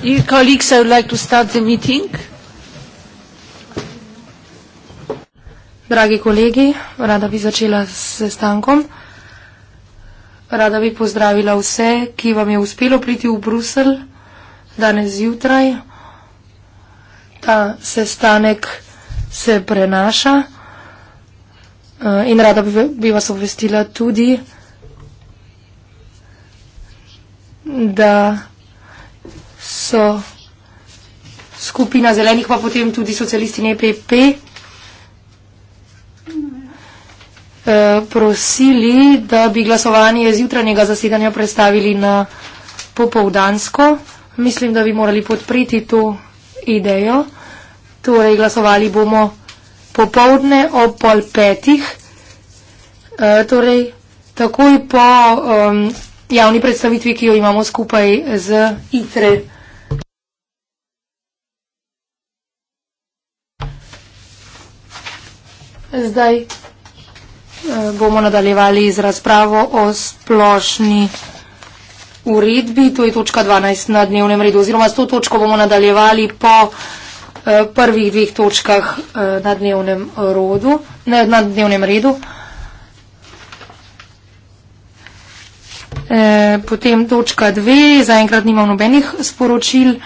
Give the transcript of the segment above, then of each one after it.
Dear colleagues, I would like to start the meeting. Dragi kolegi, rada bi začela s sestankom. Rada bi pozdravila vse, ki vam je uspelo priti v Brusel danes zjutraj. Ta sestanek se prenaša eh, in rada bi vas obvestila tudi, da so skupina zelenih, pa potem tudi socialisti in EPP eh, prosili, da bi glasovanje zjutranjega zasedanja predstavili na popovdansko. Mislim, da bi morali podpreti to idejo. Torej, glasovali bomo popovdne ob pol petih, eh, torej takoj po. Um, javni predstavitvi, ki jo imamo skupaj z ITRE. Zdaj eh, bomo nadaljevali z razpravo o splošni uredbi, to je točka 12 na dnevnem redu, oziroma s to točko bomo nadaljevali po eh, prvih dveh točkah eh, na dnevnem, rodu, na dnevnem redu. Eh, potem točka dve, zaenkrat nimam nobenih sporočil,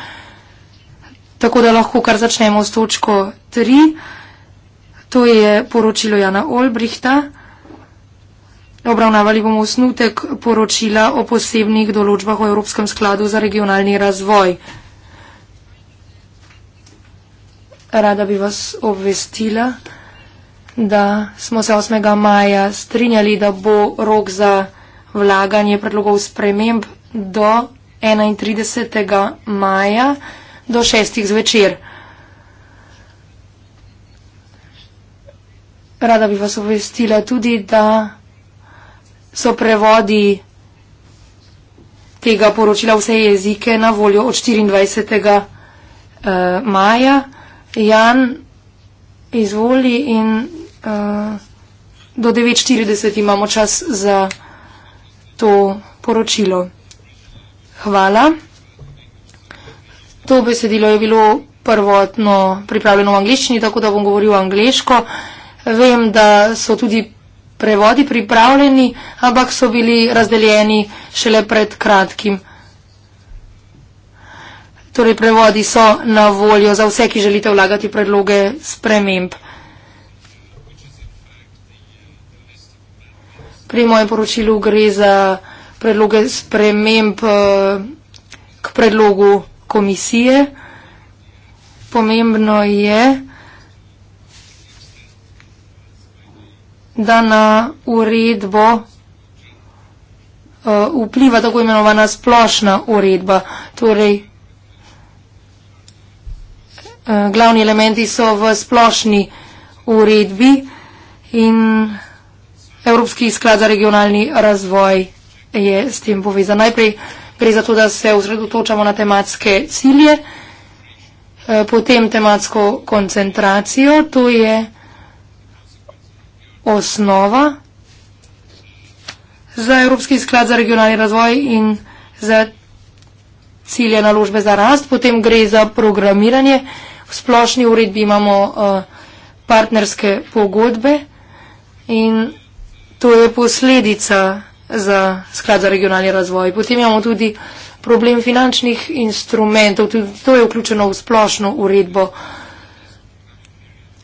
tako da lahko kar začnemo s točko tri. To je poročilo Jana Olbrihta. Obravnavali bomo osnutek poročila o posebnih določbah v Evropskem skladu za regionalni razvoj. Rada bi vas obvestila, da smo se 8. maja strinjali, da bo rok za vlaganje predlogov sprememb do 31. maja do 6. zvečer. Rada bi vas obvestila tudi, da so prevodi tega poročila vse jezike na voljo od 24. Eh, maja. Jan, izvoli in uh, do 9.40 imamo čas za to poročilo. Hvala. To besedilo je bilo prvotno pripravljeno v angliščini, tako da bom govoril angliško. Vem, da so tudi prevodi pripravljeni, ampak so bili razdeljeni šele pred kratkim. Torej, prevodi so na voljo za vse, ki želite vlagati predloge sprememb. pri mojem poročilu gre za predloge sprememb eh, k predlogu komisije. Pomembno je, da na uredbo eh, vpliva tako imenovana splošna uredba. Torej, eh, glavni elementi so v splošni uredbi in Evropski sklad za regionalni razvoj je s tem povezan. Najprej gre za to, da se osredotočamo na tematske cilje, eh, potem tematsko koncentracijo, to je osnova za Evropski sklad za regionalni razvoj in za cilje naložbe za rast, potem gre za programiranje. V splošni uredbi imamo uh, partnerske pogodbe in to je posledica za sklad za regionalni razvoj. Potem imamo tudi problem finančnih instrumentov, tudi to je vključeno v splošno uredbo.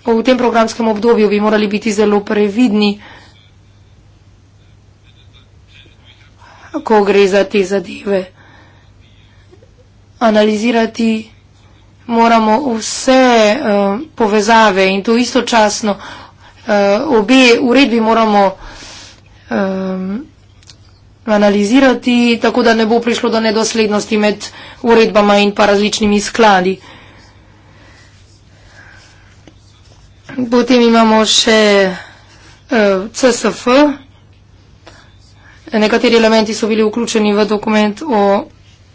V tem programskem obdobju bi morali biti zelo previdni, ko gre za te zadeve. Analizirati moramo vse uh, povezave in to istočasno uh, obe uredbi moramo um, analizirati, tako da ne bo prišlo do nedoslednosti med uredbama in pa različnimi skladi. Potem imamo še uh, eh, CSF. Nekateri elementi so bili vključeni v dokument o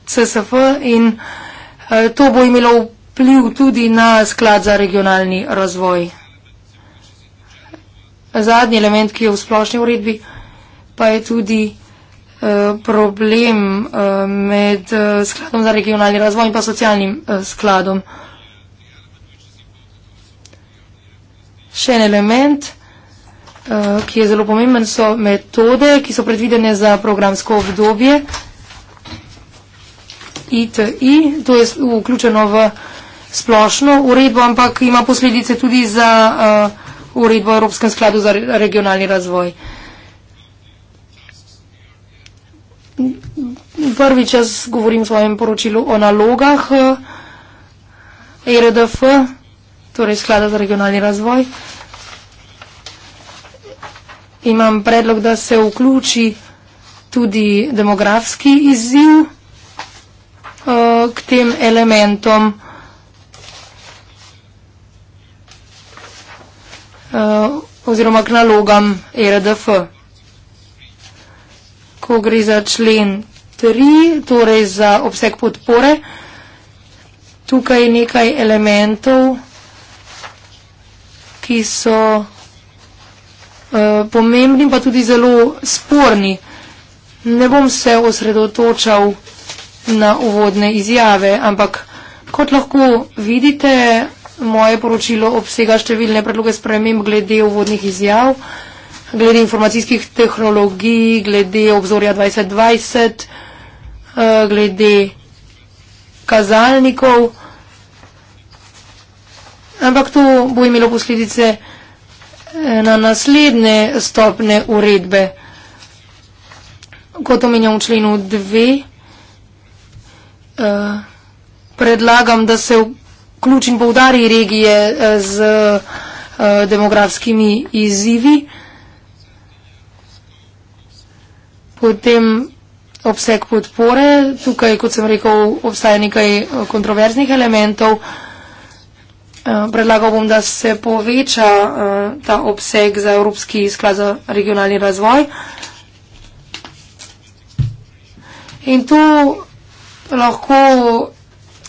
CSF in uh, to bo imelo vpliv tudi na sklad za regionalni razvoj. Zadnji element, ki je v splošni uredbi, uh, pa je tudi uh, problem uh, med uh, skladom za regionalni razvoj in pa socialnim uh, skladom. Še en element, uh, ki je zelo pomemben, so metode, ki so predvidene za programsko obdobje. ITI, to je vključeno v splošno uredbo, ampak ima posledice tudi za uh, uredbo Evropskem skladu za regionalni razvoj. Uh, Prvič jaz govorim v svojem poročilu o nalogah ERDF, eh, torej sklada za regionalni razvoj. Imam predlog, da se vključi tudi demografski izziv eh, k tem elementom. Eh, oziroma k nalogam ERDF ko gre za člen 3, torej za obseg podpore. Tukaj je nekaj elementov, ki so uh, pomembni, pa tudi zelo sporni. Ne bom se osredotočal na uvodne izjave, ampak kot lahko vidite, moje poročilo obsega številne predloge sprememb glede uvodnih izjav. Uh, glede informacijskih tehnologij, glede obzorja 2020, eh, glede kazalnikov. Ampak to bo imelo posledice eh, na naslednje stopne uredbe. Kot omenjam v členu 2, eh, predlagam, da se vključim povdari regije z demografskimi izzivi. Potem obseg podpore. Tukaj, kot sem rekel, obstaja nekaj eh, kontroverznih elementov. Eh, predlagal bom, da se poveča eh, ta obseg za Evropski sklad za regionalni razvoj. In tu lahko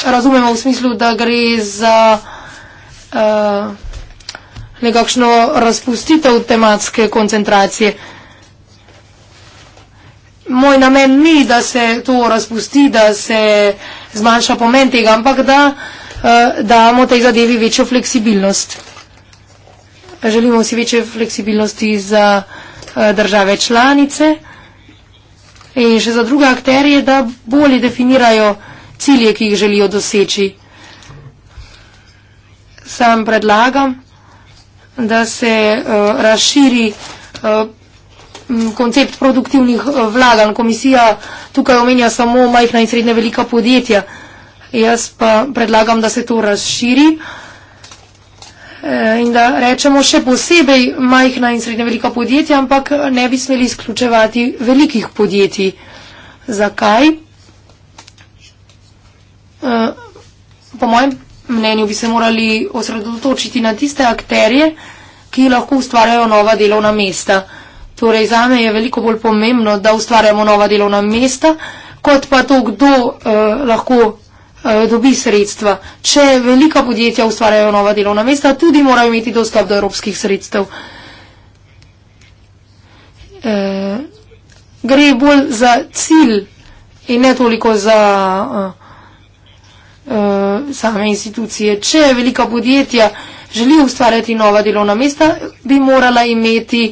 razumemo v smislu, da gre za nekakšno razpustitev tematske koncentracije moj namen ni, da se to razpusti, da se zmanjša pomen tega, ampak da uh, damo tej zadevi večjo fleksibilnost. Želimo si večje fleksibilnosti za uh, države članice in še za druge akterje, da bolje definirajo cilje, ki jih želijo doseči. Sam predlagam, da se uh, razširi uh, koncept produktivnih eh, vlaganj. Komisija tukaj omenja samo majhna in srednja velika podjetja. Jaz pa predlagam, da se to razširi eh, in da rečemo še posebej majhna in srednja velika podjetja, ampak ne bi smeli izključevati velikih podjetij. Zakaj? Eh, po mojem mnenju bi se morali osredotočiti na tiste akterje, ki lahko ustvarjajo nova delovna mesta. Torej, za me je veliko bolj pomembno, da ustvarjamo nova delovna mesta, kot pa to, kdo eh, lahko eh, dobi sredstva. Če velika podjetja ustvarjajo nova delovna mesta, tudi morajo imeti dostop do evropskih sredstev. Eh, gre bolj za cilj in ne toliko za eh, eh, same institucije. Če velika podjetja želijo ustvarjati nova delovna mesta, bi morala imeti.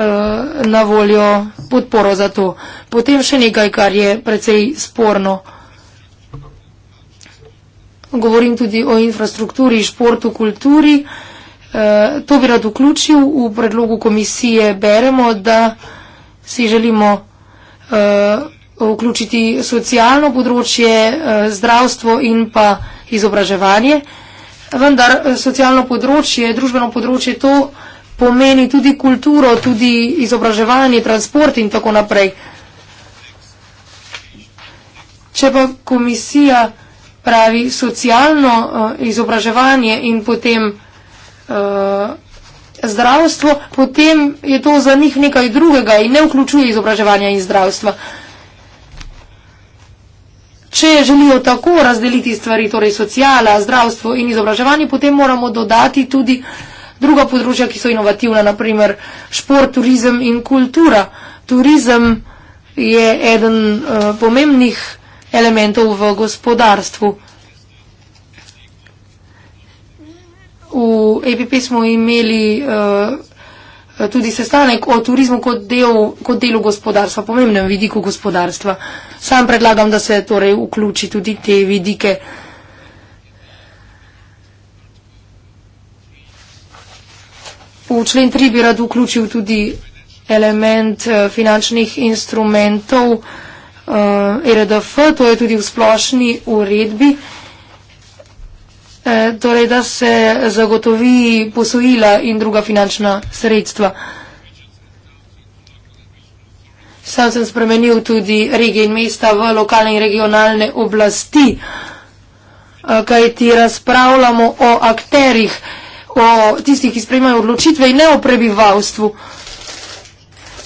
Eh, na voljo podporo za to. Potem še nekaj, kar je precej sporno. Govorim tudi o infrastrukturi, športu, kulturi. Eh, to bi rad vključil. V predlogu komisije beremo, da si želimo eh, vključiti socialno področje, zdravstvo in pa izobraževanje. Vendar socialno področje, družbeno področje to pomeni tudi kulturo, tudi izobraževanje, transport in tako naprej. Če pa komisija pravi socialno uh, izobraževanje in potem uh, zdravstvo, potem je to za njih nekaj drugega in ne vključuje izobraževanja in zdravstva. Če želijo tako razdeliti stvari, torej socijala, zdravstvo in izobraževanje, potem moramo dodati tudi uh, druga področja, ki so inovativna, naprimer šport, turizem in kultura. Turizem je eden uh, pomembnih elementov v gospodarstvu. V EPP smo imeli uh, tudi sestanek o turizmu kot, del, kot delu gospodarstva, pomembnem vidiku gospodarstva. Sam predlagam, da se torej vključi tudi te vidike. Uh, člen 3 bi rad vključil tudi element eh, finančnih instrumentov ERDF, eh, to je tudi v splošni uredbi, eh, torej, da se zagotovi posojila in druga finančna sredstva. Sam sem spremenil tudi regije in mesta v lokalne in regionalne oblasti, kaj ti razpravljamo o akterih, o tistih, ki sprejmajo odločitve in ne o prebivalstvu.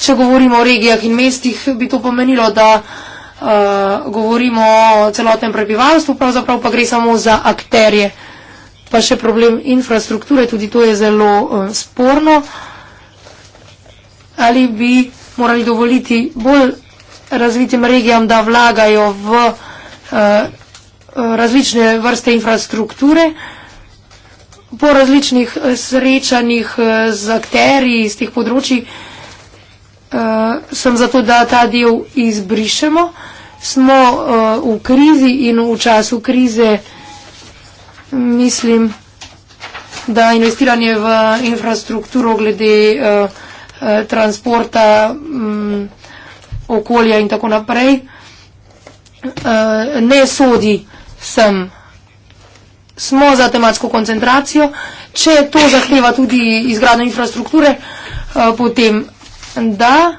Če govorimo o regijah in mestih, bi to pomenilo, da uh, govorimo o celotnem prebivalstvu, pravzaprav pa gre samo za akterje. Pa še problem infrastrukture, tudi to je zelo uh, sporno. Ali bi morali dovoliti bolj razvitim regijam, da vlagajo v uh, različne vrste infrastrukture? Uh, po različnih eh, srečanjih eh, z akteri iz teh področji, eh, sem zato, da ta del izbrišemo. Smo v krizi in v času krize mislim, da investiranje v infrastrukturo glede transporta, mm, okolja in tako naprej ne sodi sem smo za tematsko koncentracijo. Če to zahteva tudi izgradno infrastrukture, eh, potem da.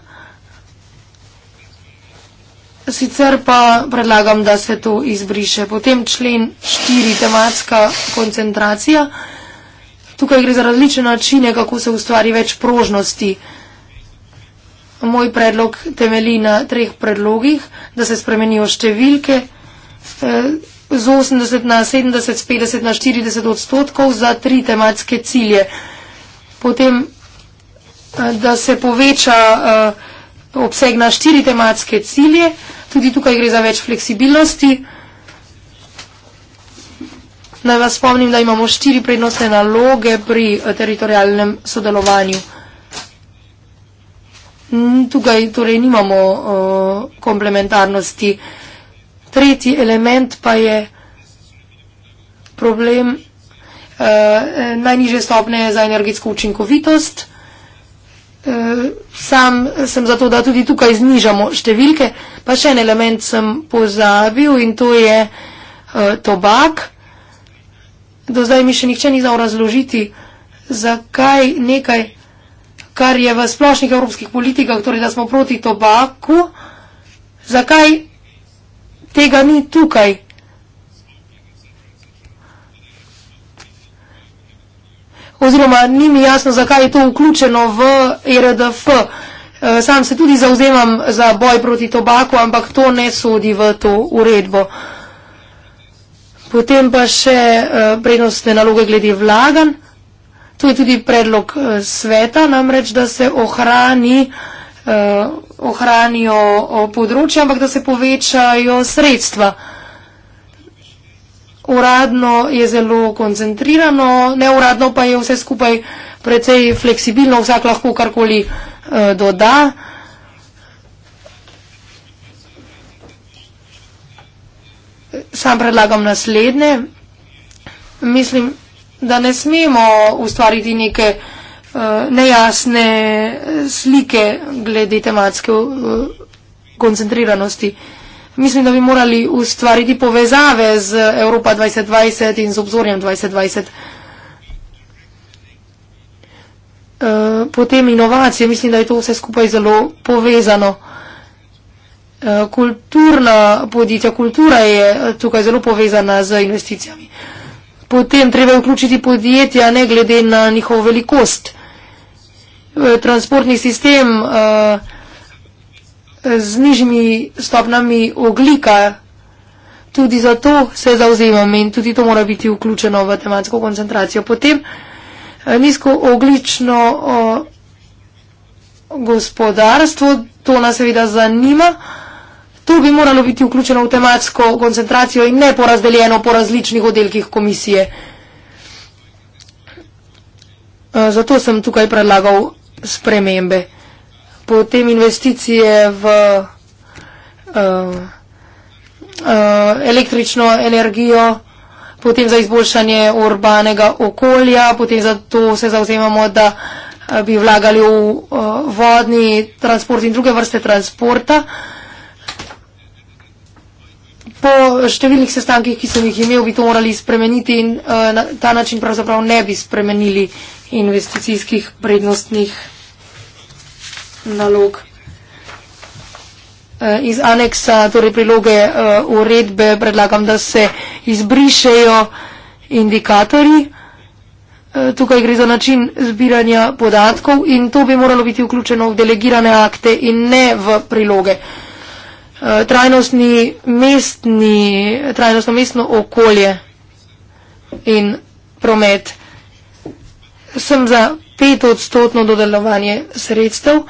Sicer pa predlagam, da se to izbriše. Potem člen 4, tematska koncentracija. Tukaj gre za različne načine, kako se ustvari več prožnosti. Moj predlog temeli na treh predlogih, da se spremenijo številke. Eh, z 80 na 70, 50 na 40 odstotkov za tri tematske cilje. Potem, eh, da se poveča eh, obseg na štiri tematske cilje, tudi tukaj gre za več fleksibilnosti. Naj vas spomnim, da imamo štiri prednostne naloge pri eh, teritorijalnem sodelovanju. Tukaj torej nimamo uh, komplementarnosti. Uh, tretji element pa je problem uh, eh, najniže stopne za energetsko učinkovitost. Uh, sam sem zato, da tudi tukaj znižamo številke, pa še en element sem pozabil in to je uh, tobak. Do zdaj mi še nihče ni znal razložiti, zakaj nekaj, kar je v splošnih evropskih politikah, torej da smo proti tobaku, zakaj tega ni tukaj. Oziroma, ni mi jasno, zakaj je to vključeno v e RDF. E, sam se tudi zauzemam za boj proti tobaku, ampak to ne sodi v to uredbo. Potem pa še e, prednostne naloge glede vlagan. To je tudi predlog sveta, namreč, da se ohrani uh, uh, ohranijo eh, področje, ampak da se povečajo sredstva. Uradno je zelo koncentrirano, neuradno pa je vse skupaj precej fleksibilno, vsak lahko karkoli uh, doda. Sam predlagam naslednje. Mislim, da ne smemo ustvariti neke uh, Eh, nejasne slike glede tematske eh, koncentriranosti. Mislim, da bi morali ustvariti povezave z Evropa 2020 in z obzorjem 2020. Eh, potem inovacije, mislim, da je to vse skupaj zelo povezano. Kulturna podjetja, kultura je tukaj zelo povezana z investicijami. Potem treba vključiti podjetja ne glede na njihovo velikost. Uh, transportni sistem eh, z nižjimi stopnami oglika. Tudi za to se zauzemam in tudi to mora biti vključeno v tematsko koncentracijo. Potem eh, nizko oglično eh, gospodarstvo, to nas seveda zanima. To bi moralo biti vključeno v tematsko koncentracijo in ne porazdeljeno po različnih oddelkih komisije. Zato sem tukaj predlagal spremembe. Potem investicije v uh, uh, električno energijo, potem za izboljšanje urbanega okolja, potem za to se zauzemamo, da eh, bi vlagali v uh, vodni transport in druge vrste transporta. Po številnih sestankih, ki sem jih imel, bi to morali spremeniti in uh, na ta način pravzaprav ne bi spremenili investicijskih prednostnih nalog. Eh, iz aneksa, torej priloge eh, uredbe, predlagam, da se izbrišejo indikatorji. Eh, tukaj gre za način zbiranja podatkov in to bi moralo biti vključeno v delegirane akte in ne v priloge. Trajnostni mestni, trajnostno mestno okolje in promet. Sem za pet odstotno dodelovanje sredstev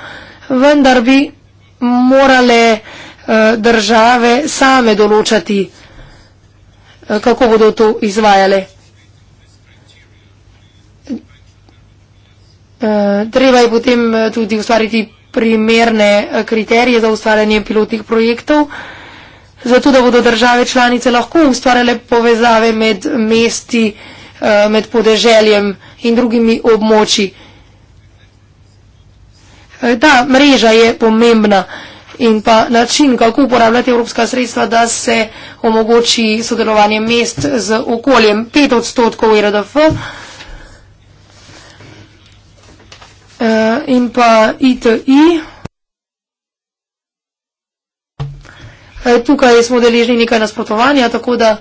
vendar bi morale eh, države same določati, eh, kako bodo to izvajale. Eh, treba je potem tudi ustvariti primerne kriterije za ustvarjanje pilotnih projektov, zato da bodo države članice lahko ustvarjale povezave med mesti, med podeželjem in drugimi območji. Eh, da, mreža je pomembna in pa način, kako uporabljati evropska sredstva, da se omogoči sodelovanje mest z okoljem. 5 odstotkov RDF eh, in pa ITI. Eh, tukaj smo deležni nekaj nasprotovanja, tako da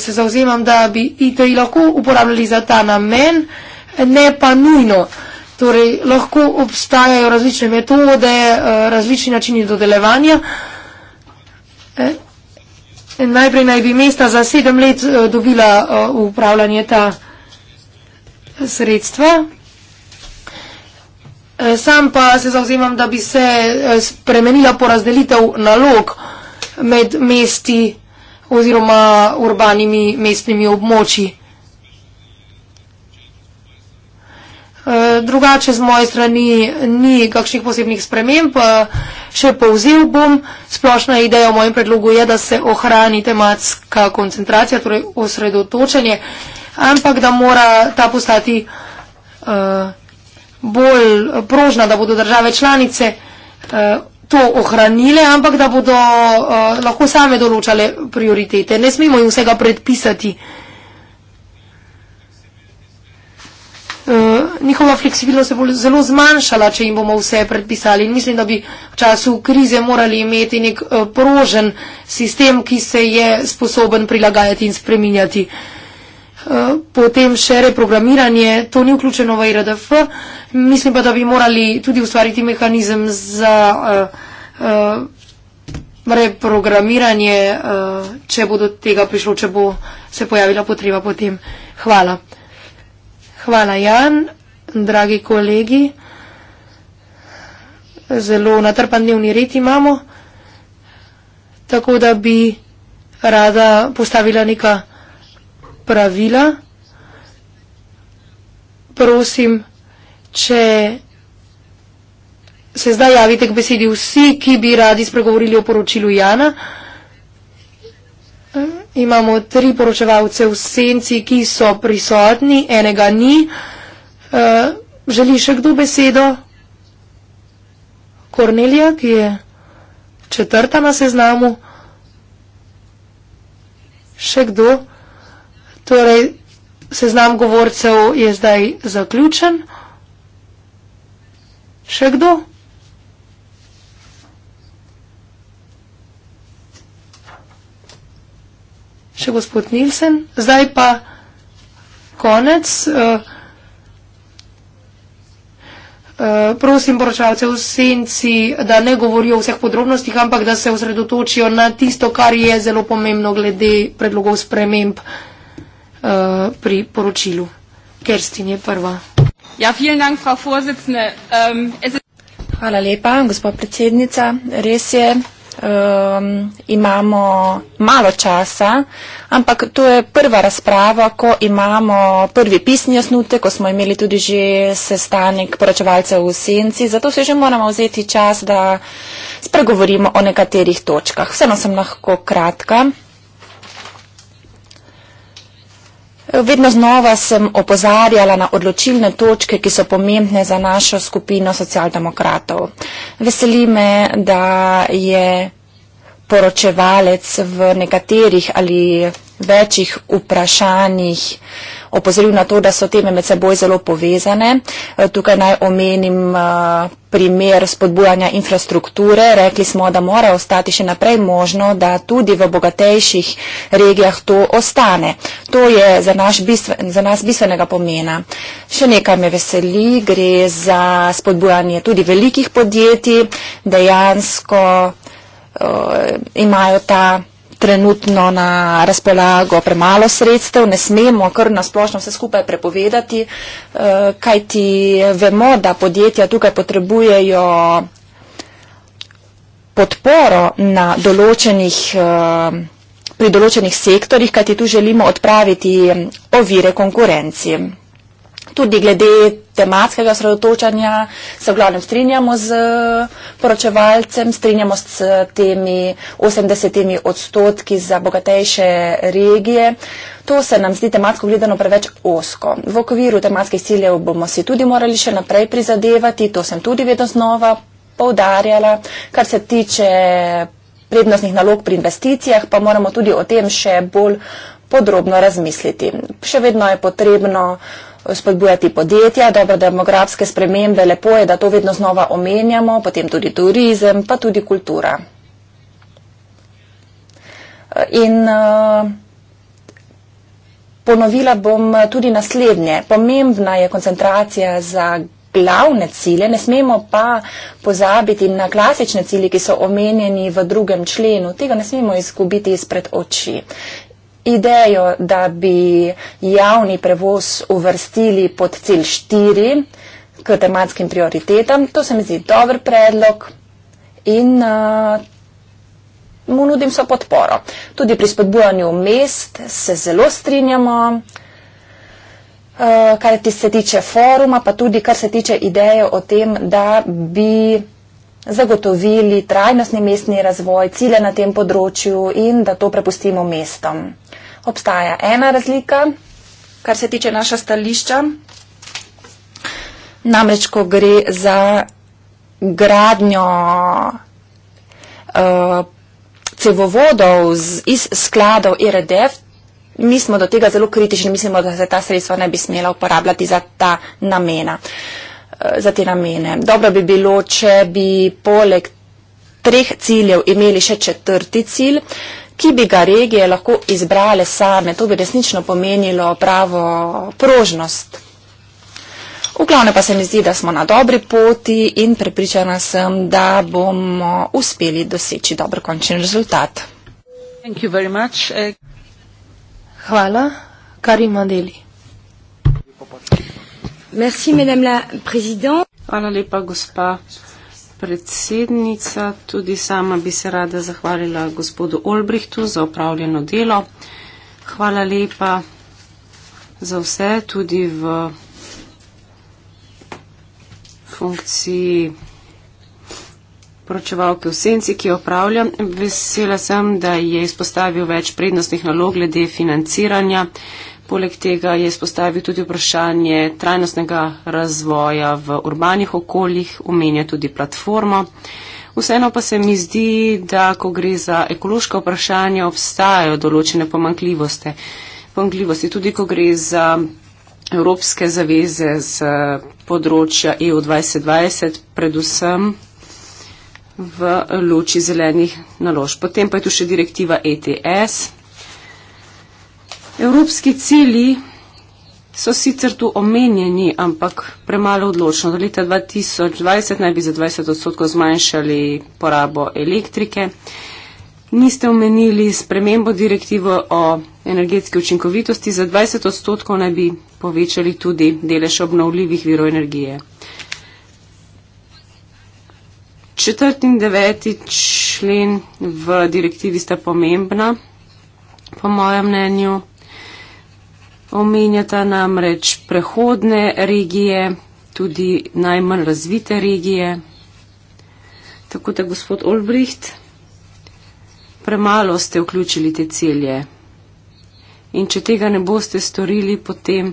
se zauzemam, da bi ITI lahko uporabljali za ta namen, ne pa nujno. Torej, lahko obstajajo različne metode, eh, različni načini dodelevanja. Eh, najprej naj bi mesta za sedem let eh, dobila v upravljanje ta sredstva. Sam pa se zauzemam, da bi se spremenila porazdelitev nalog med mesti oziroma urbanimi mestnimi območji. Eh, drugače z moje strani ni kakšnih posebnih sprememb. Eh, še povzel bom, splošna ideja v mojem predlogu je, da se ohrani tematska koncentracija, torej osredotočenje, ampak da mora ta postati uh, bolj prožna, da bodo države članice uh, to ohranile, ampak da bodo uh, lahko same določale prioritete. Ne smemo jim vsega predpisati. Uh, njihova fleksibilnost se bo zelo zmanjšala, če jim bomo vse predpisali. In mislim, da bi v času krize morali imeti nek eh, porožen sistem, ki se je sposoben prilagajati in spreminjati. Eh, potem še reprogramiranje, to ni vključeno v IRDF, mislim pa, da bi morali tudi ustvariti mehanizem za eh, reprogramiranje, če bo do tega prišlo, če bo se pojavila potreba potem. Hvala. Hvala, Jan dragi kolegi. Zelo natrpan dnevni red imamo, tako da bi rada postavila neka pravila. Prosim, če se zdaj javite k besedi vsi, ki bi radi spregovorili o poročilu Jana. Imamo tri poročevalce v senci, ki so prisotni, enega ni. Eh, želi še kdo besedo? Kornelija, ki je četrta na seznamu. Še kdo? Torej, seznam govorcev je zdaj zaključen. Še kdo? Še gospod Nilsen. Zdaj pa konec. Uh, Eh, prosim poročevalce v senci, da ne govorijo o vseh podrobnostih, ampak da se osredotočijo na tisto, kar je zelo pomembno glede predlogov sprememb eh, pri poročilu. Kerstin je prva. Ja, dank, um, es... Hvala lepa, gospod predsednica. Res je, um, imamo malo časa, ampak to je prva razprava, ko imamo prvi pisni osnutek, ko smo imeli tudi že sestanek poročevalcev v senci, zato se že moramo vzeti čas, da spregovorimo o nekaterih točkah. Vseeno sem lahko kratka. Vedno znova sem opozarjala na odločilne točke, ki so pomembne za našo skupino socialdemokratov. Veseli me, da je poročevalec v nekaterih ali večjih vprašanjih eh, opozoril na to, da so teme med seboj zelo povezane. E, tukaj naj omenim e, primer spodbujanja infrastrukture. Rekli smo, da mora ostati še naprej možno, da tudi v bogatejših regijah to ostane. To je za, bistven, za nas bistvenega pomena. Še nekaj me veseli, gre za spodbujanje tudi velikih podjetij, dejansko uh, imajo ta trenutno na razpolago premalo sredstev, ne smemo kar nasplošno vse skupaj prepovedati, eh, kaj ti vemo, da podjetja tukaj potrebujejo podporo na določenih eh, pri določenih sektorjih, kajti tu želimo odpraviti eh, ovire konkurencije tudi glede tematskega sredotočanja se v glavnem strinjamo z poročevalcem, strinjamo s temi 80 odstotki za bogatejše regije. To se nam zdi tematsko gledano preveč osko. V okviru tematskih ciljev bomo si tudi morali še naprej prizadevati, to sem tudi vedno znova poudarjala. Kar se tiče prednostnih nalog pri investicijah, pa moramo tudi o tem še bolj podrobno razmisliti. Še vedno je potrebno spodbujati podjetja, dobro demografske spremembe, lepo je, da to vedno znova omenjamo, potem tudi turizem, pa tudi kultura. In eh, ponovila bom tudi naslednje. Pomembna je koncentracija za glavne cilje, ne smemo pa pozabiti na klasične cilje, ki so omenjeni v drugem členu. Tega ne smemo izgubiti izpred oči idejo, da bi javni prevoz uvrstili pod cilj 4 k tematskim prioritetam. To se mi zdi dober predlog in uh, mu nudim so podporo. Tudi pri spodbujanju mest se zelo strinjamo, uh, kar se tiče foruma, pa tudi kar se tiče ideje o tem, da bi zagotovili trajnostni mestni razvoj, cilje na tem področju in da to prepustimo mestom obstaja ena razlika, kar se tiče naša stališča. Namreč, ko gre za gradnjo uh, cevovodov z, iz skladov IRDF, e mi smo do tega zelo kritični, mislimo, da se ta sredstva ne bi smela uporabljati za, ta namena, uh, za te namene. Dobro bi bilo, če bi poleg treh ciljev imeli še četrti cilj, uh, ki bi ga regije lahko izbrale same. To bi resnično pomenilo pravo prožnost. V glavne pa se mi zdi, da smo na dobri poti in prepričana sem, da bomo uspeli doseči dober končni rezultat. Eh, Hvala. Karim Adeli. Merci, madame la présidente. Hvala lepa, gospa predsednica, tudi sama bi se rada zahvalila gospodu Olbrihtu za upravljeno delo. Hvala lepa za vse, tudi v funkciji poročevalke v senci, ki jo upravljam. Vesela sem, da je izpostavil več prednostnih nalog glede financiranja. Poleg tega je spostavil tudi vprašanje trajnostnega razvoja v urbanih okoljih, omenja tudi platformo. Vseeno pa se mi zdi, da ko gre za ekološko vprašanje, obstajajo določene pomankljivosti. Pomankljivosti tudi, ko gre za evropske zaveze z področja EU 2020, predvsem v luči zelenih naložb. Potem pa je tu še direktiva ETS, Evropski cilji so sicer tu omenjeni, ampak premalo odločno. Do leta 2020 naj bi za 20 odstotkov zmanjšali porabo elektrike. Niste omenili spremembo direktive o energetski učinkovitosti. Za 20 odstotkov naj bi povečali tudi delež obnovljivih virov energije. Četrti in deveti člen v direktivi sta pomembna, po mojem mnenju omenjata namreč prehodne regije, tudi najmanj razvite regije. Tako da, gospod Olbricht, premalo ste vključili te cilje. In če tega ne boste storili, potem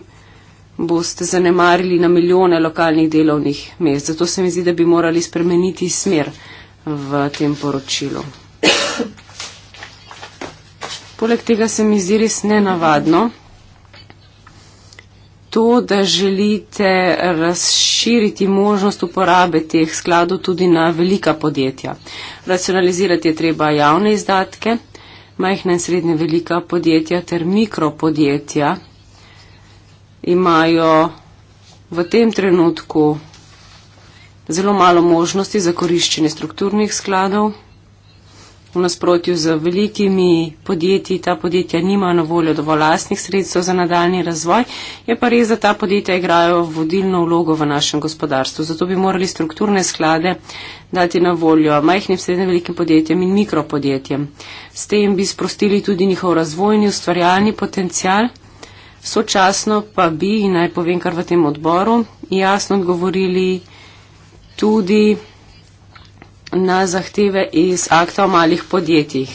boste zanemarili na milijone lokalnih delovnih mest. Zato se mi zdi, da bi morali spremeniti smer v tem poročilu. Poleg tega se mi zdi res nenavadno. Mhm to, da želite razširiti možnost uporabe teh skladov tudi na velika podjetja. Racionalizirati je treba javne izdatke, majhna in srednje velika podjetja ter mikropodjetja imajo v tem trenutku zelo malo možnosti za koriščenje strukturnih skladov v nasprotju z velikimi podjetji, ta podjetja nimajo na voljo dovolj lastnih sredstev za nadaljni razvoj, je pa res, da ta podjetja igrajo vodilno vlogo v našem gospodarstvu. Zato bi morali strukturne sklade dati na voljo majhnim, srednjim, velikim podjetjem in mikropodjetjem. S tem bi sprostili tudi njihov razvojni, ustvarjalni potencial. Sočasno pa bi, naj povem kar v tem odboru, jasno odgovorili tudi na zahteve iz akta o malih podjetjih,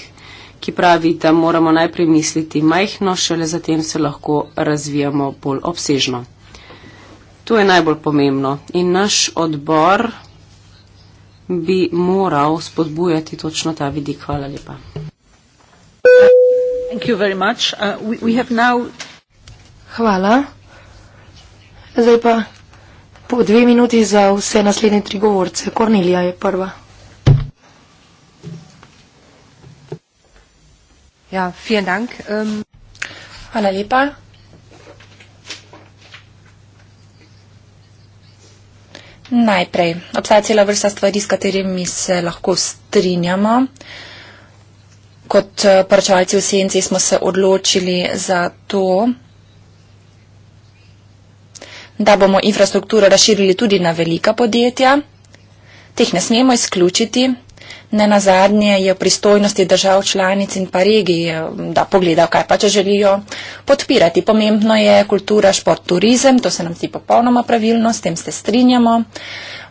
ki pravi, da moramo najprej misliti majhno, šele zatem se lahko razvijamo bolj obsežno. To je najbolj pomembno in naš odbor bi moral spodbujati točno ta vidik. Hvala lepa. Uh, Hvala. Zdaj pa po dve minuti za vse naslednje tri govorce. Kornelija je prva. Ja, vielen Dank. Ähm Hvala lepa. Najprej, obstaja cela vrsta stvari, s katerimi se lahko strinjamo. Kot eh, poročevalci v senci smo se odločili za to, da bomo infrastrukturo razširili tudi na velika podjetja. Teh ne smemo izključiti. Ne na zadnje je v pristojnosti držav članic in pa regij, eh, da pogledajo, kaj pa če želijo podpirati. Pomembno je kultura, šport, turizem, to se nam zdi popolnoma pravilno, s tem se strinjamo.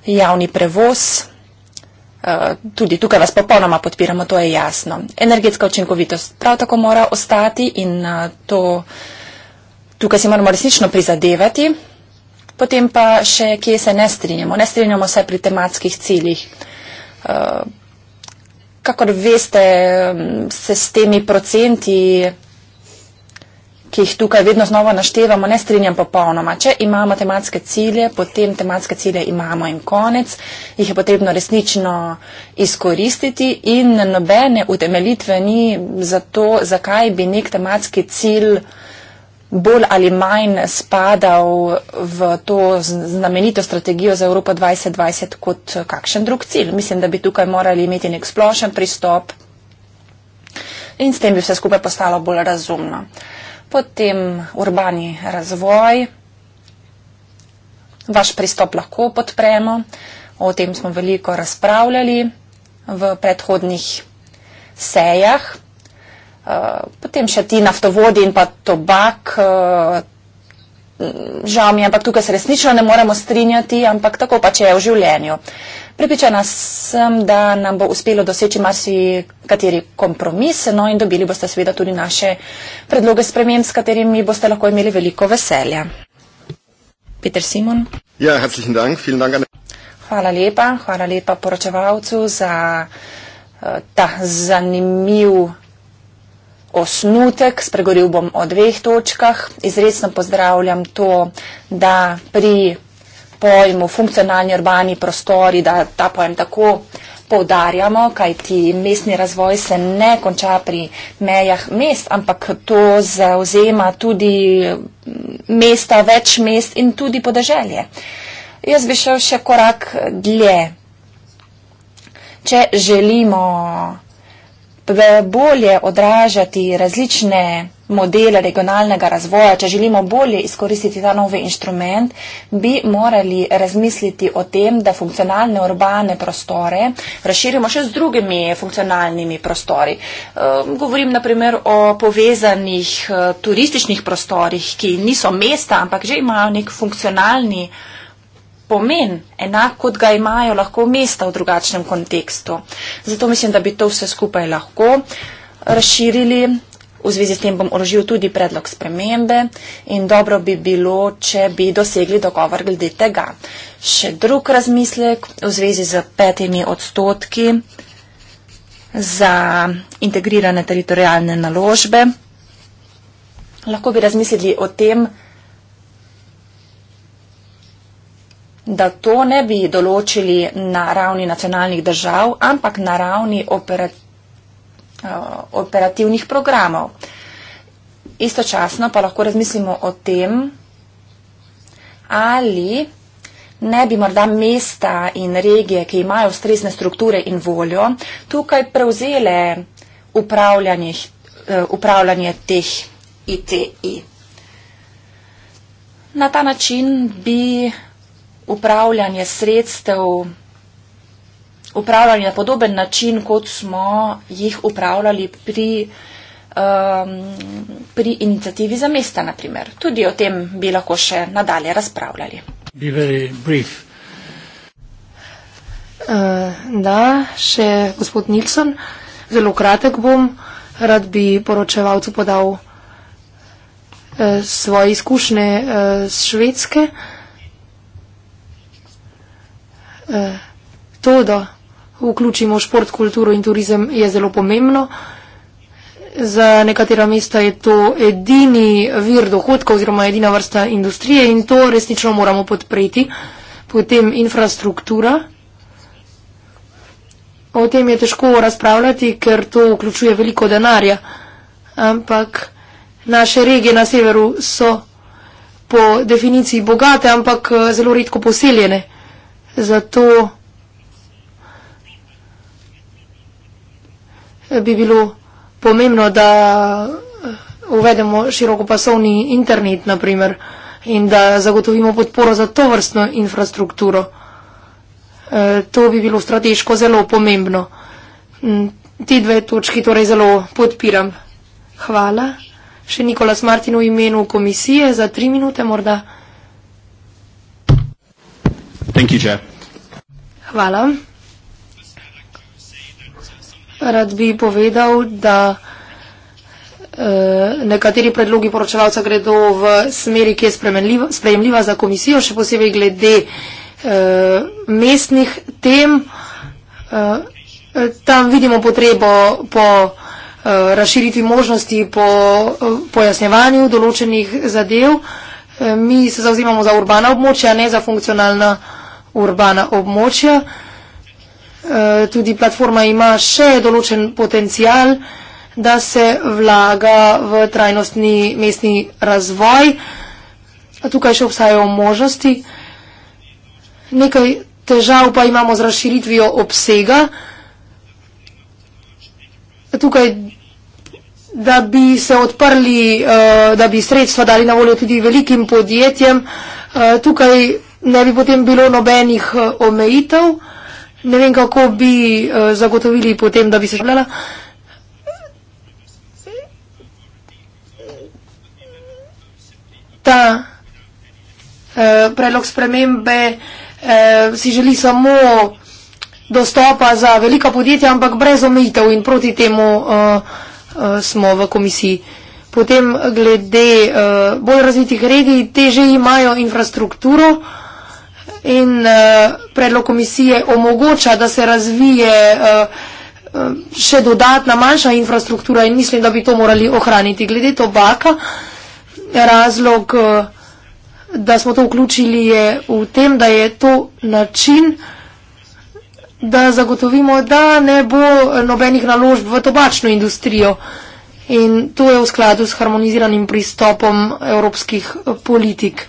Javni prevoz, eh, tudi tukaj vas popolnoma podpiramo, to je jasno. Energetska učinkovitost prav tako mora ostati in eh, to, tukaj si moramo resnično prizadevati. Potem pa še, kje se ne strinjamo. Ne strinjamo se pri tematskih ciljih kakor veste, um, se s temi procenti, ki jih tukaj vedno znova naštevamo, ne strinjam popolnoma. Če imamo tematske cilje, potem tematske cilje imamo in konec, jih je potrebno resnično izkoristiti in nobene utemelitve ni za to, zakaj bi nek tematski cilj uh, bolj ali manj spadal v to znamenito strategijo za Evropo 2020 kot eh, kakšen drug cilj. Mislim, da bi tukaj morali imeti nek splošen pristop in s tem bi vse skupaj postalo bolj razumno. Potem urbani razvoj. Vaš pristop lahko podpremo. O tem smo veliko razpravljali v predhodnih sejah. Eh, potem še ti naftovodi in pa tobak. Eh, žal mi je, ampak tukaj se resnično ne moremo strinjati, ampak tako pač je v življenju. Pripričana sem, da nam bo uspelo doseči marsikateri kompromis, no in dobili boste seveda tudi naše predloge sprememb, s katerimi boste lahko imeli veliko veselja. Peter Simon. Ja, herzlichen Dank, vielen Dank. Hvala lepa, hvala lepa poročevalcu za uh, ta zanimiv osnutek, spregovoril bom o dveh točkah. Izredno pozdravljam to, da pri pojmu funkcionalni urbani prostori, da ta pojem tako povdarjamo, kaj ti mestni razvoj se ne konča pri mejah mest, ampak to zauzema tudi mesta, več mest in tudi podeželje. Jaz bi šel še korak dlje. Če želimo bolje odražati različne modele regionalnega razvoja, če želimo bolje izkoristiti ta novi inštrument, bi morali razmisliti o tem, da funkcionalne urbane prostore razširimo še z drugimi funkcionalnimi prostori. Ehm, govorim naprimer o povezanih eh, turističnih prostorih, ki niso mesta, ampak že imajo nek funkcionalni prostor pomen, enak kot ga imajo lahko mesta v drugačnem kontekstu. Zato mislim, da bi to vse skupaj lahko razširili. V zvezi s tem bom uložil tudi predlog spremembe in dobro bi bilo, če bi dosegli dogovor glede tega. Še drug razmislek v zvezi z petimi odstotki za integrirane teritorijalne naložbe. Lahko bi razmislili o tem, da to ne bi določili na ravni nacionalnih držav, ampak na ravni operat, uh, operativnih programov. Istočasno pa lahko razmislimo o tem, ali ne bi morda mesta in regije, ki imajo ustrezne strukture in voljo, tukaj prevzele uh, upravljanje teh ITI. Na ta način bi upravljanje sredstev upravljali na podoben način, kot smo jih upravljali pri, um, pri inicijativi za mesta, naprimer. Tudi o tem bi lahko še nadalje razpravljali. Uh, da, še gospod Nilsson, zelo kratek bom. Rad bi poročevalcu podal uh, svoje izkušnje uh, eh, z švedske. Uh, Eh, to, da vključimo šport, kulturo in turizem, je zelo pomembno. Za nekatera mesta je to edini vir dohodka oziroma edina vrsta industrije in to resnično moramo podpreti. Potem infrastruktura. O tem je težko razpravljati, ker to vključuje veliko denarja. Ampak naše regije na severu so po definiciji bogate, ampak eh, zelo redko poseljene zato bi bilo pomembno, da uvedemo širokopasovni internet, naprimer, in da zagotovimo podporo za to vrstno infrastrukturo. E, to bi bilo strateško zelo pomembno. Mm, ti dve točki torej zelo podpiram. Hvala. Še Nikolas Martin v imenu komisije za tri minute morda. Thank you, Chair. Hvala. Rad bi povedal, da eh, nekateri predlogi poročevalca gredo v smeri, ki je sprejemljiva za komisijo, še posebej glede eh, mestnih tem. Eh, tam vidimo potrebo po razširitvi možnosti, po pojasnjevanju določenih zadev. Mi se zauzimamo za urbana območja, ne za funkcionalna območja urbana območja. Eh, tudi platforma ima še določen potencial, da se vlaga v trajnostni mestni razvoj. Tukaj še obstajajo možnosti. Nekaj težav pa imamo z razširitvijo obsega. Tukaj, da bi se odprli, eh, da bi sredstva dali na voljo tudi velikim podjetjem, eh, tukaj ne bi potem bilo nobenih eh, omejitev, ne vem, kako bi eh, zagotovili potem, da bi se šplala. Ta eh, predlog spremembe si želi samo dostopa za velika podjetja, ampak brez omejitev in proti temu smo v komisiji. Potem glede uh, bolj razvitih regij, te že imajo infrastrukturo, uh, in uh, predlog komisije omogoča, da se razvije uh, še dodatna manjša infrastruktura in mislim, da bi to morali ohraniti. Glede tobaka, razlog, uh, da smo to vključili, je v tem, da je to način, da zagotovimo, da ne bo nobenih naložb v tobačno industrijo. In to je v skladu s harmoniziranim pristopom evropskih politik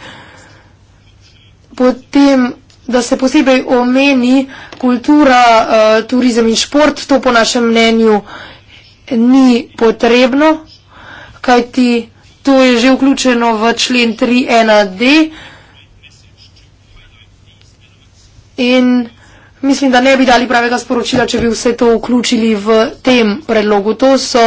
potem da se posebej omeni kultura, uh, turizem in šport, to po našem mnenju ni potrebno, kajti to je že vključeno v člen 3.1.d. In mislim, da ne bi dali pravega sporočila, če bi vse to vključili v tem predlogu. To so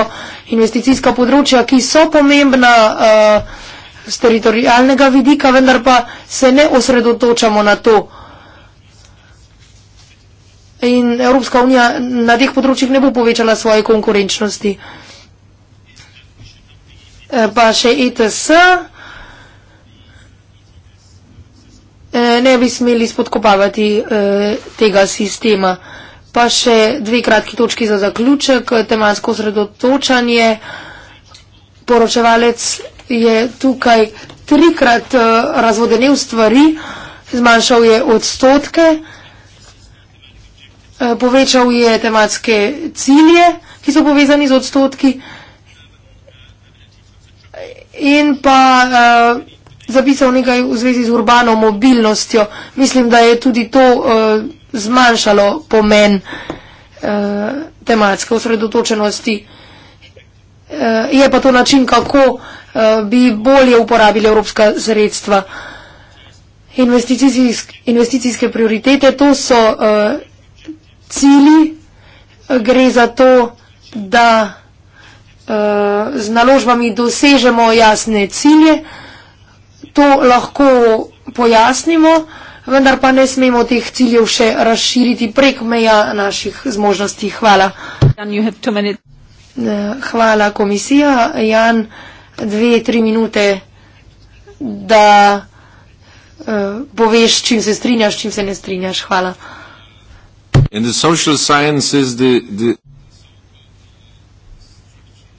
investicijska področja, ki so pomembna. Uh, z teritorijalnega vidika, vendar pa se ne osredotočamo na to. In Evropska unija na teh področjih ne bo povečala svoje konkurenčnosti. Eh, pa še ETS. Eh, ne bi smeli spodkopavati eh, tega sistema. Pa še dve kratki točki za zaključek. Temansko osredotočanje. Poročevalec je tukaj trikrat uh, eh, razvodenil stvari, zmanjšal je odstotke, uh, povečal je tematske cilje, ki so povezani z odstotki in pa uh, zapisal nekaj v zvezi z urbano mobilnostjo. Mislim, da je tudi to uh, zmanjšalo pomen uh, tematske osredotočenosti. Uh, je pa to način, kako uh, Eh, bi bolje uporabili evropska sredstva. Investicijsk, investicijske prioritete, to so uh, eh, cili, gre za to, da uh, z naložbami dosežemo jasne cilje, to lahko pojasnimo, vendar pa ne smemo teh ciljev še razširiti prek meja naših zmožnosti. Hvala. Hvala komisija. Jan, uh, dve, tri minute, da uh, poveš, čim se strinjaš, čim se ne strinjaš. Hvala. The...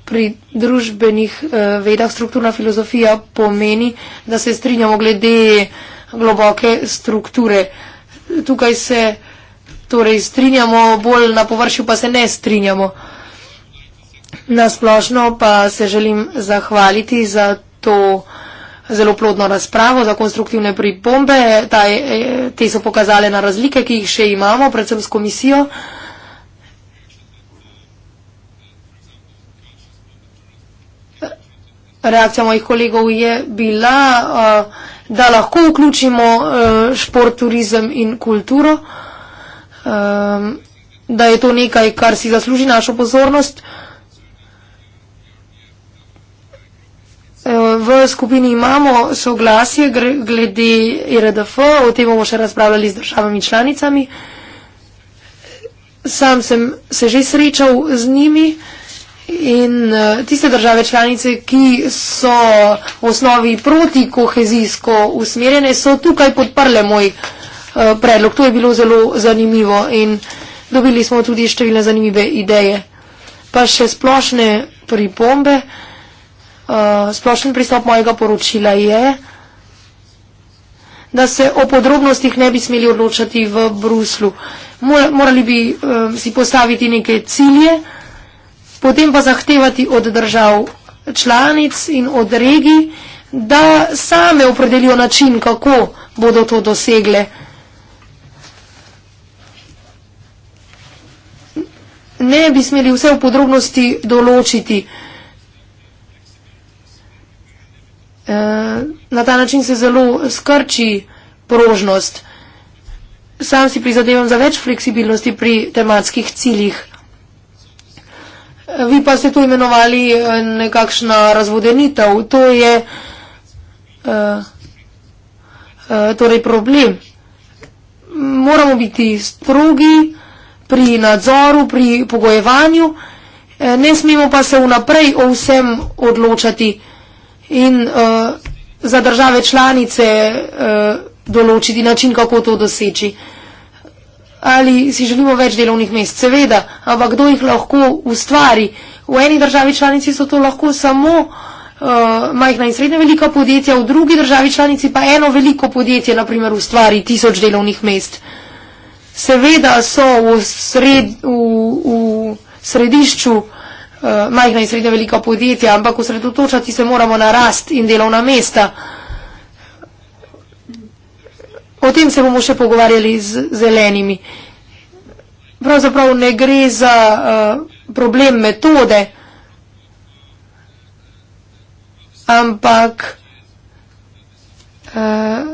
Pri družbenih uh, vedah strukturna filozofija pomeni, da se strinjamo glede globoke strukture. Tukaj se torej strinjamo, bolj na površju pa se ne strinjamo. Nasplošno pa se želim zahvaliti za to zelo plodno razpravo, za konstruktivne pripombe. Ta, e, te so pokazale na razlike, ki jih še imamo, predvsem s komisijo. Reakcija mojih kolegov je bila, e, da lahko vključimo e, šport, turizem in kulturo, da je to nekaj, kar si zasluži našo pozornost. Eh, v skupini imamo soglasje glede IRDF, o tem bomo še razpravljali z državami članicami. Sam sem se že srečal z njimi in eh, tiste države članice, ki so v osnovi protikohezijsko usmerjene, so tukaj podprle moj eh, predlog. To je bilo zelo zanimivo in dobili smo tudi številne zanimive ideje. Pa še splošne pripombe. Eh, splošen pristop mojega poročila je, da se o podrobnostih ne bi smeli odločati v Bruslu. Morali bi um, si postaviti neke cilje, potem pa zahtevati od držav članic in od regij, da same opredelijo način, kako bodo to dosegle. Ne bi smeli vse v podrobnosti določiti. Eh, na ta način se zelo skrči prožnost. Sam si prizadevam za več fleksibilnosti pri tematskih ciljih. Eh, vi pa ste to imenovali eh, nekakšna razvodenitev. To je uh, uh, torej problem. Moramo biti strogi pri nadzoru, pri pogojevanju, ne smemo pa se vnaprej o vsem odločati in uh, za države članice uh, določiti način, kako to doseči. Ali si želimo več delovnih mest? Seveda, ampak kdo jih lahko ustvari? V eni državi članici so to lahko samo uh, majhna in srednja velika podjetja, v drugi državi članici pa eno veliko podjetje, naprimer, ustvari tisoč delovnih mest. Seveda so v, sred, v, v središču uh, Eh, majhna in srednja velika podjetja, ampak osredotočati se moramo na rast in delovna mesta. O tem se bomo še pogovarjali z zelenimi. Pravzaprav ne gre za uh, problem metode, ampak uh,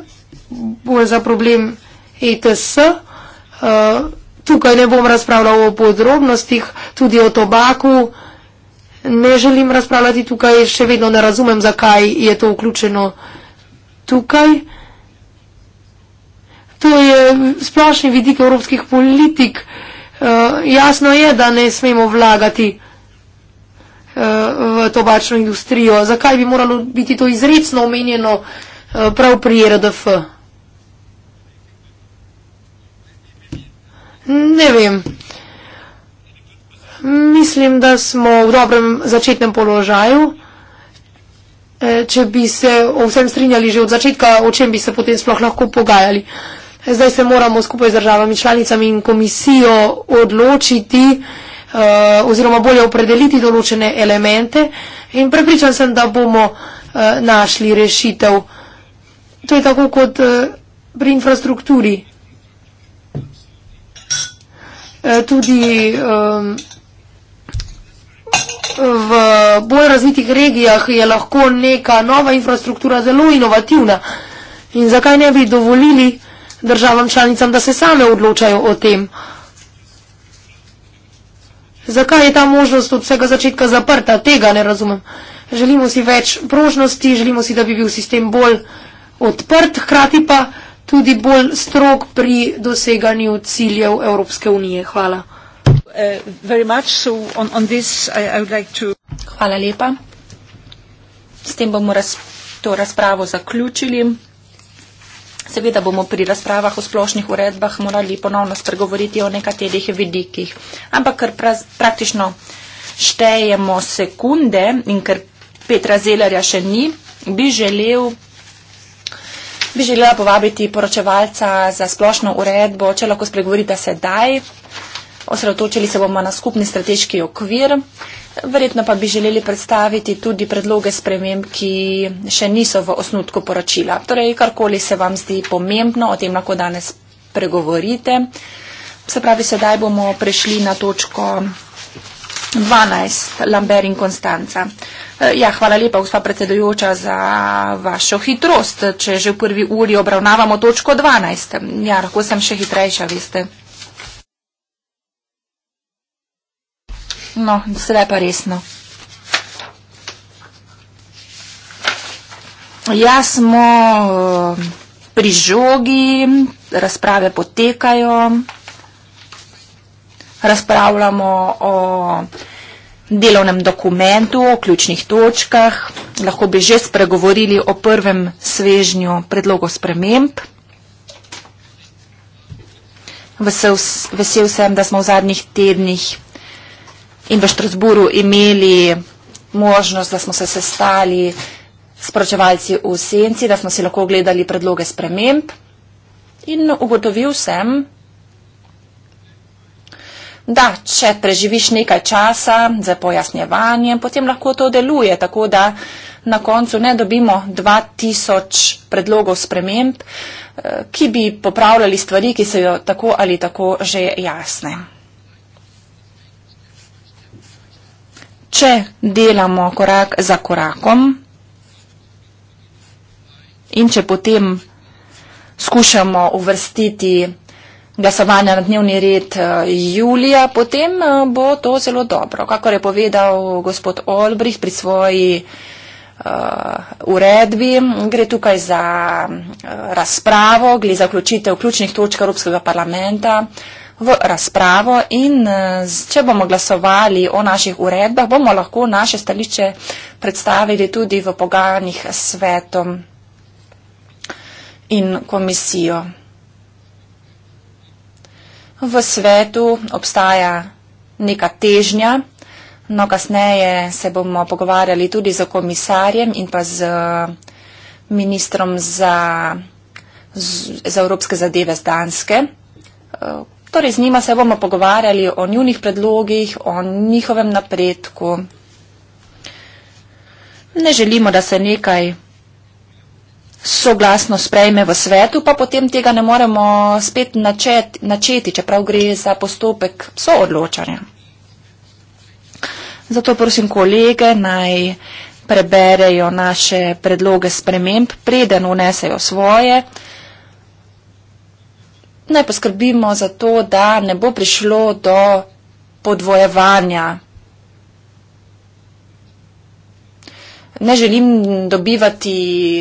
bolj za problem ETS. Uh, tukaj ne bom razpravljal o podrobnostih, tudi o tobaku. Uh, ne želim razpravljati tukaj, še vedno ne razumem, zakaj je to vključeno tukaj. To je splošni vidik evropskih politik. E, jasno je, da ne smemo vlagati e, v tobačno industrijo. Zakaj bi moralo biti to izredno omenjeno e, prav pri RDF? Ne vem. Mislim, da smo v dobrem začetnem položaju. E, če bi se o vsem strinjali že od začetka, o čem bi se potem sploh lahko pogajali. E, zdaj se moramo skupaj z državami članicami in komisijo odločiti e, oziroma bolje opredeliti določene elemente in prepričan sem, da bomo našli rešitev. To je tako kot pri infrastrukturi. Tudi v bolj razvitih regijah je lahko neka nova infrastruktura zelo inovativna. In zakaj ne bi dovolili državam članicam, da se same odločajo o tem? Zakaj je ta možnost od vsega začetka zaprta? Tega ne razumem. Želimo si več prožnosti, želimo si, da bi bil sistem bolj odprt, hkrati pa tudi bolj strok pri doseganju ciljev Evropske unije. Hvala. Uh, Hvala lepa. S tem bomo raz, to razpravo zaključili. Seveda bomo pri razpravah o splošnih uredbah morali ponovno spregovoriti o nekaterih vidikih. Ampak ker praz, praktično štejemo sekunde in ker Petra Zelarja še ni, bi želel. Bi želela povabiti poročevalca za splošno uredbo, če lahko spregovorite sedaj. Osredotočili se bomo na skupni strateški okvir, verjetno pa bi želeli predstaviti tudi predloge sprememb, ki še niso v osnutku poročila. Torej, karkoli se vam zdi pomembno, o tem lahko danes pregovorite. Se pravi, sedaj bomo prešli na točko 12, Lambert in Konstanca. Eh, ja, hvala lepa, gospa predsedujoča, za vašo hitrost, če že v prvi uri obravnavamo točko 12. Ja, lahko sem še hitrejša, veste. No, sedaj pa resno. Jaz smo eh, pri žogi, razprave potekajo, razpravljamo o delovnem dokumentu, o ključnih točkah, lahko bi že spregovorili o prvem svežnju predlogo sprememb. Vesel, vesel sem, da smo v zadnjih tednih in v Štrasburu imeli možnost, da smo se sestali s pročevalci v senci, da smo si lahko gledali predloge sprememb in ugotovil sem, da če preživiš nekaj časa za pojasnjevanje, potem lahko to deluje, tako da na koncu ne dobimo 2000 predlogov sprememb, eh, ki bi popravljali stvari, ki so jo tako ali tako že jasne. če delamo korak za korakom in če potem skušamo uvrstiti glasovanje na dnevni red eh, julija, potem eh, bo to zelo dobro. Kakor je povedal gospod Olbrih pri svoji uh, uredbi, gre tukaj za uh, razpravo, gre za vključitev ključnih točk Evropskega parlamenta, uh, v razpravo in eh, če bomo glasovali o naših uredbah, bomo lahko naše stališče predstavili tudi v pogajanjih s svetom in komisijo. V svetu obstaja neka težnja, no kasneje se bomo pogovarjali tudi z komisarjem in pa z ministrom za, z, za Evropske zadeve z Danske, eh, Torej, z njima se bomo pogovarjali o njunih predlogih, o njihovem napredku. Ne želimo, da se nekaj soglasno sprejme v svetu, pa potem tega ne moremo spet načeti, načeti čeprav gre za postopek soodločanja. Zato prosim kolege naj preberejo naše predloge sprememb, preden unesejo svoje naj poskrbimo za to, da ne bo prišlo do podvojevanja. Ne želim dobivati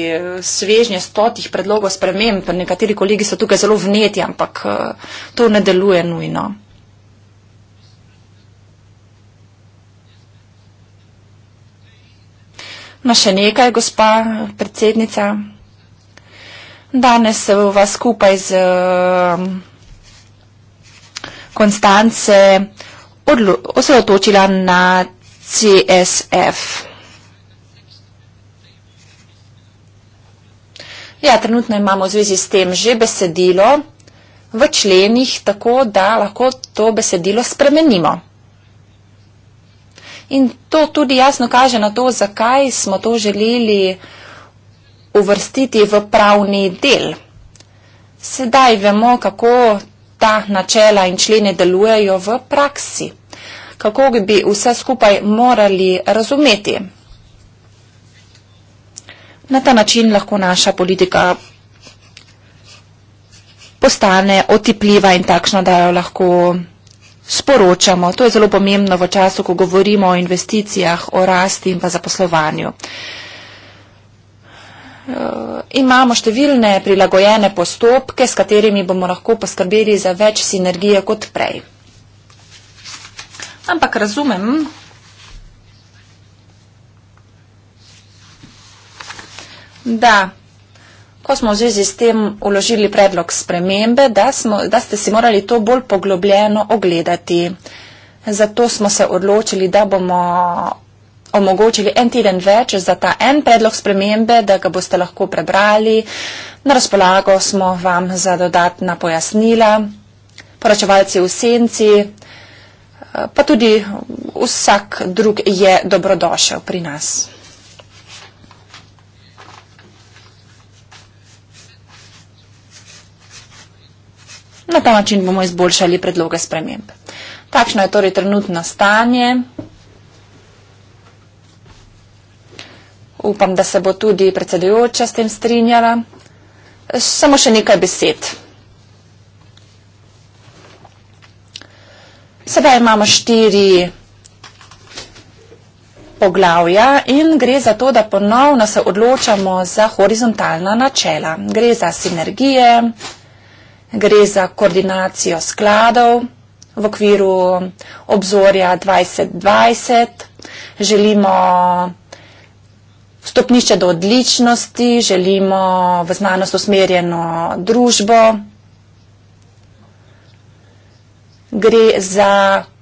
eh, svežnje stotih predlogov sprememb, nekateri kolegi so tukaj zelo vneti, ampak eh, to ne deluje nujno. No še nekaj, gospa predsednica. Danes se bova skupaj z um, Konstance osredotočila na CSF. Ja, trenutno imamo v zvezi s tem že besedilo v členih, tako da lahko to besedilo spremenimo. In to tudi jasno kaže na to, zakaj smo to želeli spremeniti uvrstiti v pravni del. Sedaj vemo, kako ta načela in člene delujejo v praksi, kako bi vse skupaj morali razumeti. Na ta način lahko naša politika postane otipljiva in takšna, da jo lahko sporočamo. To je zelo pomembno v času, ko govorimo o investicijah, o rasti in pa zaposlovanju. Eh, imamo številne prilagojene postopke, s katerimi bomo lahko poskrbeli za več sinergije kot prej. Ampak razumem, da ko smo v zvezi s tem uložili predlog spremembe, da, smo, da ste si morali to bolj poglobljeno ogledati. Zato smo se odločili, da bomo omogočili en teden več za ta en predlog spremembe, da ga boste lahko prebrali. Na razpolago smo vam za dodatna pojasnila, poročevalci v senci, pa tudi vsak drug je dobrodošel pri nas. Na ta način bomo izboljšali predloge sprememb. Takšno je torej trenutno stanje. Upam, da se bo tudi predsedujoča s tem strinjala. Samo še nekaj besed. Sedaj imamo štiri poglavja in gre za to, da ponovno se odločamo za horizontalna načela. Gre za sinergije, gre za koordinacijo skladov v okviru obzorja 2020. Želimo stopnišče do odličnosti, želimo v znanost usmerjeno družbo. Gre za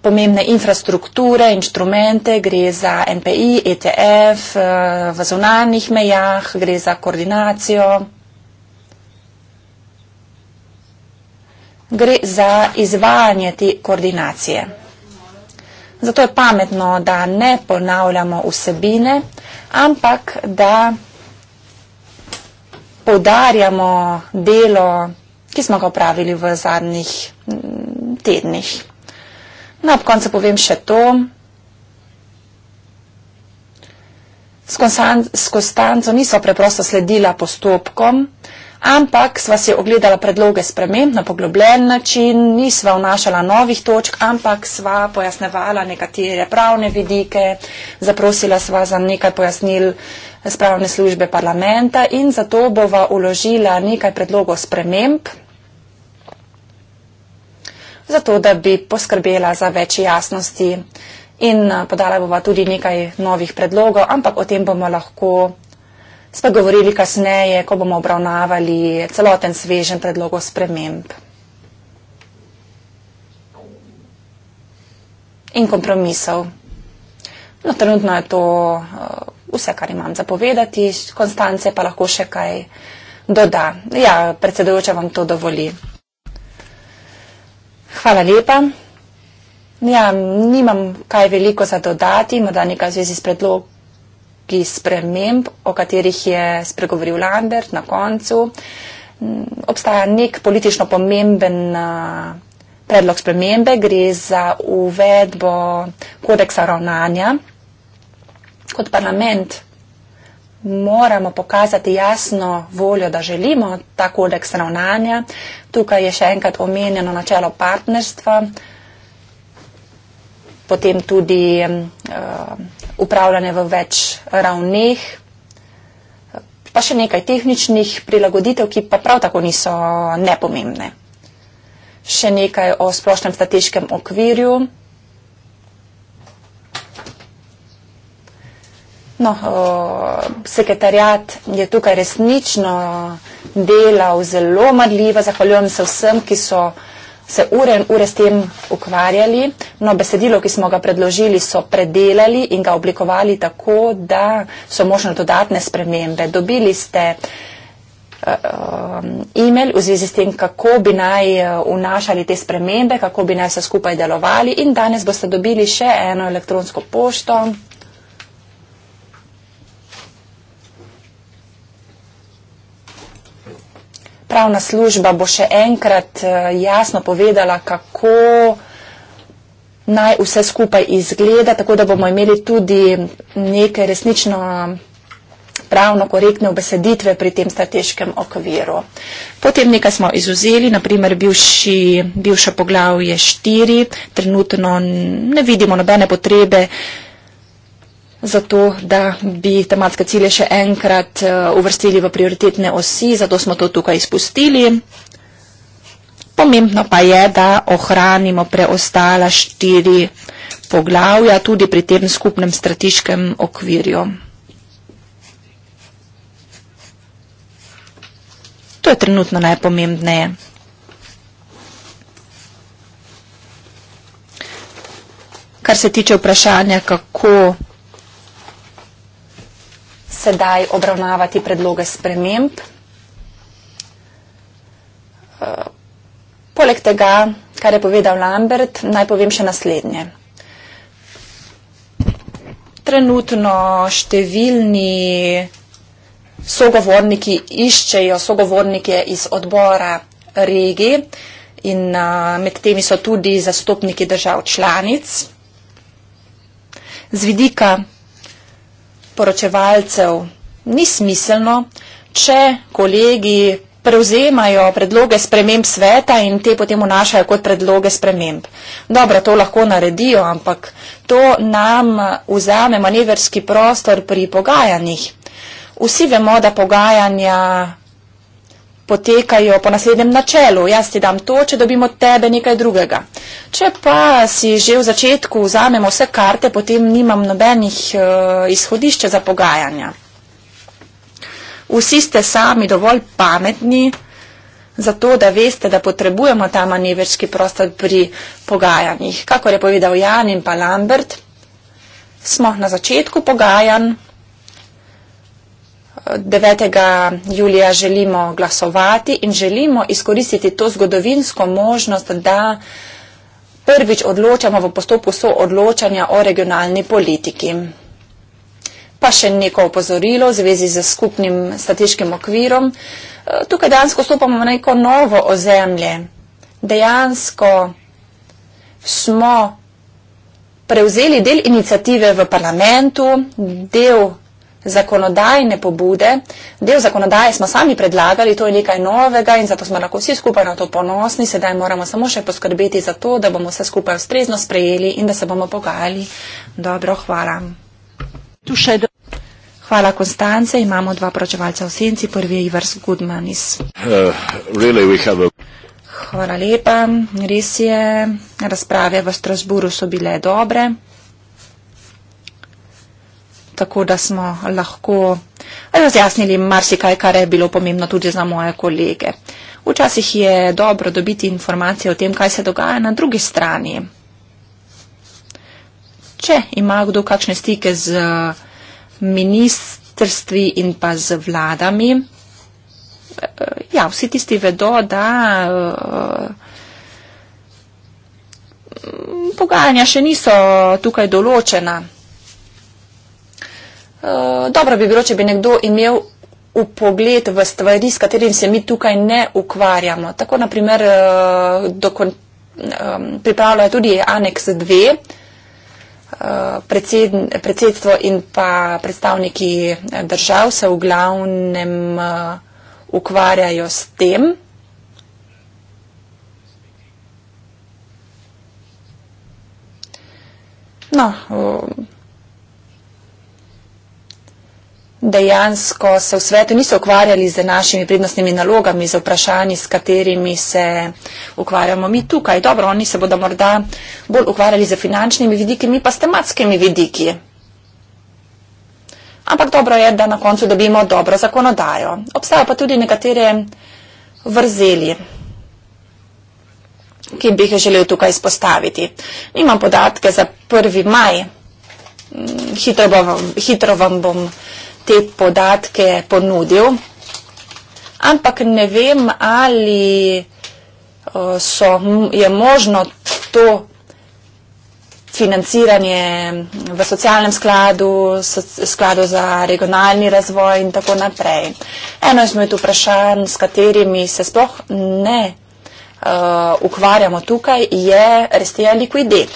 pomembne infrastrukture, inštrumente, gre za NPI, ETF, eh, v zonalnih mejah, gre za koordinacijo. Gre za izvajanje te koordinacije. Zato je pametno, da ne ponavljamo vsebine, ampak da poudarjamo delo, ki smo ga opravili v zadnjih mm, tednih. Na no, koncu povem še to. S Konstanco niso preprosto sledila postopkom ampak sva si ogledala predloge sprememb na poglobljen način, nisva vnašala novih točk, ampak sva pojasnevala nekatere pravne vidike, zaprosila sva za nekaj pojasnil spravne službe parlamenta in zato bova uložila nekaj predlogov sprememb, zato da bi poskrbela za več jasnosti in podala bova tudi nekaj novih predlogov, ampak o tem bomo lahko vprašali. Sva govorili kasneje, ko bomo obravnavali celoten svežen predlogo sprememb. In kompromisov. No, trenutno je to eh, vse, kar imam za povedati, Konstance pa lahko še kaj doda. Ja, predsedujoča vam to dovoli. Hvala lepa. Ja, nimam kaj veliko za dodati, morda nekaj v zvezi s predlogom ki sprememb, o katerih je spregovoril Lambert na koncu. Obstaja nek politično pomemben predlog spremembe, gre za uvedbo kodeksa ravnanja. Kot parlament moramo pokazati jasno voljo, da želimo ta kodeks ravnanja. Tukaj je še enkrat omenjeno načelo partnerstva, potem tudi uh, upravljanje v več ravneh, pa še nekaj tehničnih prilagoditev, ki pa prav tako niso nepomembne. Še nekaj o splošnem strateškem okvirju. No, sekretarjat je tukaj resnično delal zelo marljivo. Zahvaljujem se vsem, ki so uh, se ure in ure s tem ukvarjali. No, besedilo, ki smo ga predložili, so predelali in ga oblikovali tako, da so možno dodatne spremembe. Dobili ste eh, um, e-mail v zvezi s tem, kako bi naj eh, vnašali te spremembe, kako bi naj se skupaj delovali in danes boste dobili še eno elektronsko pošto. pravna služba bo še enkrat eh, jasno povedala, kako naj vse skupaj izgleda, tako da bomo imeli tudi neke resnično pravno korektne obeseditve pri tem strateškem okviru. Potem nekaj smo izuzeli, naprimer bivši, bivša poglav je štiri, trenutno ne vidimo nobene potrebe, uh, zato da bi tematske cilje še enkrat eh, uvrstili v prioritetne osi, zato smo to tukaj izpustili. Pomembno pa je, da ohranimo preostala štiri poglavja tudi pri tem skupnem strateškem okvirju. To je trenutno najpomembneje. Kar se tiče vprašanja, kako sedaj obravnavati predloge sprememb. Eh, poleg tega, kar je povedal Lambert, naj povem še naslednje. Trenutno številni sogovorniki iščejo sogovornike iz odbora regi in eh, med temi so tudi zastopniki držav članic. Z vidika poročevalcev ni smiselno, če kolegi prevzemajo predloge sprememb sveta in te potem vnašajo kot predloge sprememb. Dobro, to lahko naredijo, ampak to nam vzame manevrski prostor pri pogajanjih. Vsi vemo, da pogajanja potekajo po naslednjem načelu. Jaz ti dam to, če dobimo od tebe nekaj drugega. Če pa si že v začetku vzamemo vse karte, potem nimam nobenih uh, izhodišča za pogajanja. Vsi ste sami dovolj pametni, zato da veste, da potrebujemo ta manevrski prostor pri pogajanjih. Kakor je povedal Jan in pa Lambert, smo na začetku pogajanj. 9. julija želimo glasovati in želimo izkoristiti to zgodovinsko možnost, da prvič odločamo v postopku so odločanja o regionalni politiki. Pa še neko opozorilo v zvezi z skupnim strateškim okvirom. Tukaj dejansko stopamo na neko novo ozemlje. Dejansko smo prevzeli del inicijative v parlamentu, del zakonodajne pobude. Del zakonodaje smo sami predlagali, to je nekaj novega in zato smo lahko vsi skupaj na to ponosni. Sedaj moramo samo še poskrbeti za to, da bomo vse skupaj ustrezno sprejeli in da se bomo pogajali. Dobro, hvala. Hvala, Konstance. Imamo dva pročevalca v senci. Prvi je Ivar Goodman iz. Hvala lepa. Res je, razprave v Strasburu so bile dobre tako da smo lahko eh, razjasnili marsikaj, kar je bilo pomembno tudi za moje kolege. Včasih je dobro dobiti informacije o tem, kaj se dogaja na drugi strani. Če ima kdo kakšne stike z ministrstvi in pa z vladami, eh, ja, vsi tisti vedo, da eh, pogajanja še niso tukaj določena. Eh, dobro bi bilo, če bi nekdo imel v pogled v stvari, s katerim se mi tukaj ne ukvarjamo. Tako naprimer eh, dokon, pripravlja tudi aneks 2, eh, predsedstvo in pa predstavniki držav se v glavnem ukvarjajo s tem. No, dejansko se v svetu niso ukvarjali z našimi prednostnimi nalogami, z vprašanji, s katerimi se ukvarjamo mi tukaj. Dobro, oni se bodo morda bolj ukvarjali z finančnimi vidiki, mi pa s tematskimi vidiki. Ampak dobro je, da na koncu dobimo dobro zakonodajo. Obstajajo pa tudi nekatere vrzeli, ki bi jih želel tukaj izpostaviti. Imam podatke za 1. maj. Mm, hitro, bo, hitro vam bom te podatke ponudil, ampak ne vem, ali so, je možno to financiranje v socialnem skladu, skladu za regionalni razvoj in tako naprej. Eno izmed vprašanj, s katerimi se sploh ne uh, ukvarjamo tukaj, je restija likvidit.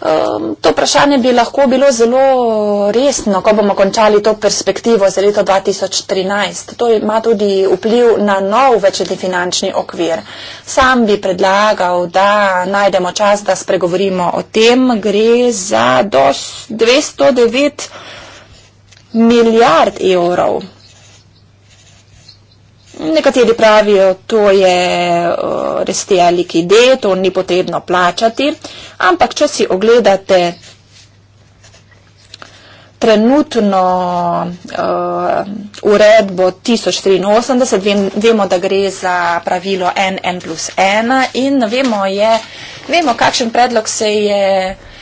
Um, to vprašanje bi lahko bilo zelo resno, ko bomo končali to perspektivo za leto 2013. To ima tudi vpliv na nov večletni finančni okvir. Sam bi predlagal, da najdemo čas, da spregovorimo o tem. Gre za do 209 milijard evrov. Nekateri pravijo, to je res te ali ki ide, to ni potrebno plačati, ampak če si ogledate trenutno uredbo 1083, vemo, da gre za pravilo N, N plus 1 in vemo, kakšen predlog se je vsega,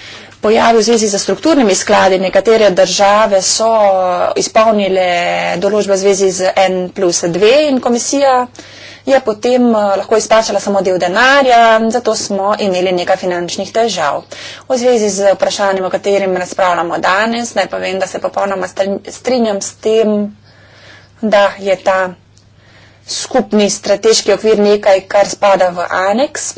pojavil v zvezi za strukturnimi skladi, nekatere države so izpolnile določbe v zvezi z N plus 2 in komisija je potem eh, lahko izplačala samo del denarja, zato smo imeli nekaj finančnih težav. V zvezi z vprašanjem, o katerem razpravljamo danes, naj povem, da se popolnoma strinjam s tem, da je ta skupni strateški okvir nekaj, kar spada v aneks.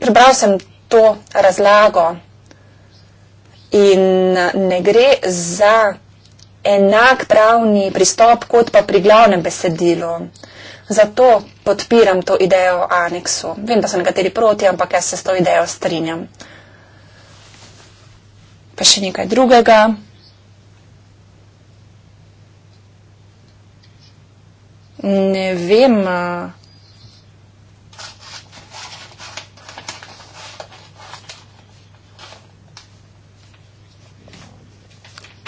prebral sem to razlago in eh, ne gre za enak pravni pristop, kot pa pri glavnem besedilu. Zato podpiram to idejo o aneksu. Vem, da so nekateri proti, ampak jaz se s to idejo strinjam. Pa še nekaj drugega. Ne vem. Uh,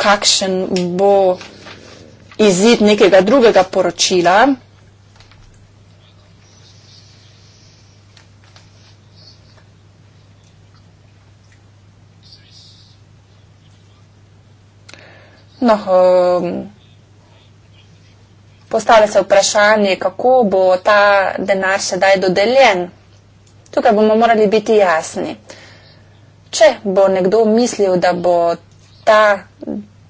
kakšen bo izid nekega drugega poročila. No, um, postavlja se vprašanje, kako bo ta denar sedaj dodeljen. Tukaj bomo morali biti jasni. Če bo nekdo mislil, da bo ta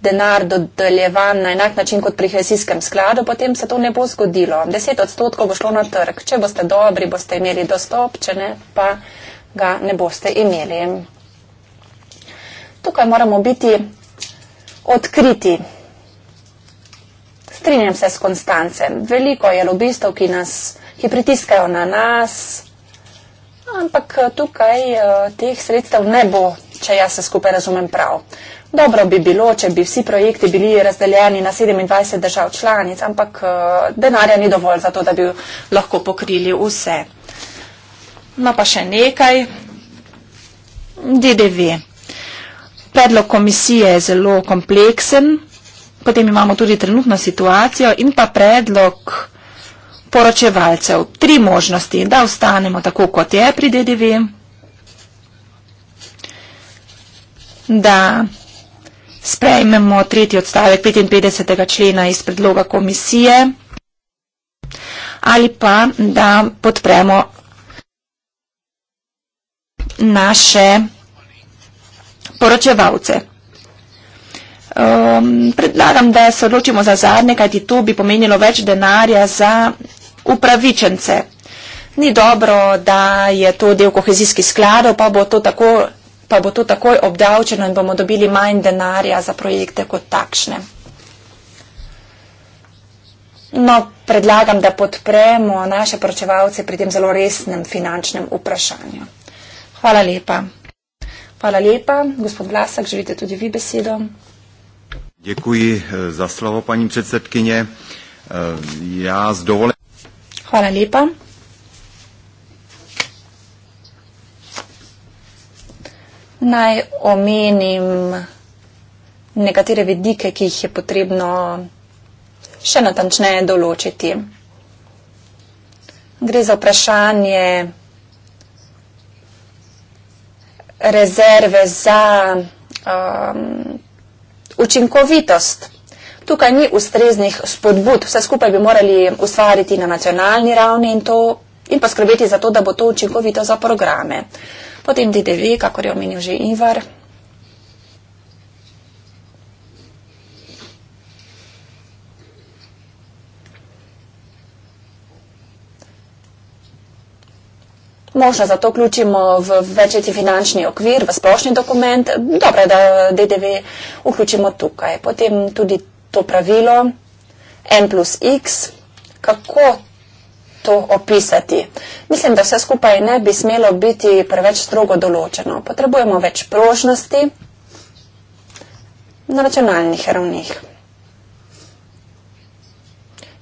denar dodeljevan na enak način kot pri hesijskem skladu, potem se to ne bo zgodilo. Deset odstotkov bo šlo na trg. Če boste dobri, boste imeli dostop, če ne, pa ga ne boste imeli. Tukaj moramo biti odkriti. Strinjam se s Konstancem. Veliko je lobistov, ki, nas, ki pritiskajo na nas. Ampak tukaj uh, teh sredstev ne bo, če jaz se skupaj razumem prav. Dobro bi bilo, če bi vsi projekti bili razdeljeni na 27 držav članic, ampak eh, denarja ni dovolj za to, da bi lahko pokrili vse. No pa še nekaj. DDV. Predlog komisije je zelo kompleksen, potem imamo tudi trenutno situacijo in pa predlog poročevalcev. Tri možnosti, da ostanemo tako, kot je pri DDV, da sprejmemo tretji odstavek 55. člena iz predloga komisije ali pa, da podpremo naše poročevalce. Um, predlagam, da se odločimo za zadnje, kajti to bi pomenilo več denarja za upravičence. Ni dobro, da je to del kohezijskih skladov, pa bo to tako pa bo to takoj obdavčeno in bomo dobili manj denarja za projekte kot takšne. No, predlagam, da podpremo naše poročevalce pri tem zelo resnem finančnem vprašanju. Hvala lepa. Hvala lepa. Gospod Vlasak, želite tudi vi besedo? Děkuji eh, za slovo, paní předsedkyně. Eh, já s dovolením. Hvala lepa. Naj omenim nekatere vidike, ki jih je potrebno še natančneje določiti. Gre za vprašanje rezerve za um, učinkovitost. Tukaj ni ustreznih spodbud, vse skupaj bi morali ustvariti na nacionalni ravni in, to, in poskrbeti za to, da bo to učinkovito za programe. Uh, Potem D9, kakor je omenil že Ivar. Možno zato vključimo v večjeci finančni okvir, v splošni dokument. Dobro je, da DDV vključimo tukaj. Potem tudi to pravilo, N plus X, kako to opisati. Mislim, da vse skupaj ne bi smelo biti preveč strogo določeno. Potrebujemo več prožnosti na računalnih ravnih.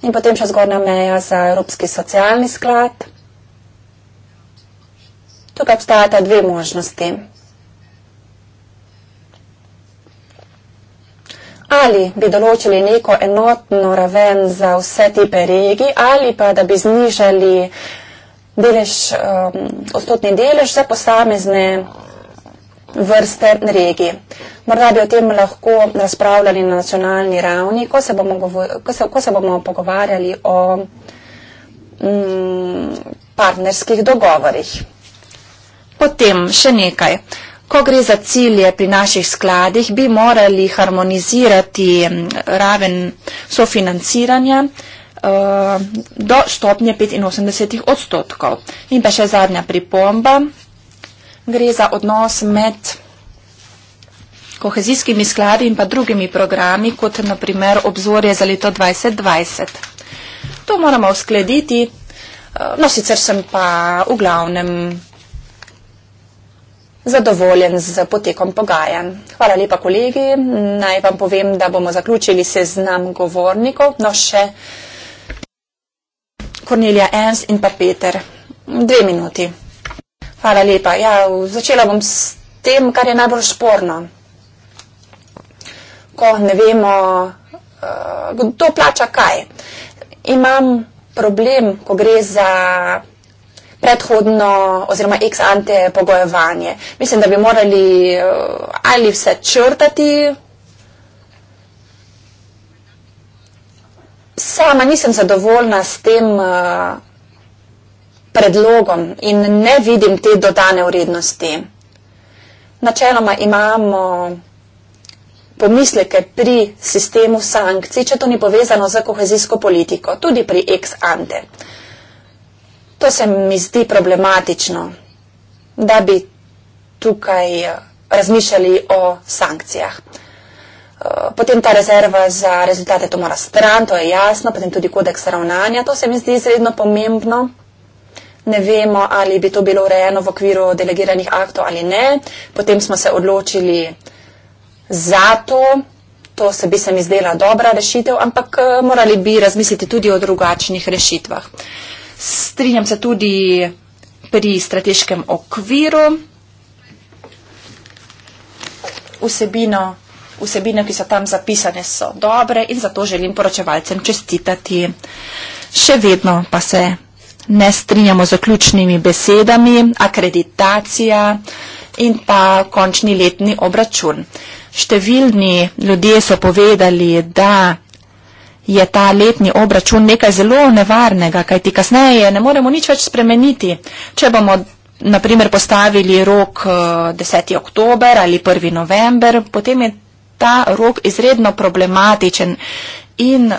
In potem še zgornja meja za Evropski socialni sklad. Tukaj obstajata dve možnosti. ali bi določili neko enotno raven za vse tipe regij ali pa da bi znižali delež, um, odstotni delež za posamezne vrste regij. Morda bi o tem lahko razpravljali na nacionalni ravni, ko se bomo, ko se, ko se bomo pogovarjali o mm, partnerskih dogovorih. Potem še nekaj. Ko gre za cilje pri naših skladih, bi morali harmonizirati mm, raven sofinanciranja eh, do stopnje 85 odstotkov. In pa še zadnja pripomba, gre za odnos med kohezijskimi skladi in pa drugimi programi, kot naprimer obzorje za leto 2020. To moramo uskladiti, eh, no sicer sem pa v glavnem zadovoljen z potekom pogajanj. Hvala lepa, kolegi. Naj vam povem, da bomo zaključili seznam govornikov, no še Kornelija Ens in pa Peter. Dve minuti. Hvala lepa. Ja, začela bom s tem, kar je najbolj sporno. Ko ne vemo, eh, kdo plača kaj. Imam problem, ko gre za predhodno oziroma ex ante pogojevanje. Mislim, da bi morali eh, ali vse črtati. Sama nisem zadovoljna s tem eh, predlogom in ne vidim te dodane vrednosti. Načeloma imamo pomisleke pri sistemu sankcij, če to ni povezano z kohezijsko politiko, tudi pri ex ante. To se mi zdi problematično, da bi tukaj eh, razmišljali o sankcijah. Eh, potem ta rezerva za rezultate, to mora stran, to je jasno, potem tudi kodeks ravnanja, to se mi zdi izredno pomembno. Ne vemo, ali bi to bilo urejeno v okviru delegiranih aktov ali ne. Potem smo se odločili za to, to se bi se mi zdela dobra rešitev, ampak eh, morali bi razmisliti tudi o drugačnih rešitvah. Uh, Strinjam se tudi pri strateškem okviru. Vsebino, vsebine, ki so tam zapisane, so dobre in zato želim poročevalcem čestitati. Še vedno pa se ne strinjamo z zaključnimi besedami, akreditacija in pa končni letni obračun. Številni ljudje so povedali, da je ta letni obračun nekaj zelo nevarnega, kajti kasneje ne moremo nič več spremeniti. Če bomo, naprimer, postavili rok 10. Eh, oktober ali 1. november, potem je ta rok izredno problematičen in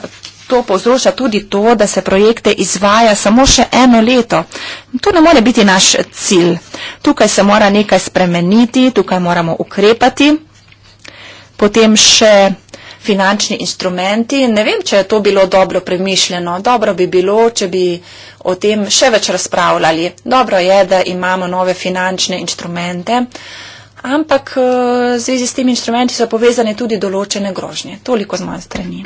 to povzroča tudi to, da se projekte izvaja samo še eno leto. To ne more biti naš cilj. Tukaj se mora nekaj spremeniti, tukaj moramo ukrepati. Potem še finančni instrumenti. Ne vem, če je to bilo dobro premišljeno. Dobro bi bilo, če bi o tem še več razpravljali. Dobro je, da imamo nove finančne instrumente, ampak eh, v zvezi s temi instrumenti so povezane tudi določene grožnje. Toliko z moje strani.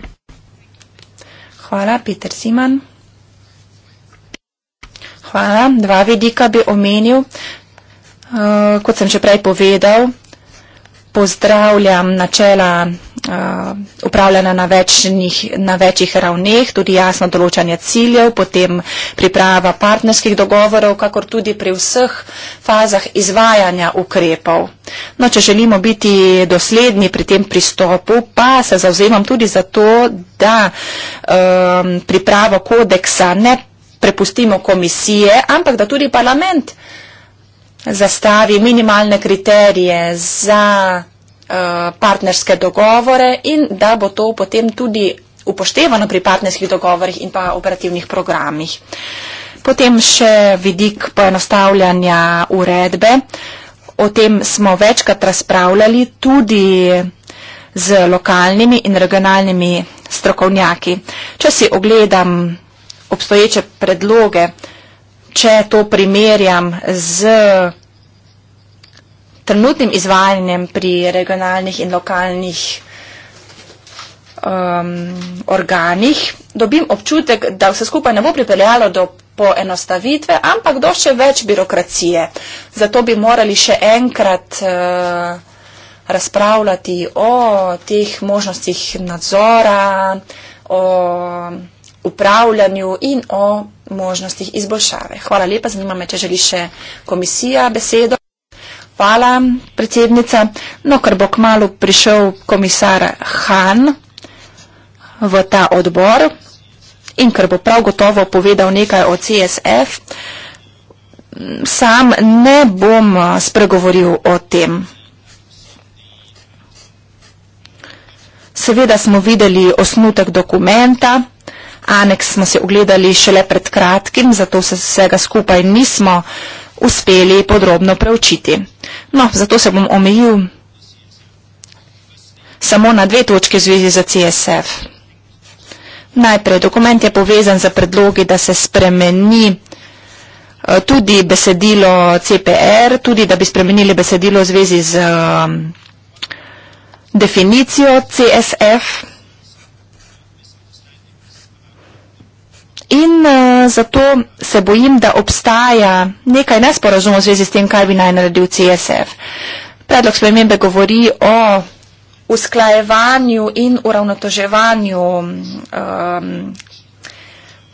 Hvala, Peter Siman. Hvala. Dva vidika bi omenil. Uh, kot sem že prej povedal, pozdravljam načela uh, upravljanja na, večnih, na večjih ravneh, tudi jasno določanje ciljev, potem priprava partnerskih dogovorov, kakor tudi pri vseh fazah izvajanja ukrepov. No, če želimo biti dosledni pri tem pristopu, pa se zauzemam tudi za to, da um, pripravo kodeksa ne prepustimo komisije, ampak da tudi parlament zastavi minimalne kriterije za eh, partnerske dogovore in da bo to potem tudi upoštevano pri partnerskih dogovorih in pa operativnih programih. Potem še vidik poenostavljanja uredbe. O tem smo večkrat razpravljali tudi z lokalnimi in regionalnimi strokovnjaki. Če si ogledam obstoječe predloge, če to primerjam z trenutnim izvajanjem pri regionalnih in lokalnih um, organih, dobim občutek, da vse skupaj ne bo pripeljalo do poenostavitve, ampak do še več birokracije. Zato bi morali še enkrat uh, razpravljati o teh možnostih nadzora, o upravljanju in o možnostih izboljšave. Hvala lepa, zanima me, če želi še komisija besedo. Hvala, predsednica. No, ker bo kmalo prišel komisar Han v ta odbor in ker bo prav gotovo povedal nekaj o CSF, sam ne bom spregovoril o tem. Seveda smo videli osnutek dokumenta. Aneks smo se ogledali šele pred kratkim, zato se vsega skupaj nismo uspeli podrobno preučiti. No, zato se bom omejil samo na dve točke v zvezi za CSF. Najprej, dokument je povezan za predlogi, da se spremeni eh, tudi besedilo CPR, tudi da bi spremenili besedilo v zvezi z eh, definicijo CSF. In uh, zato se bojim, da obstaja nekaj nesporazumov v zvezi s tem, kaj bi naj naredil CSF. Predlog spremembe govori o usklajevanju in uravnoteževanju um,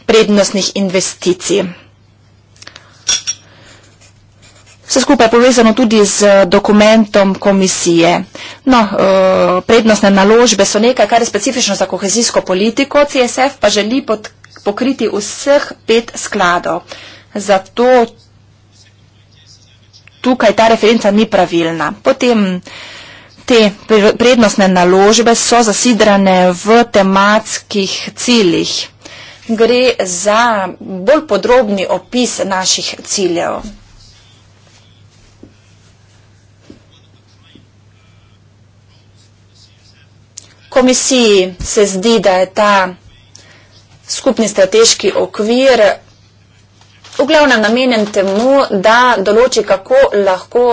prednostnih investicij. Vse skupaj je povezano tudi z dokumentom komisije. No, eh, prednostne naložbe so nekaj, kar je specifično za kohezijsko politiko. CSF pa želi pod pokriti vseh pet skladov. Zato tukaj ta referenca ni pravilna. Potem te prednostne naložbe so zasidrane v tematskih ciljih. Gre za bolj podrobni opis naših ciljev. Komisiji se zdi, da je ta skupni strateški okvir, v glavnem namenjen temu, da določi, kako lahko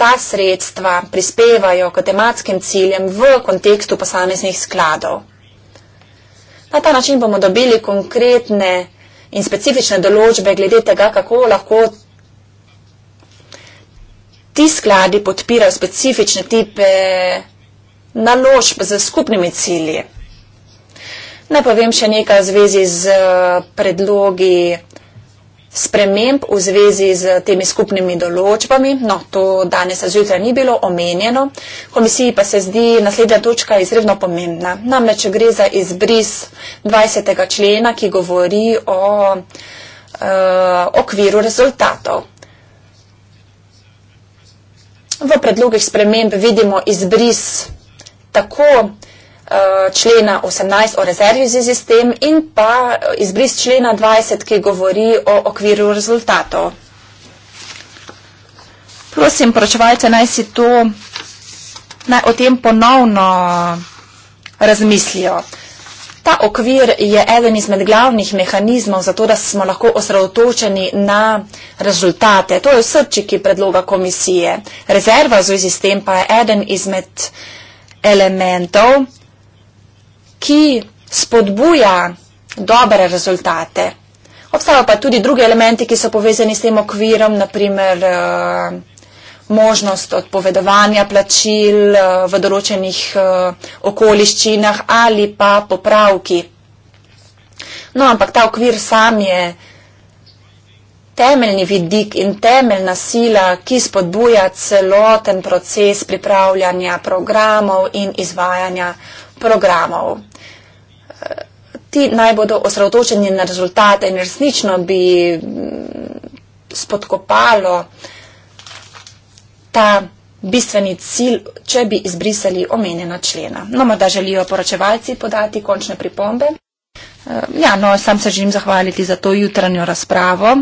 ta sredstva prispevajo k tematskim ciljem v kontekstu posameznih skladov. Na ta način bomo dobili konkretne in specifične določbe glede tega, kako lahko ti skladi podpirajo specifične tipe naložb z skupnimi cilji. Naj povem še nekaj v zvezi z eh, predlogi sprememb v zvezi z temi skupnimi določbami. No, to danes zjutraj ni bilo omenjeno. Komisiji pa se zdi naslednja točka izredno pomembna. Namreč gre za izbris 20. člena, ki govori o uh, okviru rezultatov. V predlogih sprememb vidimo izbris tako, Eh, člena 18 o rezervi za sistem in pa eh, izbris člena 20, ki govori o okviru rezultatov. Prosim, poročevalce, naj si to, naj o tem ponovno razmislijo. Ta okvir je eden izmed glavnih mehanizmov za to, da smo lahko osredotočeni na rezultate. To je v srčiki predloga komisije. Rezerva za sistem pa je eden izmed elementov, ki spodbuja dobre rezultate. Obstajajo pa tudi drugi elementi, ki so povezani s tem okvirom, naprimer eh, možnost odpovedovanja plačil eh, v določenih eh, okoliščinah ali pa popravki. No, ampak ta okvir sam je temeljni vidik in temeljna sila, ki spodbuja celoten proces pripravljanja programov in izvajanja programov programov. Ti naj bodo osredotočeni na rezultate in resnično bi mm, spodkopalo ta bistveni cilj, če bi izbrisali omenjena člena. No, morda želijo poročevalci podati končne pripombe. Eh, ja, no, sam se želim zahvaliti za to jutranjo razpravo.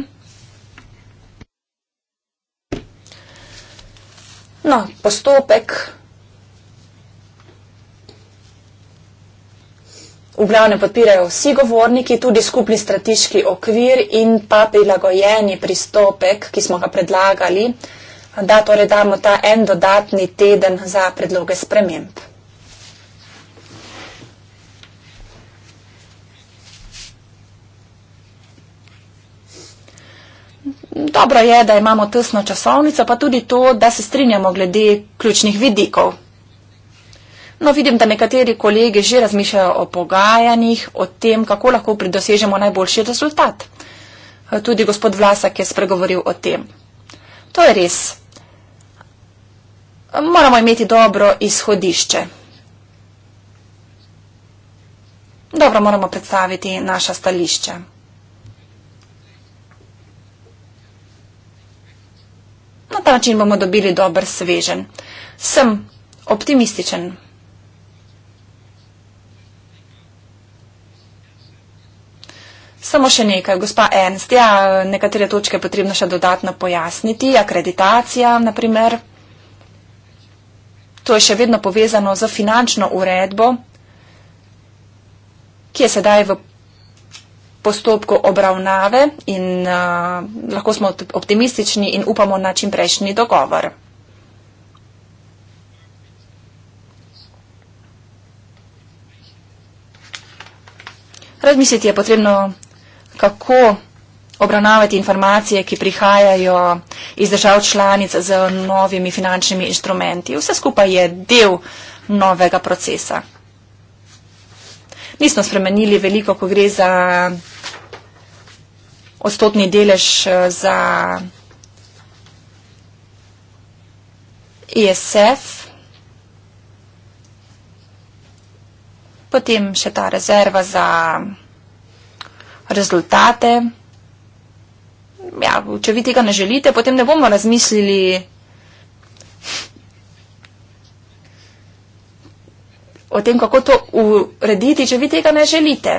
No, postopek v glavnem podpirajo vsi govorniki, tudi skupni strateški okvir in pa prilagojeni pristopek, ki smo ga predlagali, da torej damo ta en dodatni teden za predloge sprememb. Dobro je, da imamo tesno časovnico, pa tudi to, da se strinjamo glede ključnih vidikov. No, vidim, da nekateri kolegi že razmišljajo o pogajanjih, o tem, kako lahko pridosežemo najboljši rezultat. Tudi gospod Vlasak je spregovoril o tem. To je res. Moramo imeti dobro izhodišče. Dobro moramo predstaviti naša stališča. Na ta način bomo dobili dober svežen. Sem optimističen. Samo še nekaj, gospa Ernst, ja, nekatere točke je potrebno še dodatno pojasniti, akreditacija naprimer. To je še vedno povezano z finančno uredbo, ki je sedaj v postopku obravnave in uh, lahko smo optimistični in upamo na čim prejšnji dogovor. Razmisliti je potrebno kako obravnavati informacije, ki prihajajo iz držav članic z novimi finančnimi inštrumenti. Vse skupaj je del novega procesa. Nismo spremenili veliko, ko gre za odstotni delež eh, za ESF, potem še ta rezerva za rezultate. Ja, če vi tega ne želite, potem ne bomo razmislili. O tem, kako to urediti, če vi tega ne želite.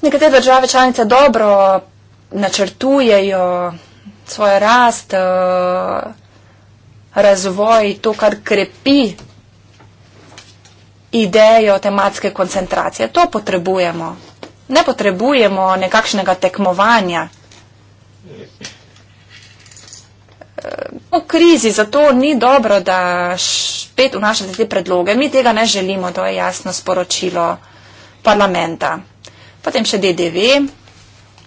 Nekatere države članice dobro načrtujejo svojo rast, eh, razvoj, to, kar krepi idejo tematske koncentracije. To potrebujemo ne potrebujemo nekakšnega tekmovanja. V krizi zato ni dobro, da spet vnašate te predloge. Mi tega ne želimo, to je jasno sporočilo parlamenta. Potem še DDV.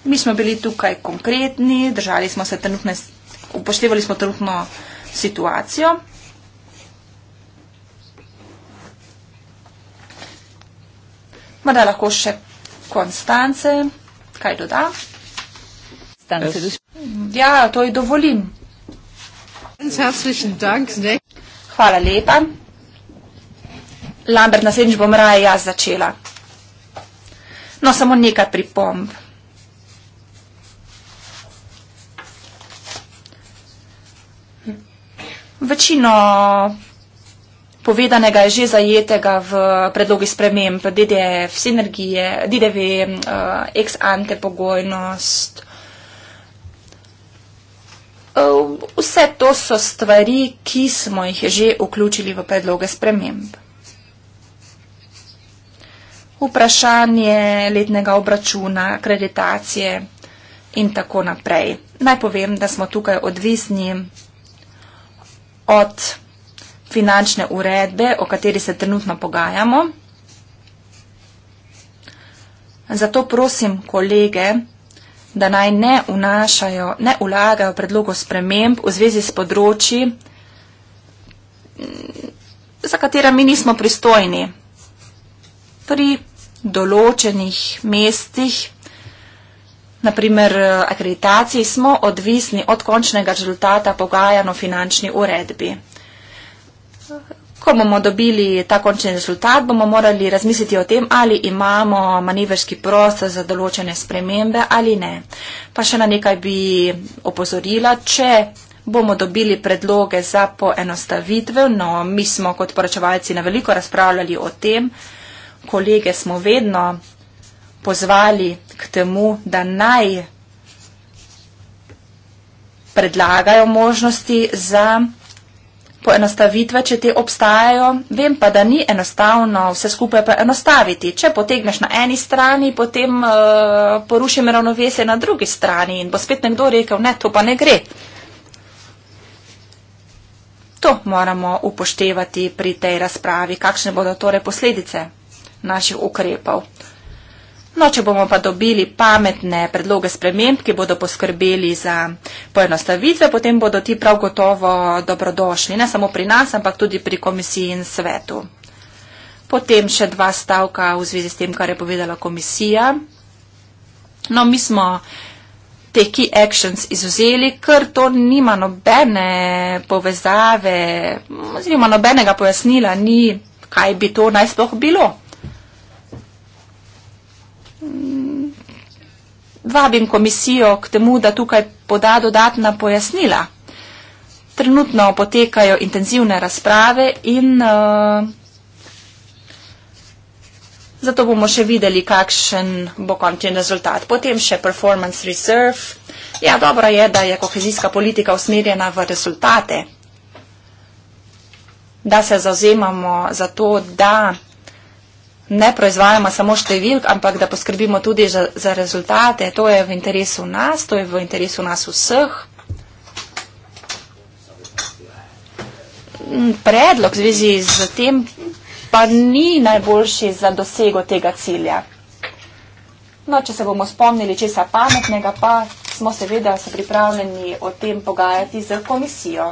Mi smo bili tukaj konkretni, držali smo se trenutne, upoštevali smo trenutno situacijo. Morda lahko še Konstance, kaj doda? Ja, to je dovolim. Hvala lepa. Lambert, naslednjič bom raje jaz začela. No, samo nekaj pripomb. Večino povedanega je že zajetega v predlogi sprememb DDF, sinergije, DDV, uh, eh, ex ante pogojnost. Eh, vse to so stvari, ki smo jih že vključili v predloge sprememb. Vprašanje letnega obračuna, kreditacije in tako naprej. Naj povem, da smo tukaj odvisni od finančne uredbe, o kateri se trenutno pogajamo. Zato prosim kolege, da naj ne vnašajo, ne ulagajo predlogov sprememb v zvezi s področji, za katera mi nismo pristojni. Pri določenih mestih, naprimer akreditaciji, smo odvisni od končnega rezultata pogajano finančni uredbi ko bomo dobili ta končni rezultat, bomo morali razmisliti o tem, ali imamo manevrski prostor za določene spremembe ali ne. Pa še na nekaj bi opozorila, če bomo dobili predloge za poenostavitve, no mi smo kot poročevalci na veliko razpravljali o tem, kolege smo vedno pozvali k temu, da naj predlagajo možnosti za poenostavitve, če te obstajajo. Vem pa, da ni enostavno vse skupaj poenostaviti. Če potegneš na eni strani, potem uh, eh, porušim ravnovesje na drugi strani in bo spet nekdo rekel, ne, to pa ne gre. To moramo upoštevati pri tej razpravi, kakšne bodo torej posledice naših ukrepov. No, če bomo pa dobili pametne predloge sprememb, ki bodo poskrbeli za poenostavitve, potem bodo ti prav gotovo dobrodošli, ne samo pri nas, ampak tudi pri komisiji in svetu. Potem še dva stavka v zvezi s tem, kar je povedala komisija. No, mi smo te key actions izuzeli, ker to nima nobene povezave, oziroma nobenega pojasnila ni, kaj bi to najsploh bilo. Mm. vabim komisijo k temu, da tukaj poda dodatna pojasnila. Trenutno potekajo intenzivne razprave in eh, zato bomo še videli, kakšen bo končen rezultat. Potem še performance reserve. Ja, dobro je, da je kohezijska politika usmerjena v rezultate, da se zauzemamo za to, da ne proizvajamo samo številk, ampak da poskrbimo tudi za, za rezultate. To je v interesu nas, to je v interesu nas vseh. Mm, predlog v zvezi z tem pa ni najboljši za dosego tega cilja. No, če se bomo spomnili česa pametnega, pa smo seveda se pripravljeni o tem pogajati z komisijo.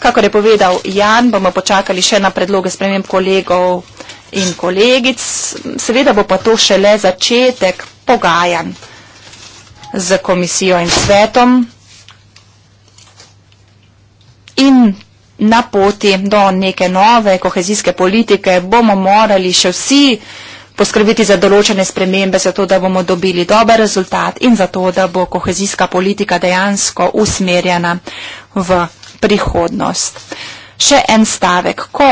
Kako je povedal Jan, bomo počakali še na predloge sprememb kolegov in kolegic. Seveda bo pa to šele začetek pogajan z komisijo in svetom in na poti do neke nove kohezijske politike bomo morali še vsi poskrbiti za določene spremembe, zato da bomo dobili dober rezultat in zato da bo kohezijska politika dejansko usmerjena v prihodnost. Še en stavek. Ko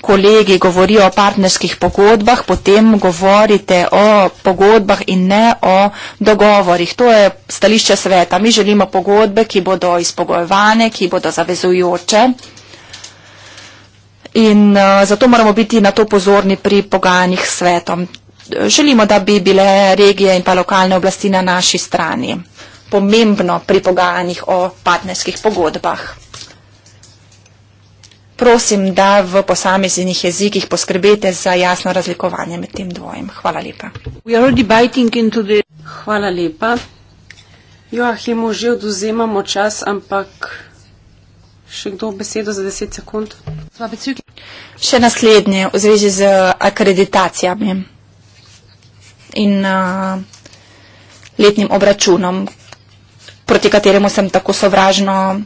kolegi govorijo o partnerskih pogodbah, potem govorite o pogodbah in ne o dogovorih. To je stališče sveta. Mi želimo pogodbe, ki bodo izpogojevane, ki bodo zavezujoče. In uh, zato moramo biti na to pozorni pri pogajanjih s svetom. Želimo, da bi bile regije in pa lokalne oblasti na naši strani. Pomembno pri pogajanjih o partnerskih pogodbah prosim, da v posameznih jezikih poskrbete za jasno razlikovanje med tem dvojem. Hvala lepa. The... Hvala lepa. Joachimu že oduzemamo čas, ampak še kdo besedo za 10 sekund? Še naslednje v zvezi z akreditacijami in uh, letnim obračunom, proti kateremu sem tako sovražno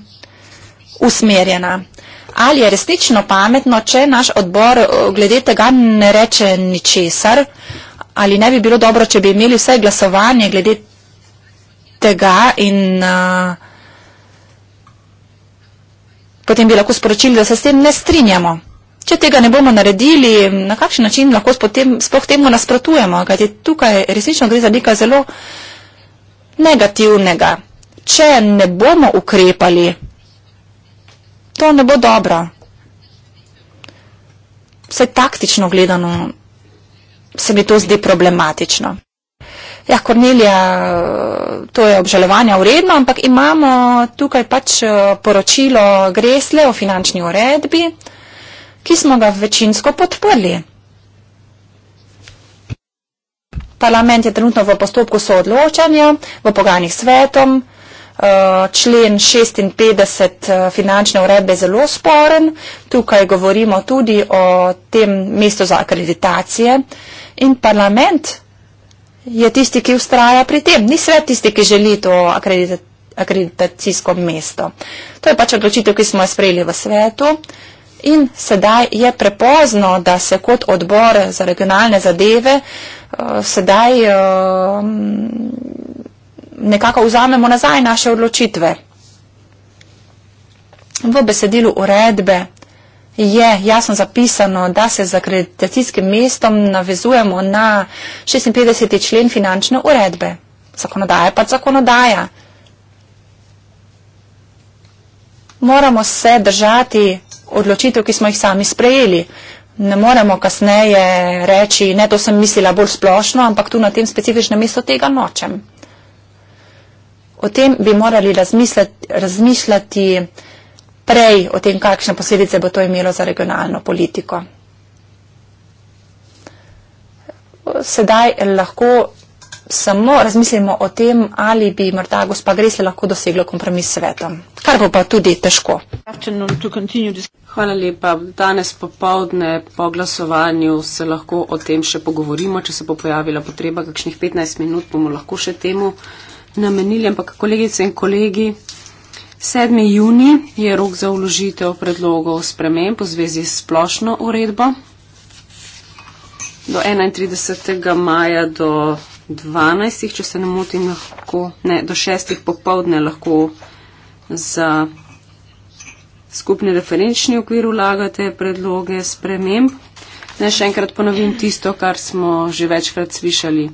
usmerjena. Uh, ali je resnično pametno, če naš odbor eh, glede tega ne reče ničesar, ali ne bi bilo dobro, če bi imeli vse glasovanje glede tega in eh, potem bi lahko sporočili, da se s tem ne strinjamo. Če tega ne bomo naredili, na kakšen način lahko spoh temu nasprotujemo, kaj je tukaj resnično gre za nika zelo negativnega. Če ne bomo ukrepali, to ne bo dobro. Vsaj taktično gledano se mi to zdi problematično. Ja, Kornelija, to je obžalovanja uredno, ampak imamo tukaj pač eh, poročilo Gresle o finančni uredbi, ki smo ga večinsko podprli. Parlament je trenutno v postopku soodločanja, v pogajanjih svetom. Eh, člen 56 eh, finančne uredbe zelo sporen. Tukaj govorimo tudi o tem mestu za akreditacije in parlament je tisti, ki ustraja pri tem. Ni svet tisti, ki želi to akreditacijsko mesto. To je pač odločitev, ki smo jo sprejeli v svetu. In sedaj je prepozno, da se kot odbor za regionalne zadeve eh, sedaj nekako vzamemo nazaj naše odločitve. V besedilu uredbe je jasno zapisano, da se z akreditacijskim mestom navezujemo na 56. člen finančne uredbe. Zakonodaja pa zakonodaja. Moramo se držati odločitev, ki smo jih sami sprejeli. Ne moremo kasneje reči, ne to sem mislila bolj splošno, ampak tu na tem specifičnem mestu tega nočem o tem bi morali razmišljati prej o tem, kakšne posledice bo to imelo za regionalno politiko. Sedaj lahko samo razmislimo o tem, ali bi morda gospa Gresle lahko doseglo kompromis s svetom, kar bo pa tudi težko. Hvala lepa. Danes popovdne po glasovanju se lahko o tem še pogovorimo, če se bo pojavila potreba kakšnih 15 minut, bomo lahko še temu namenili, ampak kolegice in kolegi, 7. juni je rok za uložitev predlogov sprememb v zvezi s splošno uredbo. Do 31. maja do 12. če se ne motim, lahko, ne, do 6. popovdne lahko za skupni referenčni okvir vlagate predloge sprememb. Naj še enkrat ponovim tisto, kar smo že večkrat slišali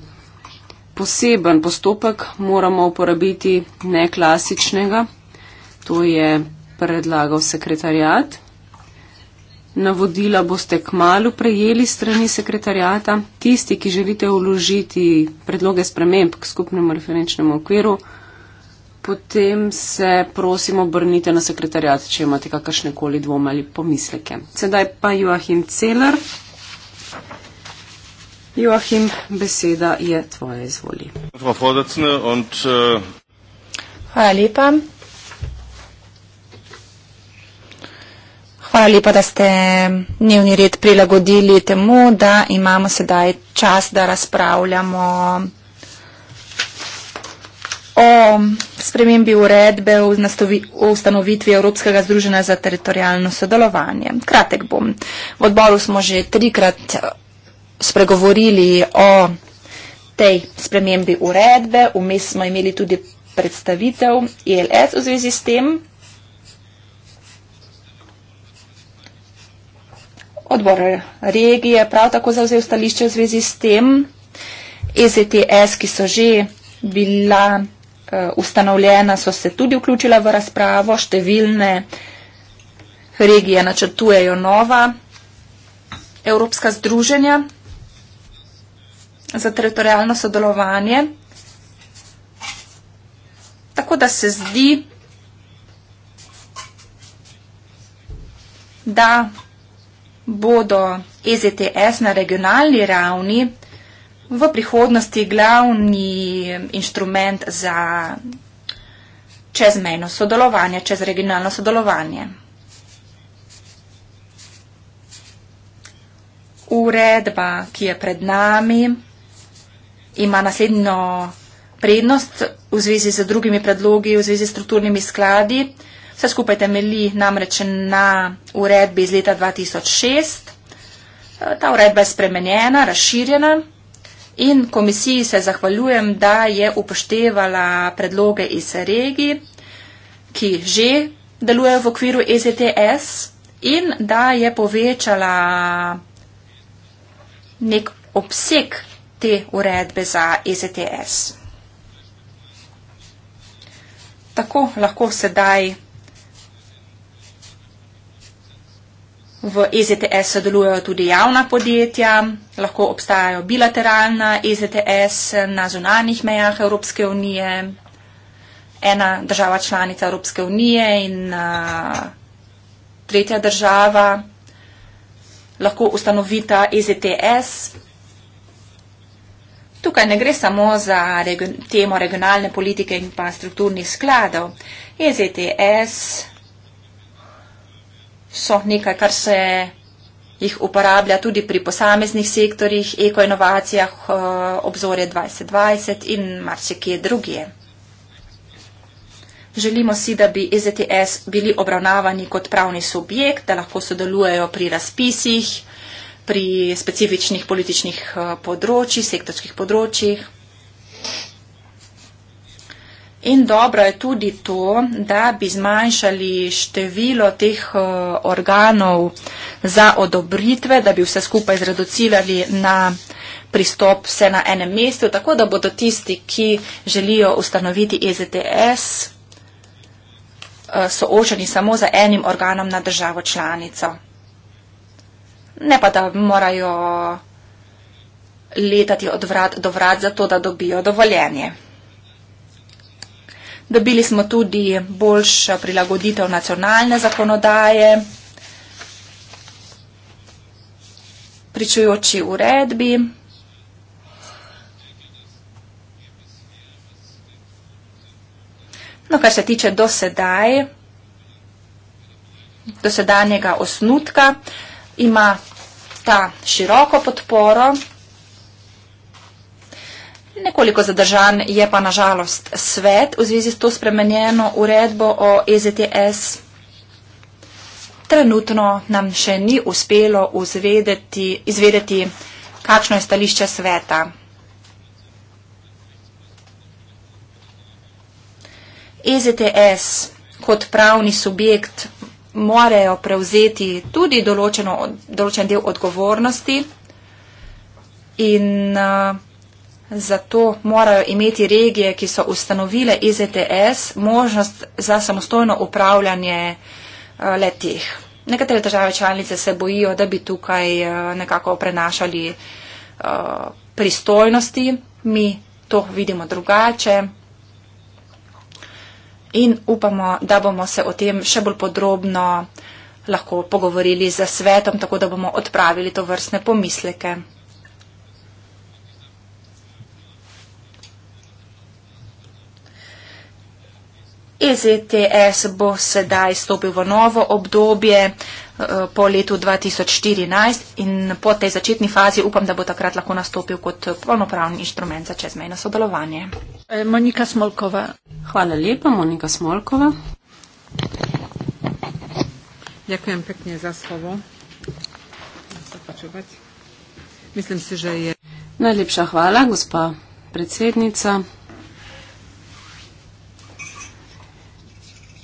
poseben postopek moramo uporabiti neklasičnega, to je predlagal sekretarjat. Navodila boste k malu prejeli strani sekretarjata. Tisti, ki želite uložiti predloge sprememb k skupnemu referenčnemu okviru, potem se prosim obrnite na sekretarjat, če imate kakršne koli dvome ali pomisleke. Sedaj pa Joachim Celer. Joachim, beseda je tvoja, izvoli. Äh, Hvala lepa. Hvala lepa, da ste dnevni red prilagodili temu, da imamo sedaj čas, da razpravljamo o spremembi uredbe o ustanovitvi Evropskega združenja za teritorijalno sodelovanje. Kratek bom. V odboru smo že trikrat spregovorili o tej spremembi uredbe, vmes smo imeli tudi predstavitev ILS v zvezi s tem. Odbor regije prav tako zauzel stališče v zvezi s tem. EZTS, ki so že bila eh, ustanovljena, so se tudi vključila v razpravo, številne regije načrtujejo nova evropska združenja, za teritorijalno sodelovanje. Tako da se zdi, da bodo EZTS na regionalni ravni v prihodnosti glavni inštrument za čezmejno sodelovanje, čez regionalno sodelovanje. Uredba, ki je pred nami, ima naslednjo prednost v zvezi z drugimi predlogi, v zvezi s strukturnimi skladi. Vse skupaj temelji namreč na uredbi iz leta 2006. E, ta uredba je spremenjena, razširjena in komisiji se zahvaljujem, da je upoštevala predloge iz regij, ki že delujejo v okviru ECTS in da je povečala nek obseg te uredbe za EZTS. Tako lahko sedaj v EZTS sodelujejo tudi javna podjetja, lahko obstajajo bilateralna EZTS na zunanjih mejah Evropske unije, ena država članica Evropske unije in tretja država lahko ustanovita EZTS. Tukaj ne gre samo za region, temo regionalne politike in pa strukturnih skladov. EZTS so nekaj, kar se jih uporablja tudi pri posameznih sektorjih, ekoinovacijah, eh, obzore 2020 in marsikje druge. Želimo si, da bi EZTS bili obravnavani kot pravni subjekt, da lahko sodelujejo pri razpisih pri specifičnih političnih eh, področjih, sektorskih področjih. In dobro je tudi to, da bi zmanjšali število teh eh, organov za odobritve, da bi vse skupaj zreducirali na pristop vse na enem mestu, tako da bodo tisti, ki želijo ustanoviti EZTS, eh, soočeni samo za enim organom na državo članico ne pa da morajo letati od vrat do vrat, zato da dobijo dovoljenje. Dobili smo tudi boljšo prilagoditev nacionalne zakonodaje, pričujoči uredbi. No, kar se tiče dosedaj, dosedanjega osnutka, ima ta široko podporo. Nekoliko zadržan je pa nažalost svet v zvezi s to spremenjeno uredbo o EZTS. Trenutno nam še ni uspelo uzvedeti, izvedeti, kakšno je stališče sveta. EZTS kot pravni subjekt morajo prevzeti tudi določeno, določen del odgovornosti in uh, zato morajo imeti regije, ki so ustanovile IZTS, e možnost za samostojno upravljanje uh, eh, letih. Nekatere države članice se bojijo, da bi tukaj uh, nekako prenašali uh, pristojnosti. Mi to vidimo drugače in upamo, da bomo se o tem še bolj podrobno lahko pogovorili z svetom, tako da bomo odpravili to vrstne pomisleke. EZTS bo sedaj stopil v novo obdobje eh, po letu 2014 in po tej začetni fazi upam, da bo takrat lahko nastopil kot polnopravni inštrument za čezmejno sodelovanje. Eh, Monika Smolkova. Hvala lepa, Monika Smolkova. Dziękujem pięknie za słowo. Zobaczymy. Myślę, że je... Najlepsza chwała, gospa prezydentka.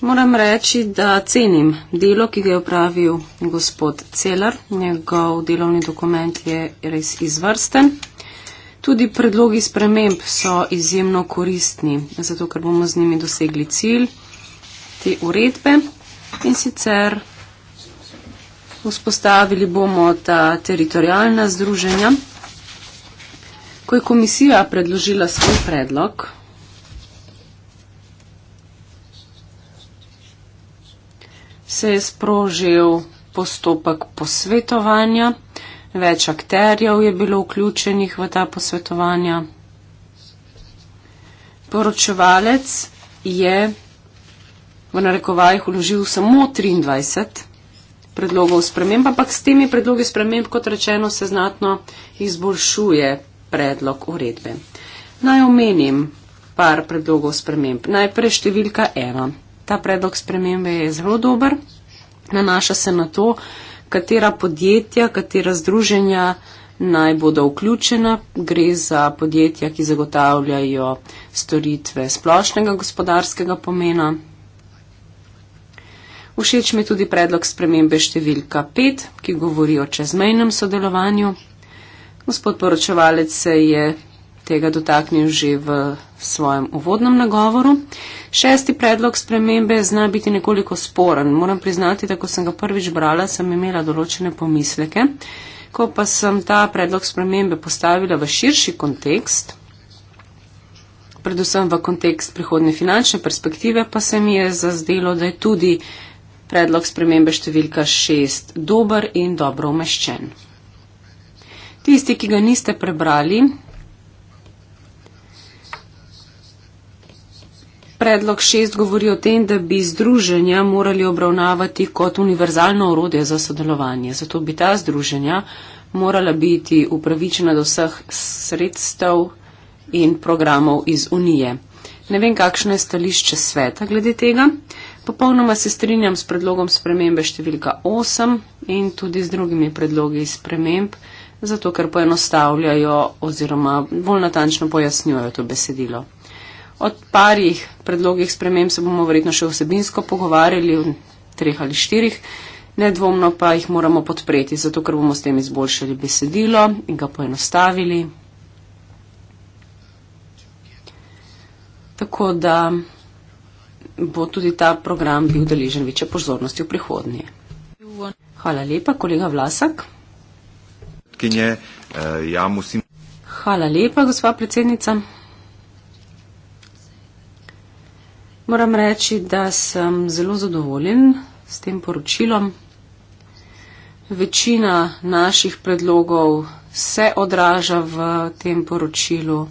Moram reči, da cenim delo, ki ga je upravil gospod Celer. Njegov delovni dokument je res izvrsten. Tudi predlogi sprememb so izjemno koristni, zato ker bomo z njimi dosegli cilj te uredbe in sicer vzpostavili bomo ta teritorijalna združenja. Ko je komisija predložila svoj predlog, se je sprožil postopek posvetovanja, več akterjev je bilo vključenih v ta posvetovanja. Poročevalec je v narekovajih uložil samo 23 predlogov sprememb, ampak s temi predlogi sprememb, kot rečeno, se znatno izboljšuje predlog uredbe. Naj omenim par predlogov sprememb. Najprej številka 1. Ta predlog spremembe je zelo dober. Nanaša se na to, katera podjetja, katera združenja naj bodo vključena. Gre za podjetja, ki zagotavljajo storitve splošnega gospodarskega pomena. Všeč mi je tudi predlog spremembe številka 5, ki govori o čezmejnem sodelovanju. Gospod poročevalec se je tega dotaknil že v svojem uvodnem nagovoru. Šesti predlog spremembe zna biti nekoliko sporen. Moram priznati, da ko sem ga prvič brala, sem imela določene pomisleke. Ko pa sem ta predlog spremembe postavila v širši kontekst, predvsem v kontekst prihodne finančne perspektive, pa se mi je zazdelo, da je tudi predlog spremembe številka šest dober in dobro umeščen. Tisti, ki ga niste prebrali, Predlog šest govori o tem, da bi združenja morali obravnavati kot univerzalno orodje za sodelovanje. Zato bi ta združenja morala biti upravičena do vseh sredstev in programov iz Unije. Ne vem, kakšno je stališče sveta glede tega. Popolnoma se strinjam s predlogom spremembe številka 8 in tudi z drugimi predlogi sprememb, zato ker poenostavljajo oziroma bolj natančno pojasnjujejo to besedilo. O parih predlogih sprememb se bomo verjetno še vsebinsko pogovarjali, v treh ali štirih, nedvomno pa jih moramo podpreti, zato ker bomo s tem izboljšali besedilo in ga poenostavili. Tako da bo tudi ta program bil deležen večje pozornosti v prihodnje. Hvala lepa, kolega Vlasak. Eh, ja, Hvala lepa, gospa predsednica. Moram reči, da sem zelo zadovoljen s tem poročilom. Večina naših predlogov se odraža v tem poročilu.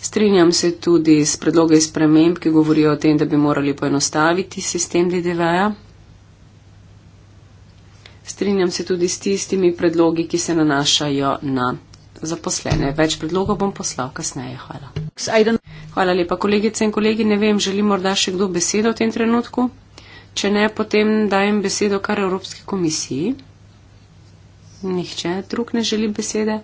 Strinjam se tudi s predloge sprememb, ki govorijo o tem, da bi morali poenostaviti sistem DDV-ja. Strinjam se tudi s tistimi predlogi, ki se nanašajo na zaposlene. Več predlogov bom poslal kasneje. Hvala. Hvala lepa, kolegice in kolegi. Ne vem, želi morda še kdo besedo v tem trenutku? Če ne, potem dajem besedo kar Evropski komisiji. Nihče drug ne želi besede.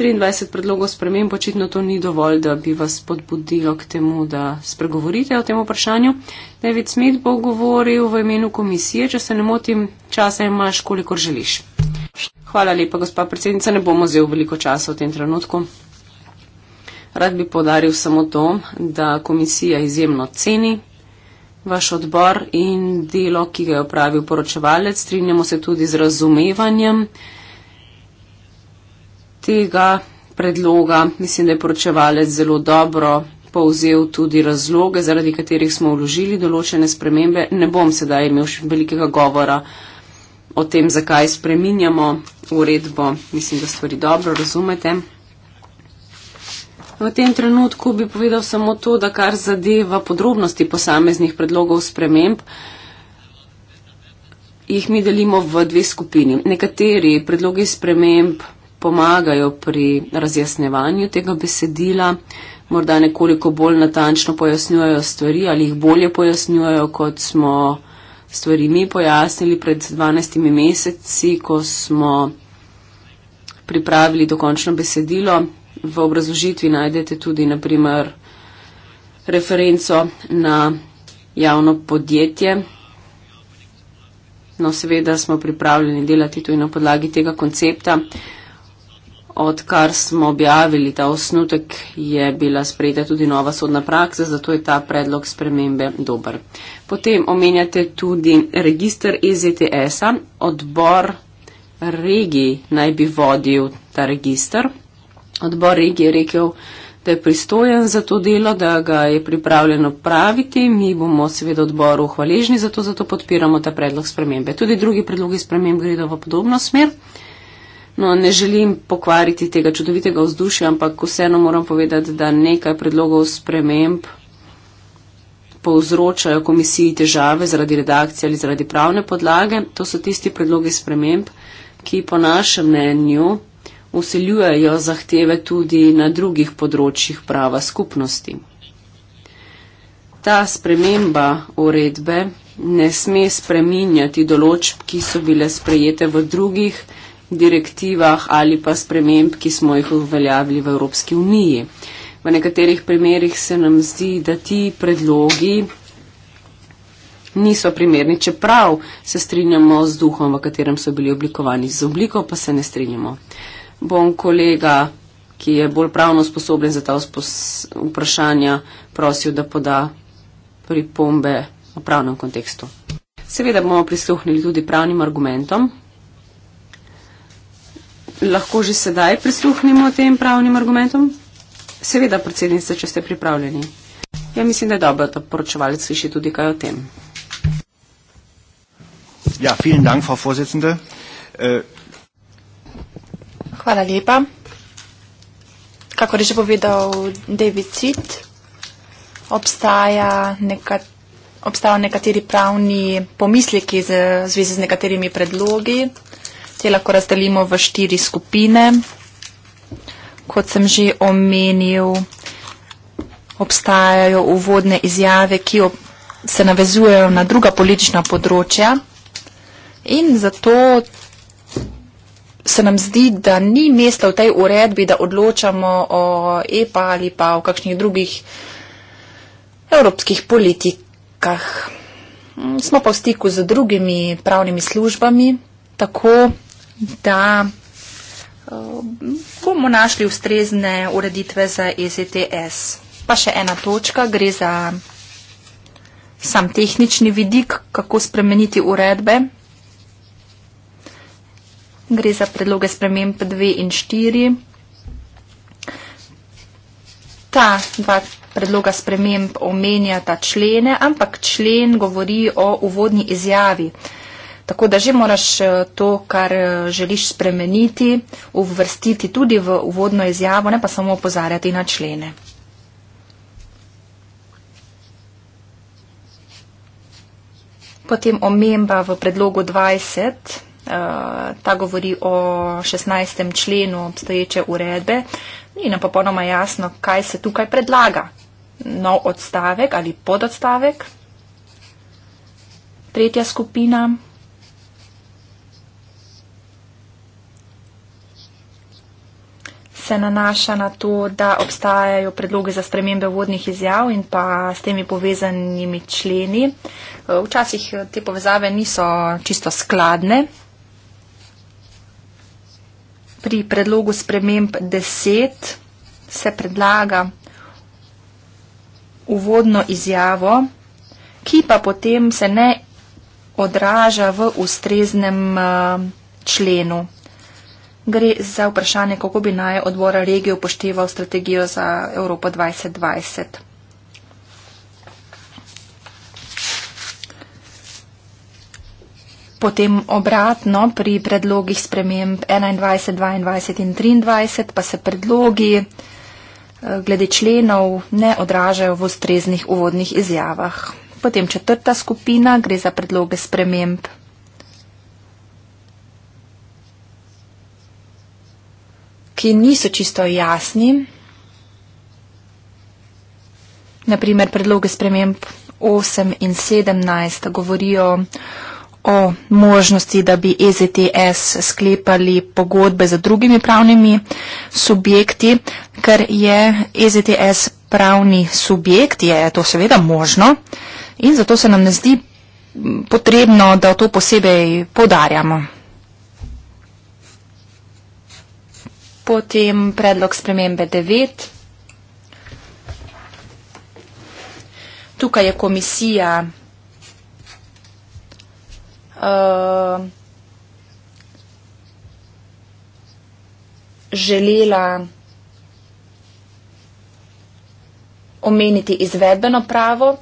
23 predlogov sprememb, očitno to ni dovolj, da bi vas podbudilo k temu, da spregovorite o tem vprašanju. David Smith bo govoril v imenu komisije, če se ne motim, časa imaš, kolikor želiš. Hvala lepa, gospa predsednica. Ne bomo zelo veliko časa v tem trenutku. Rad bi podaril samo to, da komisija izjemno ceni vaš odbor in delo, ki ga je opravil poročevalec. Strinjamo se tudi z razumevanjem tega predloga. Mislim, da je poročevalec zelo dobro povzel tudi razloge, zaradi katerih smo vložili določene spremembe. Ne bom sedaj imel velikega govora o tem, zakaj spreminjamo uredbo. Mislim, da stvari dobro razumete. V tem trenutku bi povedal samo to, da kar zadeva podrobnosti posameznih predlogov sprememb, jih mi delimo v dve skupini. Nekateri predlogi sprememb pomagajo pri razjasnevanju tega besedila, morda nekoliko bolj natančno pojasnjujejo stvari ali jih bolje pojasnjujejo, kot smo stvari mi pojasnili pred 12 meseci, ko smo pripravili dokončno besedilo. V obrazložitvi najdete tudi, naprimer, referenco na javno podjetje. No, seveda smo pripravljeni delati tudi na podlagi tega koncepta odkar smo objavili ta osnutek, je bila sprejeta tudi nova sodna praksa, zato je ta predlog spremembe dober. Potem omenjate tudi registr EZTS-a. Odbor regij naj bi vodil ta registr. Odbor regij je rekel, da je pristojen za to delo, da ga je pripravljeno praviti. Mi bomo seveda odboru hvaležni za to, zato podpiramo ta predlog spremembe. Tudi drugi predlogi sprememb gredo v podobno smer. No, ne želim pokvariti tega čudovitega vzdušja, ampak vseeno moram povedati, da nekaj predlogov sprememb povzročajo komisiji težave zaradi redakcije ali zaradi pravne podlage. To so tisti predlogi sprememb, ki po našem mnenju usiljujejo zahteve tudi na drugih področjih prava skupnosti. Ta sprememba uredbe ne sme spreminjati določb, ki so bile sprejete v drugih direktivah ali pa sprememb, ki smo jih uveljavili v Evropski uniji. V nekaterih primerjih se nam zdi, da ti predlogi niso primerni, čeprav se strinjamo z duhom, v katerem so bili oblikovani, z obliko pa se ne strinjamo. Bom kolega, ki je bolj pravno sposoben za ta vprašanja, prosil, da poda pripombe v pravnem kontekstu. Seveda bomo prisluhnili tudi pravnim argumentom lahko že sedaj prisluhnimo tem pravnim argumentom? Seveda, predsednica, če ste pripravljeni. Ja, mislim, da je dobro, da poročevalec sliši tudi kaj o tem. Ja, vielen Dank, Frau Vorsitzende. Äh, Hvala lepa. Kako je že povedal David Cid, obstaja nekat, obstajajo nekateri pravni pomisleki z, v zvezi z nekaterimi predlogi, te lahko razdelimo v štiri skupine. Kot sem že omenil, obstajajo uvodne izjave, ki se navezujejo na druga politična področja in zato se nam zdi, da ni mesta v tej uredbi, da odločamo o EPA ali pa o kakšnih drugih evropskih politikah. Smo pa v stiku z drugimi pravnimi službami, tako da eh, bomo našli ustrezne ureditve za ECTS. Pa še ena točka, gre za sam tehnični vidik, kako spremeniti uredbe. Gre za predloge sprememb 2 in 4. Ta dva predloga sprememb omenja ta člene, ampak člen govori o uvodni izjavi. Uh, Tako da že moraš eh, to, kar eh, želiš spremeniti, uvrstiti tudi v uvodno izjavo, ne pa samo opozarjati na člene. Potem omemba v predlogu 20. Eh, ta govori o 16. členu obstoječe uredbe. Ni nam popolnoma jasno, kaj se tukaj predlaga. Nov odstavek ali pododstavek. Tretja skupina. se nanaša na to, da obstajajo predloge za spremembe vodnih izjav in pa s temi povezanimi členi. Včasih te povezave niso čisto skladne. Pri predlogu sprememb 10 se predlaga uvodno izjavo, ki pa potem se ne odraža v ustreznem eh, členu gre za vprašanje, kako bi naj odbor regije upošteval strategijo za Evropo 2020. Potem obratno pri predlogih sprememb 21, 22 in 23 pa se predlogi eh, glede členov ne odražajo v ustreznih uvodnih izjavah. Potem četrta skupina gre za predloge sprememb ki niso čisto jasni, naprimer predloge sprememb 8 in 17 govorijo o možnosti, da bi EZTS sklepali pogodbe z drugimi pravnimi subjekti, ker je EZTS pravni subjekt, je to seveda možno in zato se nam ne zdi potrebno, da to posebej podarjamo. potem predlog spremembe 9. Tukaj je komisija uh, želela omeniti izvedbeno pravo,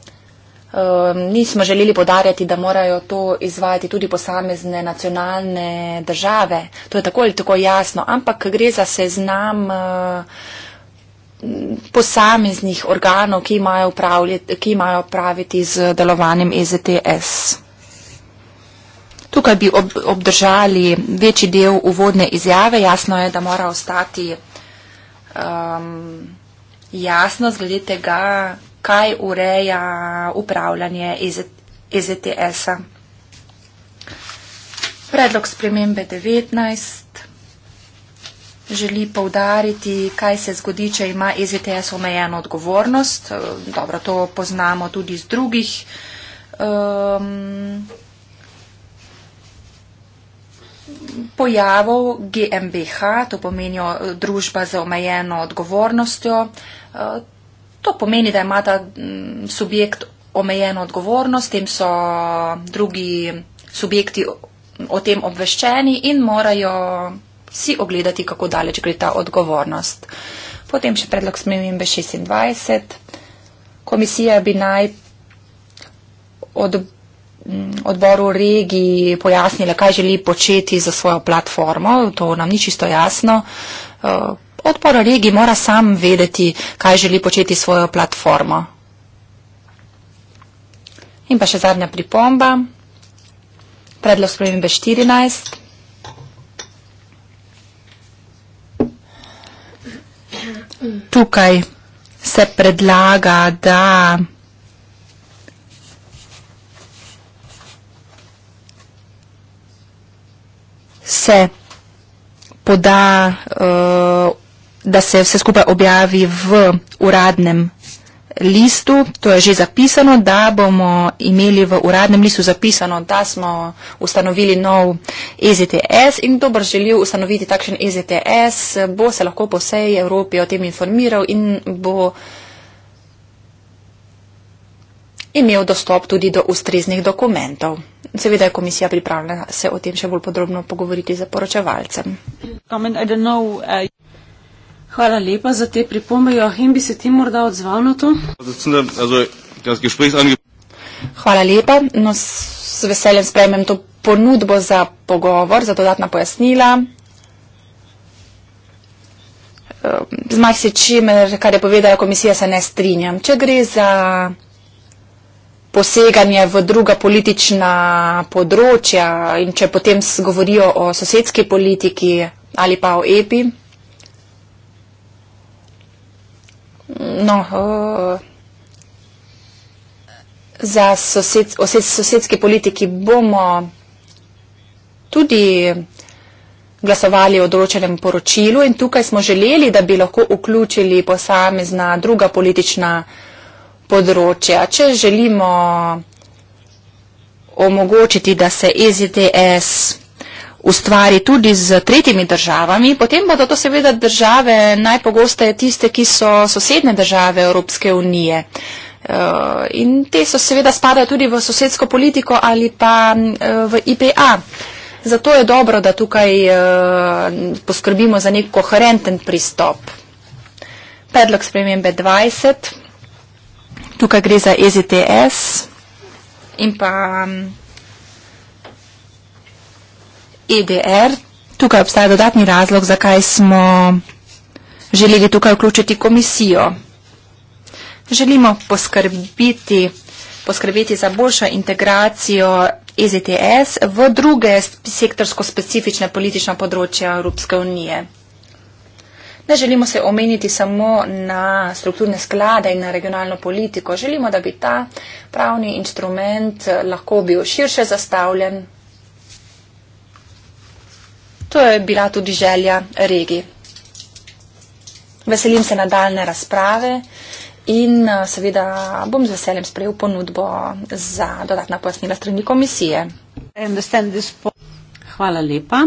Ehm, nismo želeli podarjati, da morajo to izvajati tudi posamezne nacionalne države. To je tako ali tako jasno, ampak gre za seznam eh, posameznih organov, ki imajo, ki imajo praviti z delovanjem EZTS. Tukaj bi ob obdržali večji del uvodne izjave. Jasno je, da mora ostati um, jasno zglede tega, kaj ureja upravljanje EZTS-a. Predlog spremembe 19 želi povdariti, kaj se zgodi, če ima EZTS omejeno odgovornost. Dobro, to poznamo tudi z drugih. Um, pojavov GmbH, to pomenijo družba z omejeno odgovornostjo, uh, To pomeni, da ima ta mm, subjekt omejeno odgovornost, tem so drugi subjekti o tem obveščeni in morajo si ogledati, kako daleč gre ta odgovornost. Potem še predlog smembe 26. Komisija bi naj od, mm, odboru regiji pojasnila, kaj želi početi za svojo platformo. To nam ni čisto jasno. Odpor regiji mora sam vedeti, kaj želi početi svojo platformo. In pa še zadnja pripomba, predlog spremembe 14. Tukaj se predlaga, da se poda uh, da se vse skupaj objavi v uradnem listu. To je že zapisano, da bomo imeli v uradnem listu zapisano, da smo ustanovili nov EZTS in kdo bo želel ustanoviti takšen EZTS, bo se lahko po vsej Evropi o tem informiral in bo imel dostop tudi do ustreznih dokumentov. Seveda je komisija pripravljena se o tem še bolj podrobno pogovoriti z poročevalcem. I mean, I Hvala lepa za te pripombe. Joachim, bi se ti morda odzval na to? Hvala lepa. No, s veseljem sprejmem to ponudbo za pogovor, za dodatna pojasnila. Ehm, z marsi čim, kar je povedala komisija, se ne strinjam. Če gre za poseganje v druga politična področja in če potem govorijo o sosedski politiki ali pa o EPI, no, uh, za sosed, osed, sosedske politiki bomo tudi glasovali o določenem poročilu in tukaj smo želeli, da bi lahko vključili posamezna druga politična področja. Če želimo omogočiti, da se EZDS ustvari tudi z tretjimi državami, potem bodo to seveda države najpogosteje tiste, ki so sosedne države Evropske unije. Eh, in te so seveda spadajo tudi v sosedsko politiko ali pa eh, v IPA. Zato je dobro, da tukaj eh, poskrbimo za nek koherenten pristop. Predlog spremembe 20, tukaj gre za EZTS in pa EBR. Tukaj obstaja dodatni razlog, zakaj smo želeli tukaj vključiti komisijo. Želimo poskrbiti, poskrbiti za boljšo integracijo EZTS v druge sektorsko specifične politična področja Evropske unije. Ne želimo se omeniti samo na strukturne sklade in na regionalno politiko. Želimo, da bi ta pravni instrument lahko bil širše zastavljen To je bila tudi želja regi. Veselim se nadaljne razprave in eh, seveda bom z veseljem sprejel ponudbo za dodatna pojasnila strani komisije. Hvala lepa.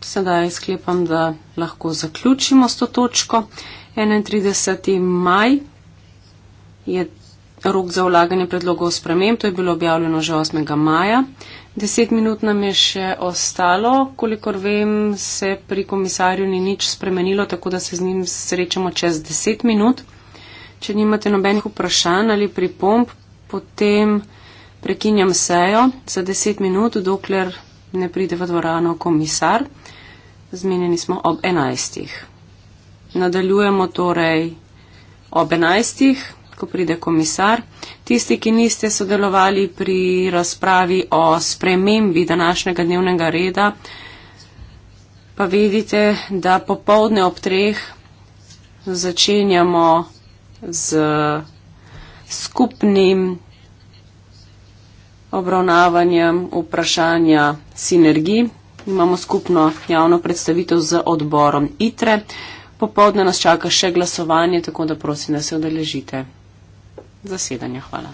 Sedaj sklepam, da lahko zaključimo s to točko. 31. maj je rok za vlaganje predlogov sprememb, to je bilo objavljeno že 8. maja. Deset minut nam je še ostalo. Kolikor vem, se pri komisarju ni nič spremenilo, tako da se z njim srečamo čez deset minut. Če nimate nobenih vprašanj ali pripomb, potem prekinjam sejo za deset minut, dokler ne pride v dvorano komisar. Zmenjeni smo ob enajstih. Nadaljujemo torej ob enajstih ko pride komisar. Tisti, ki niste sodelovali pri razpravi o spremembi današnjega dnevnega reda, pa vidite, da popovdne ob treh začenjamo z skupnim obravnavanjem vprašanja sinergij. Imamo skupno javno predstavitev z odborom ITRE. Popovdne nas čaka še glasovanje, tako da prosim, da se odeležite zasedanja. Hvala.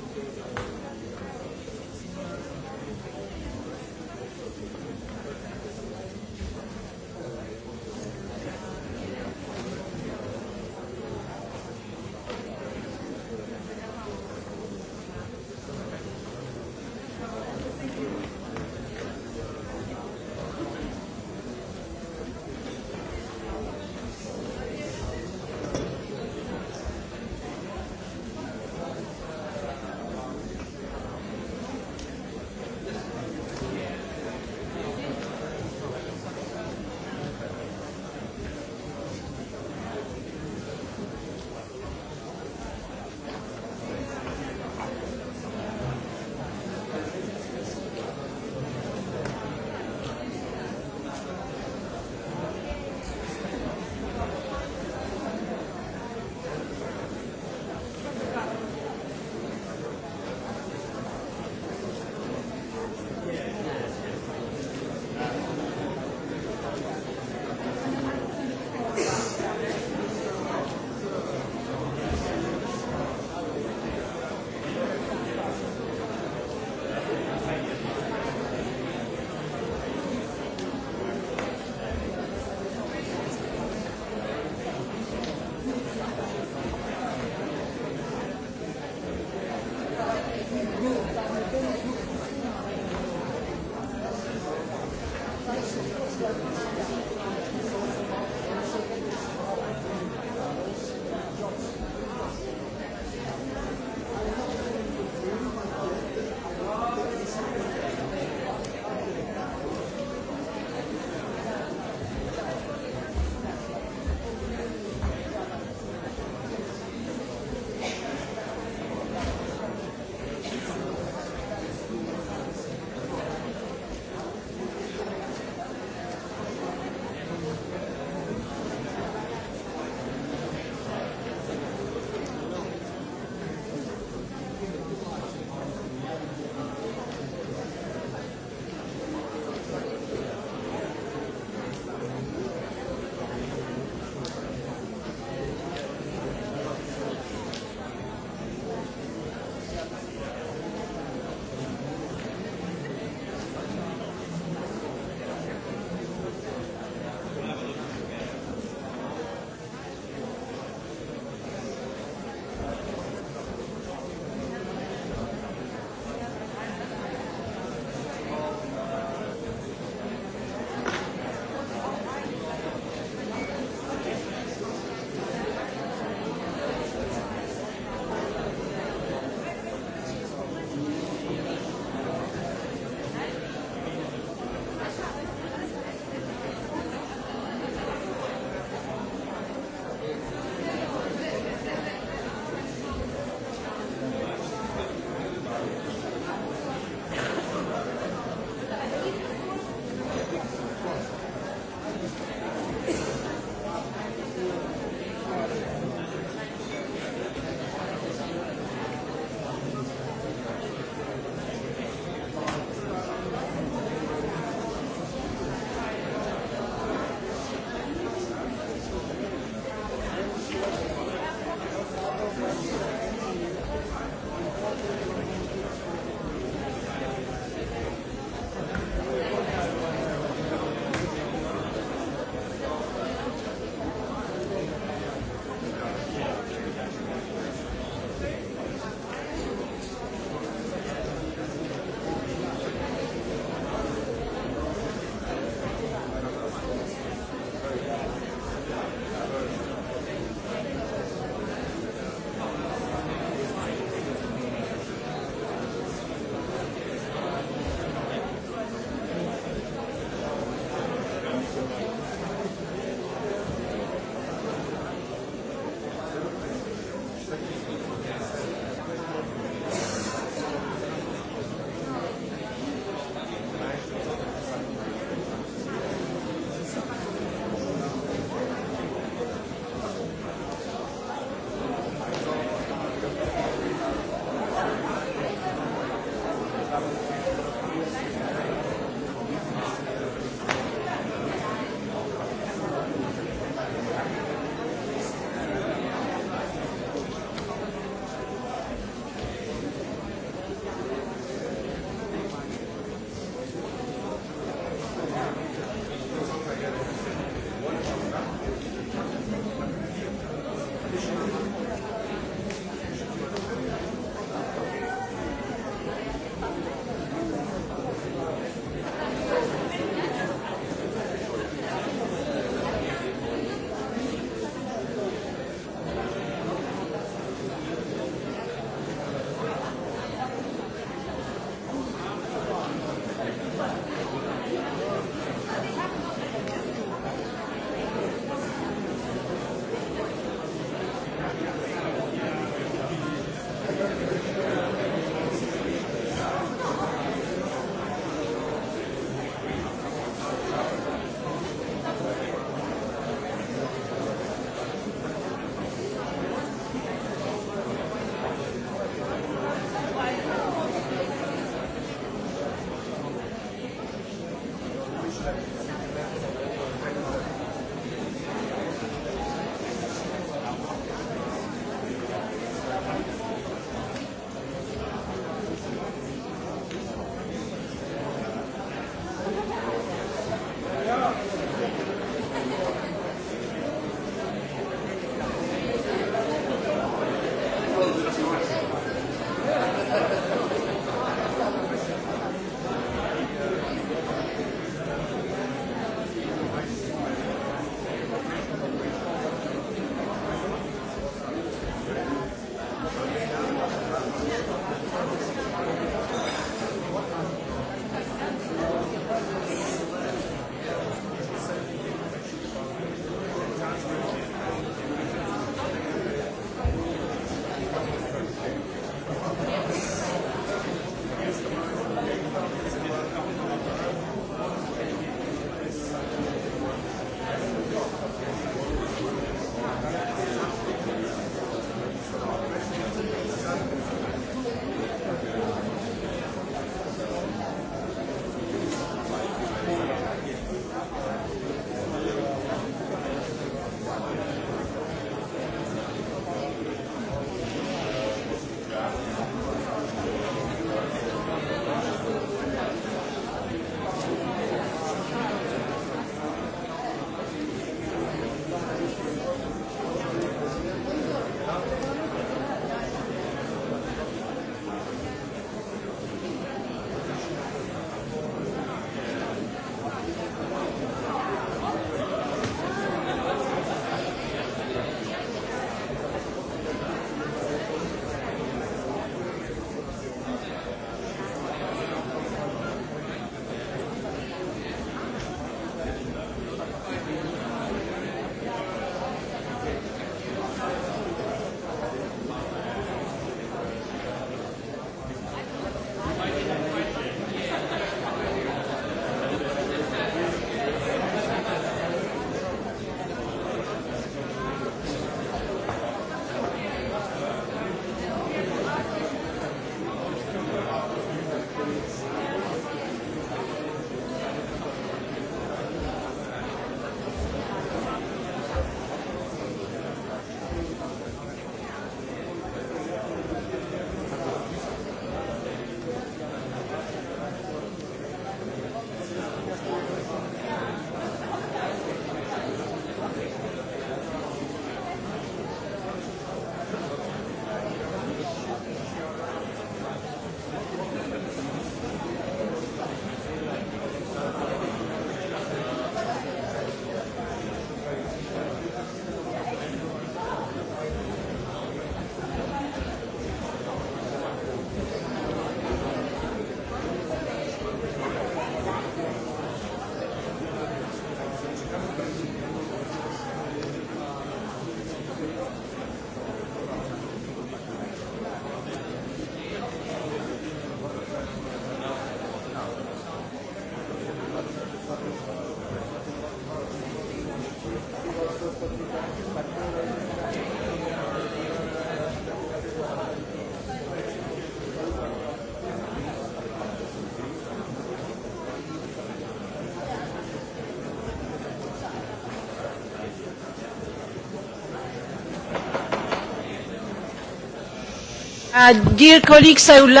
Uh,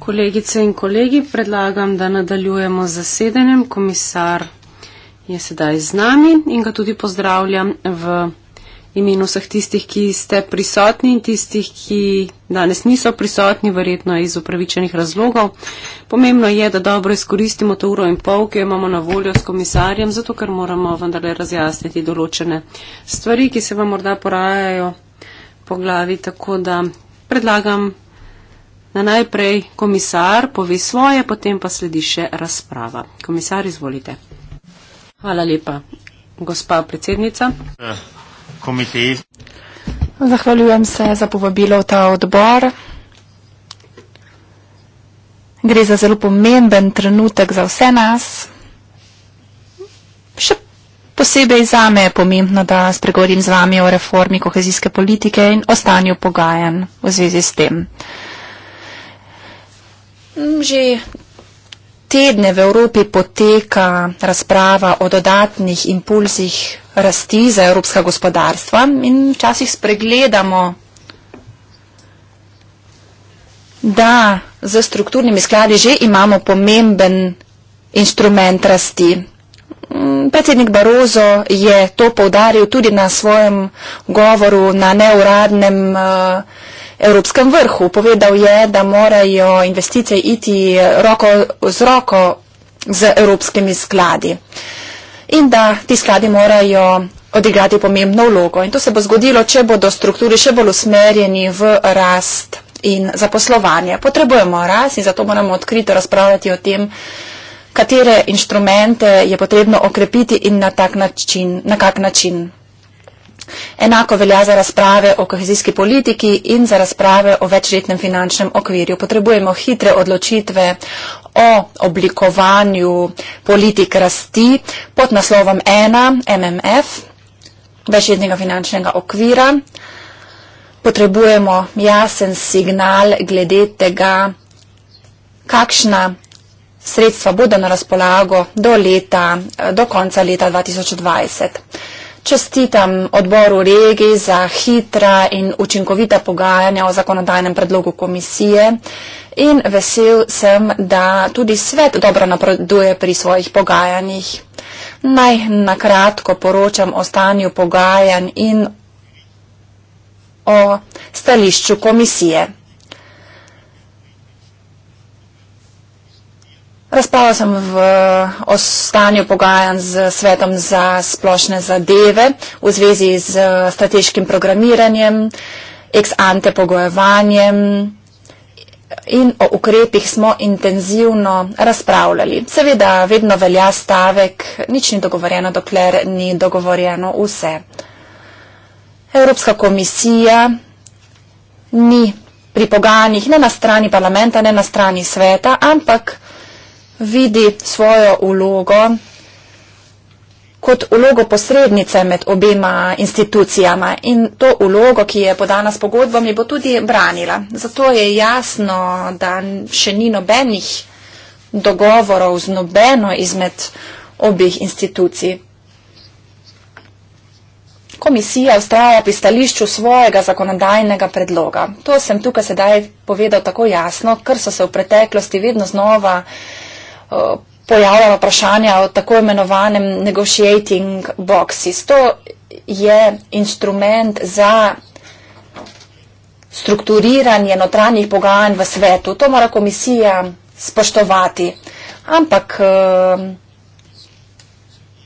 Kolegice in kolegi, predlagam, da nadaljujemo z zasedanjem. Komisar je sedaj z nami in ga tudi pozdravljam v imenu vseh tistih, ki ste prisotni in tistih, ki danes niso prisotni, verjetno iz upravičenih razlogov. Pomembno je, da dobro izkoristimo to uro in pol, ki jo imamo na voljo s komisarjem, zato ker moramo vendarle razjasniti določene stvari, ki se vam morda porajajo po glavi, tako da predlagam, da najprej komisar pove svoje, potem pa sledi še razprava. Komisar, izvolite. Hvala lepa, gospa predsednica. Komiteji. Zahvaljujem se za povabilo v ta odbor. Gre za zelo pomemben trenutek za vse nas. Posebej za me je pomembno, da spregovorim z vami o reformi kohezijske politike in o stanju pogajanj v zvezi s tem. Že tedne v Evropi poteka razprava o dodatnih impulzih rasti za evropska gospodarstva in včasih spregledamo, da z strukturnimi skladi že imamo pomemben instrument rasti. Mm, predsednik Barozo je to povdaril tudi na svojem govoru na neuradnem eh, evropskem vrhu. Povedal je, da morajo investicije iti eh, roko z roko z evropskimi skladi in da ti skladi morajo odigrati pomembno vlogo. In to se bo zgodilo, če bodo strukturi še bolj usmerjeni v rast in zaposlovanje. Potrebujemo rast in zato moramo odkrito razpravljati o tem, katere inštrumente je potrebno okrepiti in na, tak način, na kak način. Enako velja za razprave o kohezijski politiki in za razprave o večletnem finančnem okvirju. Potrebujemo hitre odločitve o oblikovanju politik rasti pod naslovom 1 MMF, večletnega finančnega okvira. Potrebujemo jasen signal glede tega, kakšna Sredstva bodo na razpolago do, leta, eh, do konca leta 2020. Čestitam odboru regij za hitra in učinkovita pogajanja o zakonodajnem predlogu komisije in vesel sem, da tudi svet dobro napreduje pri svojih pogajanjih. Naj nakratko poročam o stanju pogajanj in o stališču komisije. Razpala sem v ostanju pogajanj z Svetom za splošne zadeve v zvezi z strateškim programiranjem, ex ante pogojevanjem in o ukrepih smo intenzivno razpravljali. Seveda vedno velja stavek, nič ni dogovorjeno, dokler ni dogovorjeno vse. Evropska komisija ni pri pogajanjih ne na strani parlamenta, ne na strani sveta, ampak vidi svojo vlogo kot vlogo posrednice med obema institucijama in to vlogo, ki je podana s pogodbami, bo tudi branila. Zato je jasno, da še ni nobenih dogovorov z nobeno izmed obih institucij. Komisija ustraja pri stališču svojega zakonodajnega predloga. To sem tukaj sedaj povedal tako jasno, ker so se v preteklosti vedno znova Eh, pojavljala vprašanja o tako imenovanem negotiating boxes. To je instrument za strukturiranje notranjih pogajanj v svetu. To mora komisija spoštovati. Ampak eh,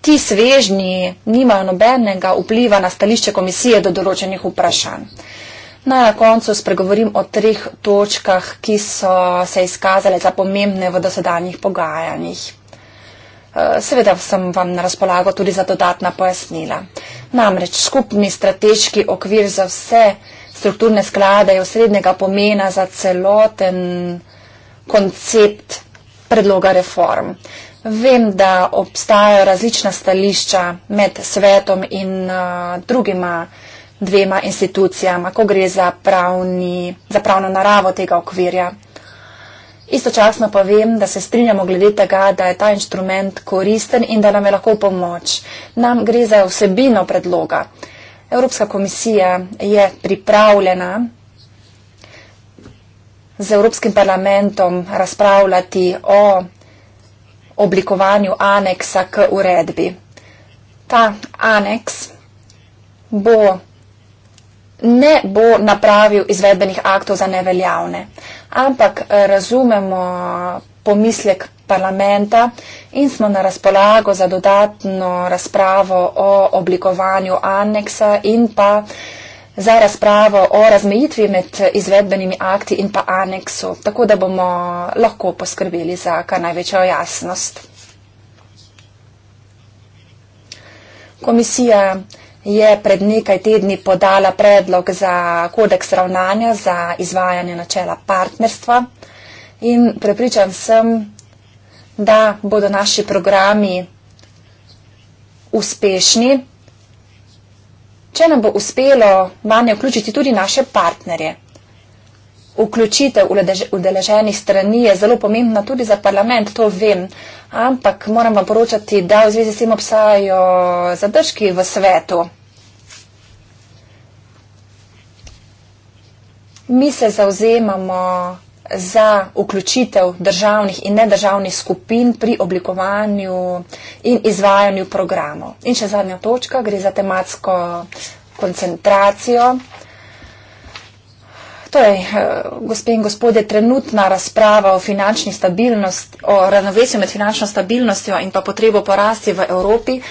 ti svežnji nimajo nobenega vpliva na stališče komisije do določenih vprašanj. Naj na koncu spregovorim o treh točkah, ki so se izkazale za pomembne v dosedanjih pogajanjih. Eh, seveda sem vam na razpolago tudi za dodatna pojasnila. Namreč skupni strateški okvir za vse strukturne sklade je osrednjega pomena za celoten koncept predloga reform. Vem, da obstajajo različna stališča med svetom in uh, drugima uh, dvema institucijama, ko gre za, pravni, za pravno naravo tega okvirja. Istočasno pa vem, da se strinjamo glede tega, da je ta inštrument koristen in da nam je lahko v pomoč. Nam gre za vsebino predloga. Evropska komisija je pripravljena z Evropskim parlamentom razpravljati o oblikovanju aneksa k uredbi. Ta aneks bo ne bo napravil izvedbenih aktov za neveljavne. Ampak eh, razumemo pomislek parlamenta in smo na razpolago za dodatno razpravo o oblikovanju aneksa in pa za razpravo o razmejitvi med izvedbenimi akti in pa aneksu, tako da bomo lahko poskrbeli za kar največjo jasnost. Komisija je pred nekaj tedni podala predlog za kodeks ravnanja za izvajanje načela partnerstva in prepričan sem, da bodo naši programi uspešni, če nam bo uspelo vanje vključiti tudi naše partnerje vključitev udeleženih strani je zelo pomembna tudi za parlament, to vem. Ampak moram vam poročati, da v zvezi s tem obstajajo zadržki v svetu. Mi se zauzemamo za vključitev državnih in nedržavnih skupin pri oblikovanju in izvajanju programov. In še zadnja točka, gre za tematsko koncentracijo. Torej, eh, gospe in gospode, trenutna razprava o finančni stabilnosti, o ravnovesju med finančno stabilnostjo in pa potrebo porasti v Evropi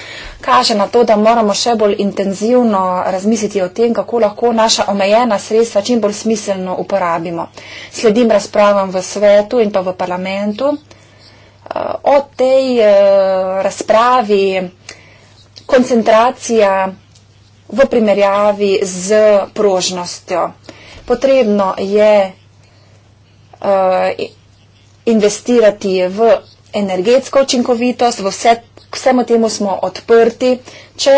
kaže na to, da moramo še bolj intenzivno razmisliti o tem, kako lahko naša omejena sredstva čim bolj smiselno uporabimo. Sledim razpravam v svetu in pa v parlamentu. Eh, o tej eh, razpravi koncentracija v primerjavi z prožnostjo potrebno je uh, investirati v energetsko učinkovitost, v vse, vsemu temu smo odprti, če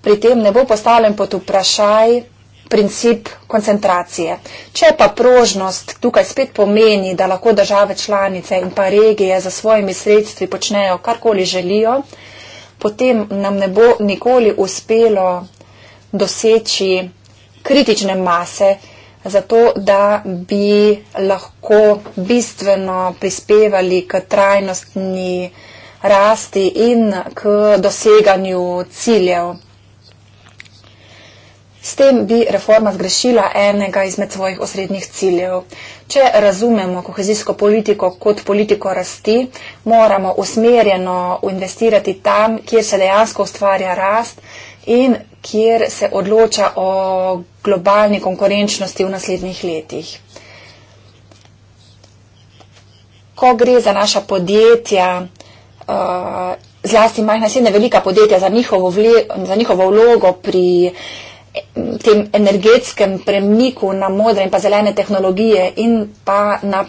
pri tem ne bo postavljen pod vprašaj princip koncentracije. Če pa prožnost tukaj spet pomeni, da lahko države članice in pa regije za svojimi sredstvi počnejo karkoli želijo, potem nam ne bo nikoli uspelo doseči kritične mase, zato da bi lahko bistveno prispevali k trajnostni rasti in k doseganju ciljev. S tem bi reforma zgrešila enega izmed svojih osrednjih ciljev. Če razumemo kohezijsko politiko kot politiko rasti, moramo usmerjeno investirati tam, kjer se dejansko ustvarja rast in kjer se odloča o globalni konkurenčnosti v naslednjih letih. Ko gre za naša podjetja, eh, zlasti majhna srednja velika podjetja za njihovo, vle, za njihovo vlogo pri tem energetskem premiku na modre in pa zelene tehnologije in pa na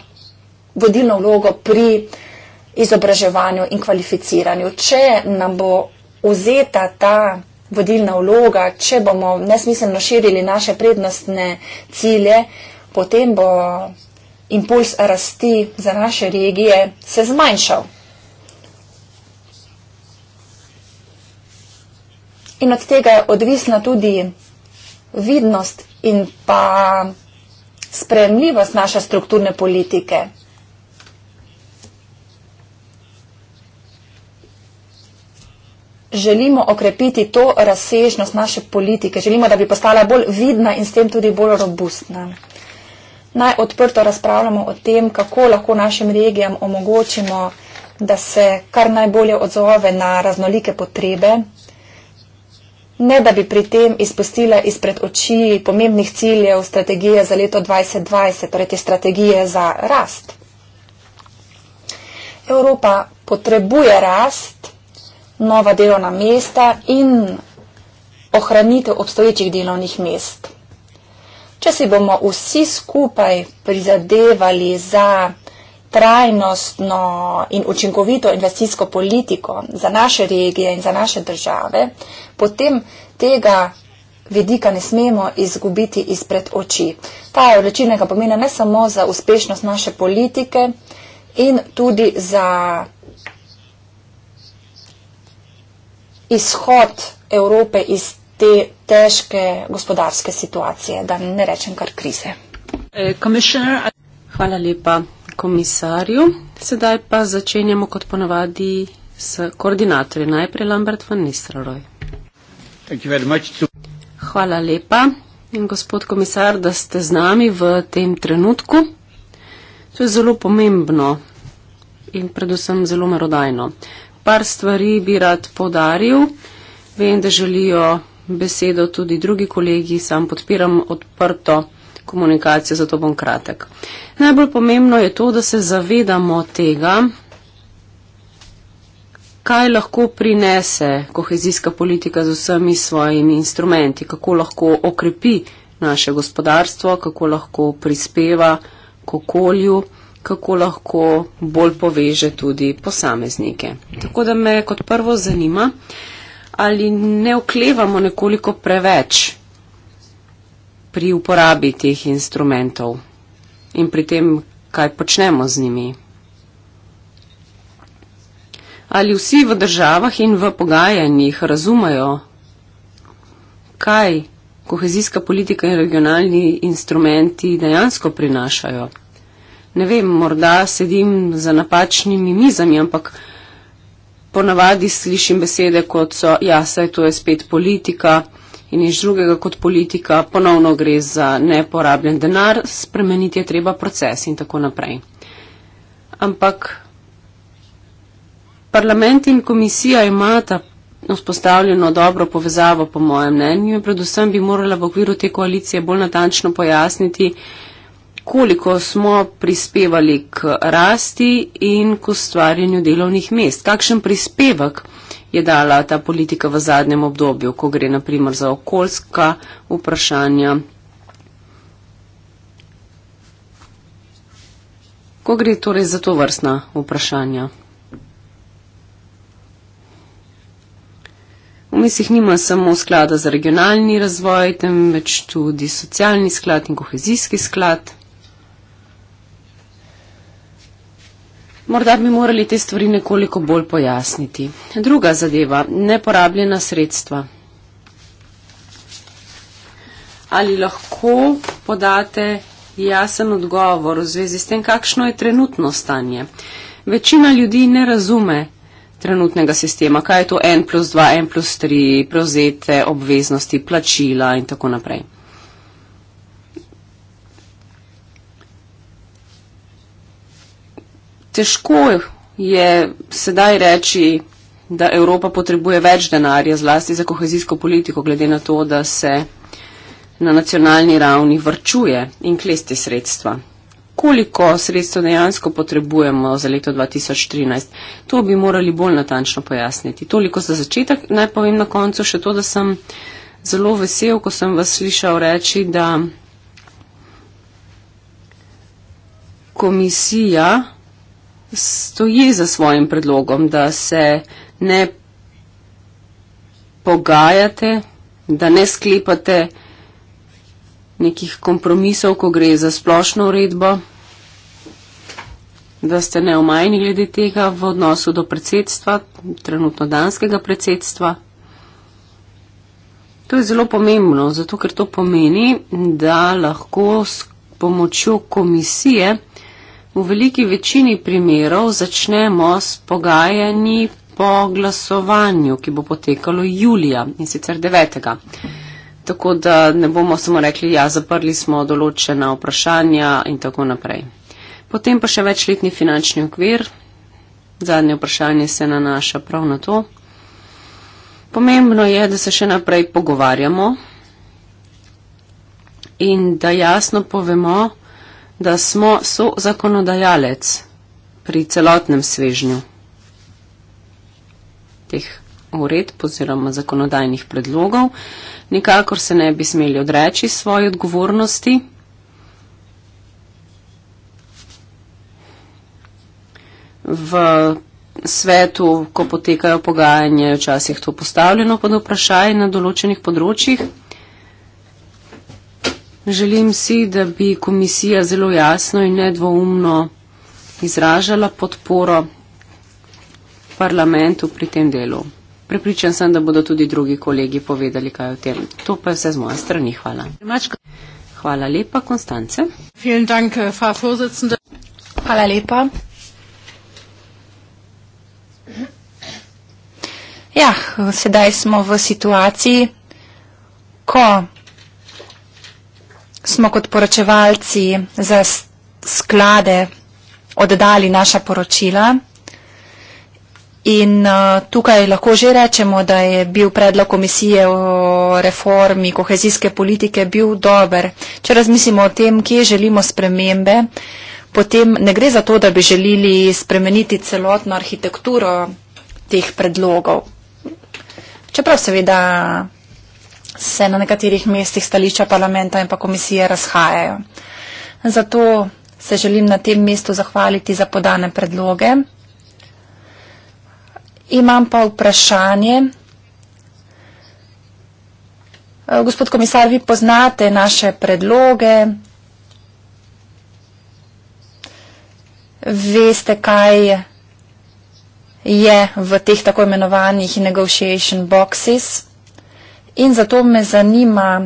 vodilno vlogo pri izobraževanju in kvalificiranju. Če nam bo vzeta ta vodilna vloga, če bomo nesmiselno širili naše prednostne cilje, potem bo impuls rasti za naše regije se zmanjšal. In od tega je odvisna tudi vidnost in pa spremljivost naše strukturne politike. želimo okrepiti to razsežnost naše politike, želimo, da bi postala bolj vidna in s tem tudi bolj robustna. Naj odprto razpravljamo o tem, kako lahko našim regijam omogočimo, da se kar najbolje odzove na raznolike potrebe, ne da bi pri tem izpustila izpred oči pomembnih ciljev strategije za leto 2020, torej te strategije za rast. Evropa potrebuje rast, nova delovna mesta in ohranitev obstoječih delovnih mest. Če si bomo vsi skupaj prizadevali za trajnostno in učinkovito investicijsko politiko za naše regije in za naše države, potem tega vidika ne smemo izgubiti izpred oči. Ta je odločilnega pomena ne samo za uspešnost naše politike in tudi za izhod Evrope iz te težke gospodarske situacije, da ne rečem kar krize. Eh, Hvala lepa komisarju. Sedaj pa začenjamo kot ponavadi s koordinatorji. Najprej Lambert van Nistelrooy. Hvala lepa. In gospod komisar, da ste z nami v tem trenutku. To je zelo pomembno in predvsem zelo merodajno par stvari bi rad podaril. Vem, da želijo besedo tudi drugi kolegi, sam podpiram odprto komunikacijo, zato bom kratek. Najbolj pomembno je to, da se zavedamo tega, kaj lahko prinese kohezijska politika z vsemi svojimi instrumenti, kako lahko okrepi naše gospodarstvo, kako lahko prispeva k okolju kako lahko bolj poveže tudi posameznike. Tako da me kot prvo zanima, ali ne oklevamo nekoliko preveč pri uporabi teh instrumentov in pri tem, kaj počnemo z njimi. Ali vsi v državah in v pogajanjih razumejo, kaj kohezijska politika in regionalni instrumenti dejansko prinašajo? ne vem, morda sedim za napačnimi mizami, ampak ponavadi slišim besede kot so, ja, saj to je spet politika in nič drugega kot politika, ponovno gre za neporabljen denar, spremeniti je treba proces in tako naprej. Ampak parlament in komisija imata vzpostavljeno dobro povezavo, po mojem mnenju, in predvsem bi morala v okviru te koalicije bolj natančno pojasniti, koliko smo prispevali k rasti in k ustvarjanju delovnih mest. Kakšen prispevek je dala ta politika v zadnjem obdobju, ko gre naprimer za okoljska vprašanja, ko gre torej za to vrstna vprašanja. V mislih nima samo sklada za regionalni razvoj, temveč tudi socialni sklad in kohezijski sklad. Morda bi morali te stvari nekoliko bolj pojasniti. Druga zadeva, neporabljena sredstva. Ali lahko podate jasen odgovor v zvezi s tem, kakšno je trenutno stanje? Večina ljudi ne razume trenutnega sistema, kaj je to 1 plus 2, 1 plus 3, prevzete obveznosti, plačila in tako naprej. težko je sedaj reči, da Evropa potrebuje več denarja, zlasti za kohezijsko politiko, glede na to, da se na nacionalni ravni vrčuje in klesti sredstva. Koliko sredstva dejansko potrebujemo za leto 2013? To bi morali bolj natančno pojasniti. Toliko za začetek. Naj povem na koncu še to, da sem zelo vesel, ko sem vas slišal reči, da komisija stoji za svojim predlogom, da se ne pogajate, da ne sklepate nekih kompromisov, ko gre za splošno uredbo, da ste neomajni glede tega v odnosu do predsedstva, trenutno danskega predsedstva. To je zelo pomembno, zato ker to pomeni, da lahko s pomočjo komisije v veliki večini primerov začnemo s pogajanji po glasovanju, ki bo potekalo julija in sicer 9. Tako da ne bomo samo rekli, ja, zaprli smo določena vprašanja in tako naprej. Potem pa še večletni finančni okvir. Zadnje vprašanje se nanaša prav na to. Pomembno je, da se še naprej pogovarjamo in da jasno povemo, da smo so zakonodajalec pri celotnem svežnju teh uredb oziroma zakonodajnih predlogov. Nikakor se ne bi smeli odreči svoje odgovornosti. V svetu, ko potekajo pogajanje, je včasih to postavljeno pod vprašaj na določenih področjih. Želim si, da bi komisija zelo jasno in nedvoumno izražala podporo parlamentu pri tem delu. Prepričan sem, da bodo tudi drugi kolegi povedali, kaj o tem. To pa je vse z moje strani. Hvala. Hvala lepa, Konstance. Äh, Hvala lepa. Ja, sedaj smo v situaciji, ko smo kot poročevalci za sklade oddali naša poročila. In uh, tukaj lahko že rečemo, da je bil predlog komisije o reformi kohezijske politike bil dober. Če razmislimo o tem, kje želimo spremembe, potem ne gre za to, da bi želeli spremeniti celotno arhitekturo teh predlogov. Čeprav seveda se na nekaterih mestih stališča parlamenta in pa komisije razhajajo. Zato se želim na tem mestu zahvaliti za podane predloge. Imam pa vprašanje. Eh, gospod komisar, vi poznate naše predloge. Veste, kaj je v teh tako imenovanih negotiation boxes. In zato me zanima,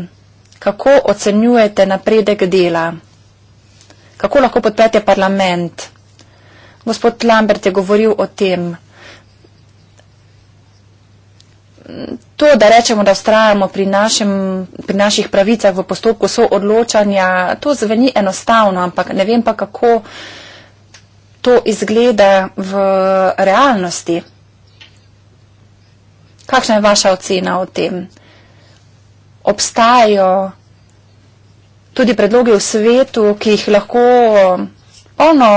kako ocenjujete napredek dela? Kako lahko podprete parlament? Gospod Lambert je govoril o tem. To, da rečemo, da ustrajamo pri, našem, pri naših pravicah v postopku soodločanja, to zveni enostavno, ampak ne vem pa, kako to izgleda v realnosti. Kakšna je vaša ocena o tem? obstajajo tudi predloge v svetu, ki jih lahko polno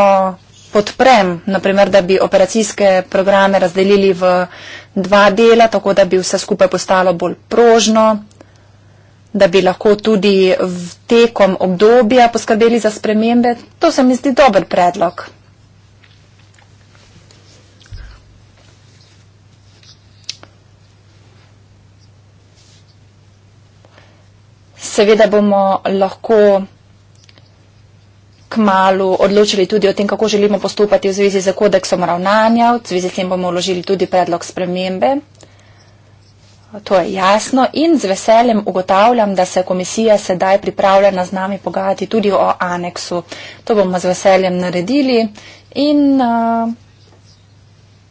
podprem, naprimer, da bi operacijske programe razdelili v dva dela, tako da bi vse skupaj postalo bolj prožno, da bi lahko tudi v tekom obdobja poskrbeli za spremembe. To se mi zdi dober predlog. seveda bomo lahko k malu odločili tudi o tem, kako želimo postopati v zvezi z kodeksom ravnanja, v zvezi s tem bomo vložili tudi predlog spremembe. To je jasno in z veseljem ugotavljam, da se komisija sedaj pripravlja z nami pogajati tudi o aneksu. To bomo z veseljem naredili in uh,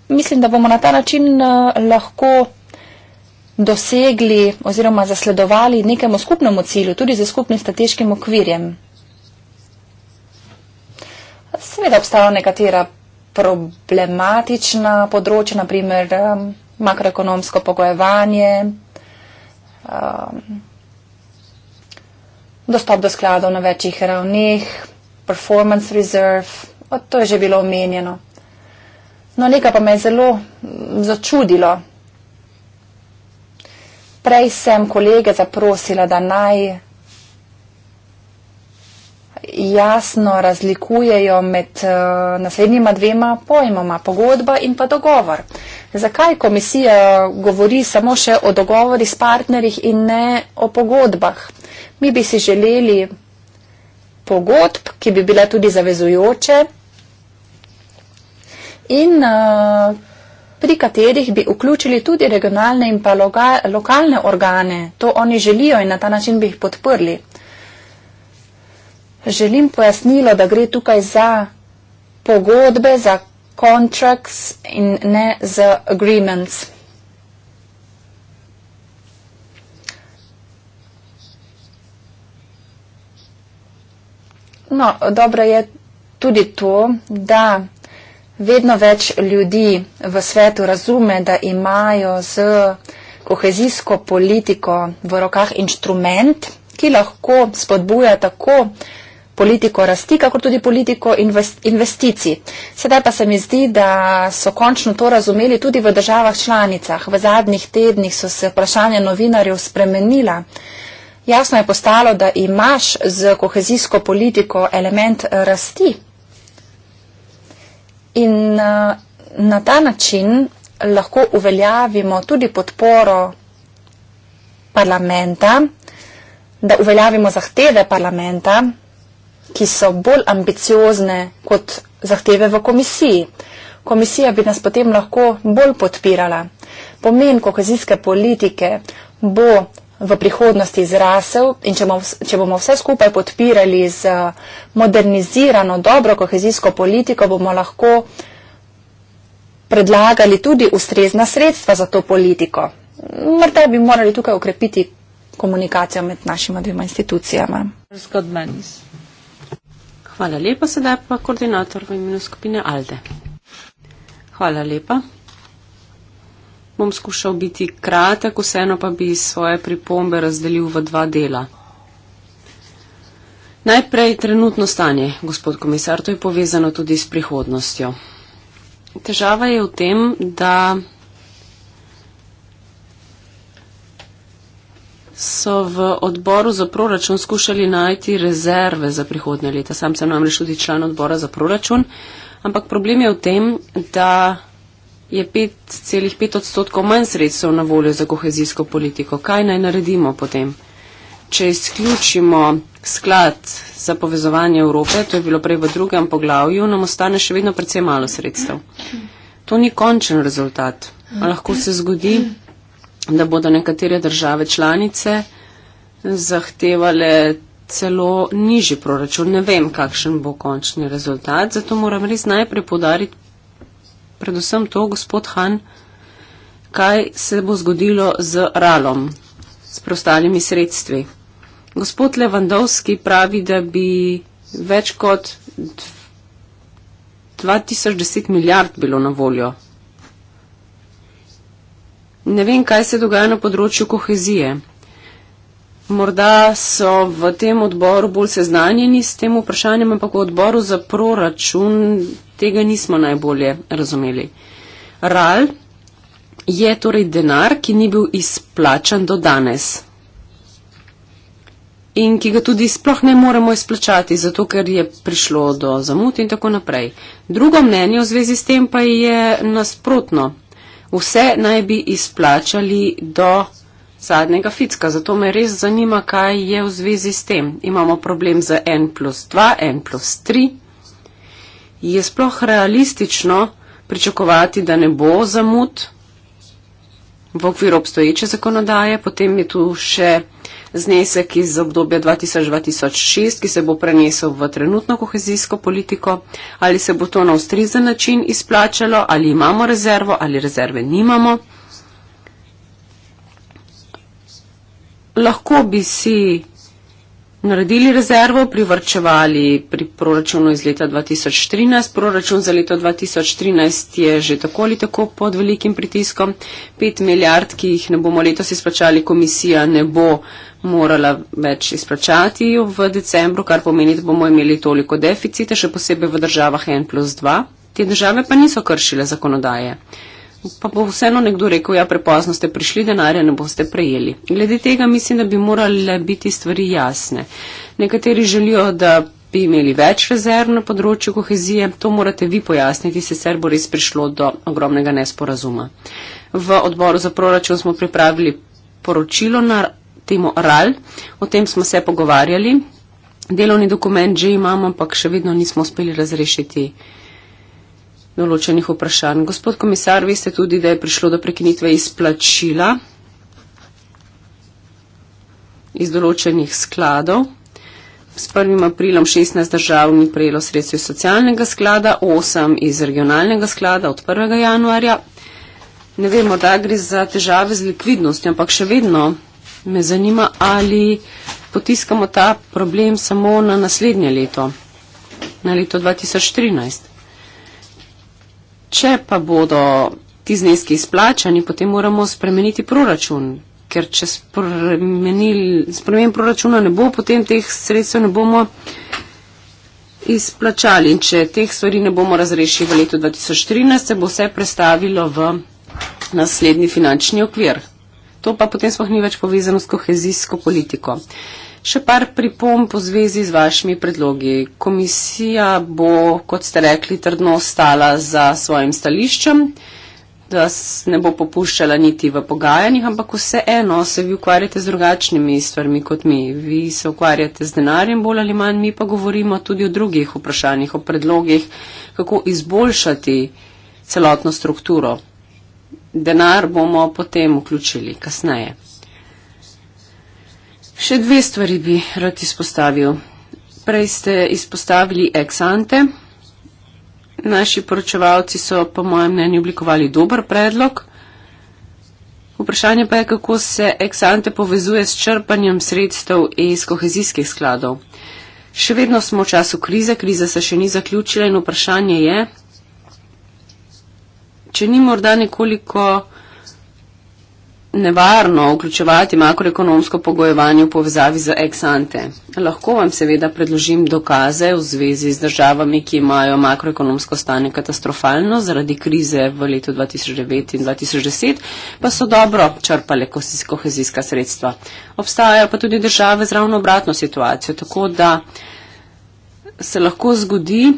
mislim, da bomo na ta način uh, lahko dosegli oziroma zasledovali nekemu skupnemu cilju, tudi za skupnim strateškim okvirjem. Seveda obstajajo nekatera problematična področja, naprimer um, makroekonomsko pogojevanje, um, dostop do skladov na večjih ravneh, performance reserve, to je že bilo omenjeno. No, nekaj pa me je zelo začudilo. Prej sem kolege zaprosila, da naj jasno razlikujejo med eh, naslednjima dvema pojmoma, pogodba in pa dogovor. Zakaj komisija govori samo še o dogovori s partnerjih in ne o pogodbah? Mi bi si želeli pogodb, ki bi bila tudi zavezujoče in eh, pri katerih bi vključili tudi regionalne in pa lokalne organe. To oni želijo in na ta način bi jih podprli. Želim pojasnilo, da gre tukaj za pogodbe, za contracts in ne za agreements. No, dobro je tudi to, da Vedno več ljudi v svetu razume, da imajo z kohezijsko politiko v rokah inštrument, ki lahko spodbuja tako politiko rasti, kako tudi politiko investicij. Sedaj pa se mi zdi, da so končno to razumeli tudi v državah članicah. V zadnjih tednih so se vprašanja novinarjev spremenila. Jasno je postalo, da imaš z kohezijsko politiko element rasti. In eh, na ta način lahko uveljavimo tudi podporo parlamenta, da uveljavimo zahteve parlamenta, ki so bolj ambiciozne kot zahteve v komisiji. Komisija bi nas potem lahko bolj podpirala. Pomen kohezijske politike bo v prihodnosti zrasel in če bomo, če bomo vse skupaj podpirali z eh, modernizirano, dobro kohezijsko politiko, bomo lahko predlagali tudi ustrezna sredstva za to politiko. Morda bi morali tukaj ukrepiti komunikacijo med našima dvema institucijama. Hvala lepa, sedaj pa koordinator v imenu skupine Alde. Hvala lepa bom skušal biti kratek, vseeno pa bi svoje pripombe razdelil v dva dela. Najprej trenutno stanje, gospod komisar, to je povezano tudi s prihodnostjo. Težava je v tem, da so v odboru za proračun skušali najti rezerve za prihodne leta. Sam sem namreč tudi član odbora za proračun, ampak problem je v tem, da je 5,5 odstotkov manj sredstev na voljo za kohezijsko politiko. Kaj naj naredimo potem? Če izključimo sklad za povezovanje Evrope, to je bilo prej v drugem poglavju, nam ostane še vedno precej malo sredstev. To ni končen rezultat. A lahko se zgodi, da bodo nekatere države članice zahtevale celo nižji proračun. Ne vem, kakšen bo končni rezultat, zato moram res najprej podariti predvsem to, gospod Han, kaj se bo zgodilo z RALom, s prostalimi sredstvi. Gospod Levandovski pravi, da bi več kot 2010 milijard bilo na voljo. Ne vem, kaj se dogaja na področju kohezije. Morda so v tem odboru bolj seznanjeni s tem vprašanjem, ampak v odboru za proračun tega nismo najbolje razumeli. RAL je torej denar, ki ni bil izplačan do danes in ki ga tudi sploh ne moremo izplačati, zato ker je prišlo do zamud in tako naprej. Drugo mnenje v zvezi s tem pa je nasprotno. Vse naj bi izplačali do zadnjega fitska, zato me res zanima, kaj je v zvezi s tem. Imamo problem za n plus 2, n plus 3 je sploh realistično pričakovati, da ne bo zamud v okviru obstoječe zakonodaje. Potem je tu še znesek iz obdobja 2000-2006, ki se bo prenesel v trenutno kohezijsko politiko. Ali se bo to na ustrezen način izplačalo, ali imamo rezervo, ali rezerve nimamo. Lahko bi si naredili rezervo, privrčevali pri proračunu iz leta 2013. Proračun za leto 2013 je že tako ali tako pod velikim pritiskom. 5 milijard, ki jih ne bomo letos izplačali, komisija ne bo morala več izplačati v decembru, kar pomeni, da bomo imeli toliko deficita, še posebej v državah 1 plus 2. Te države pa niso kršile zakonodaje. Pa bo vseeno nekdo rekel, ja, prepozno ste prišli, denarja ne boste prejeli. Glede tega mislim, da bi morale biti stvari jasne. Nekateri želijo, da bi imeli več rezerv na področju kohezije, to morate vi pojasniti, sicer bo res prišlo do ogromnega nesporazuma. V odboru za proračun smo pripravili poročilo na temo RAL, o tem smo se pogovarjali, delovni dokument že imamo, ampak še vedno nismo uspeli razrešiti določenih vprašanj. Gospod komisar, vi ste tudi, da je prišlo do prekinitve izplačila iz določenih skladov. S 1. aprilom 16 držav ni prejelo sredstvo iz socialnega sklada, 8 iz regionalnega sklada od 1. januarja. Ne vemo, da gre za težave z likvidnostjo, ampak še vedno me zanima, ali potiskamo ta problem samo na naslednje leto, na leto 2013 če pa bodo ti zneski izplačani, potem moramo spremeniti proračun. Ker če spremenim proračuna ne bo, potem teh sredstev ne bomo izplačali. In če teh stvari ne bomo razrešili v letu 2013, se bo vse prestavilo v naslednji finančni okvir. To pa potem sploh ni več povezano s kohezijsko politiko. Uh, Še par pripomp v zvezi z vašimi predlogi. Komisija bo, kot ste rekli, trdno stala za svojim stališčem, da ne bo popuščala niti v pogajanjih, ampak vseeno se vi ukvarjate z drugačnimi stvarmi kot mi. Vi se ukvarjate z denarjem bolj ali manj, mi pa govorimo tudi o drugih vprašanjih, o predlogih, kako izboljšati celotno strukturo. Denar bomo potem vključili kasneje. Še dve stvari bi rad izpostavil. Prej ste izpostavili ex ante. Naši poročevalci so, po mojem mnenju, oblikovali dober predlog. Vprašanje pa je, kako se ex ante povezuje s črpanjem sredstev iz kohezijskih skladov. Še vedno smo v času krize, kriza se še ni zaključila in vprašanje je, če ni morda nekoliko nevarno vključevati makroekonomsko pogojevanje v povezavi z ex-ante. Lahko vam seveda predložim dokaze v zvezi z državami, ki imajo makroekonomsko stanje katastrofalno zaradi krize v letu 2009 in 2010, pa so dobro črpale kohezijska sredstva. Obstajajo pa tudi države z ravno obratno situacijo, tako da se lahko zgodi,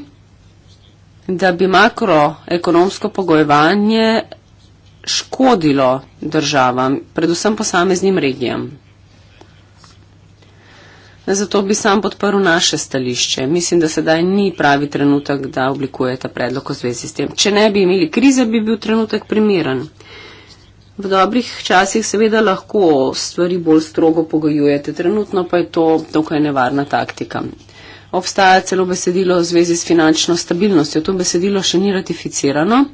da bi makroekonomsko pogojevanje škodilo državam, predvsem posameznim regijam. Zato bi sam podprl naše stališče. Mislim, da sedaj ni pravi trenutek, da oblikujete predlog o zvezi s tem. Če ne bi imeli krize, bi bil trenutek primeren. V dobrih časih seveda lahko stvari bolj strogo pogojujete, trenutno pa je to dokaj nevarna taktika. Obstaja celo besedilo v zvezi s finančno stabilnostjo. To besedilo še ni ratificirano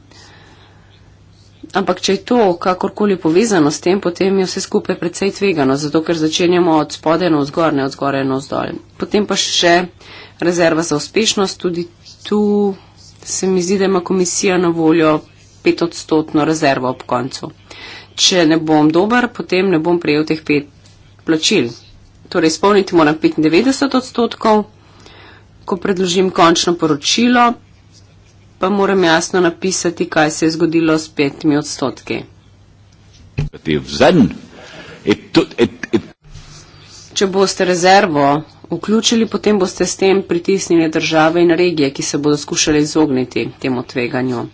ampak če je to kakorkoli povezano s tem, potem je vse skupaj precej tvegano, zato ker začenjamo od spode na vzgor, ne od zgore na vzdolj. Potem pa še rezerva za uspešnost, tudi tu se mi zdi, da ima komisija na voljo petodstotno rezervo ob koncu. Če ne bom dober, potem ne bom prejel teh pet plačil. Torej, izpolniti moram 95 odstotkov, ko predložim končno poročilo, pa moram jasno napisati, kaj se je zgodilo s petimi odstotki. Če boste rezervo vključili, potem boste s tem pritisnili države in regije, ki se bodo skušali izogniti temu tveganju.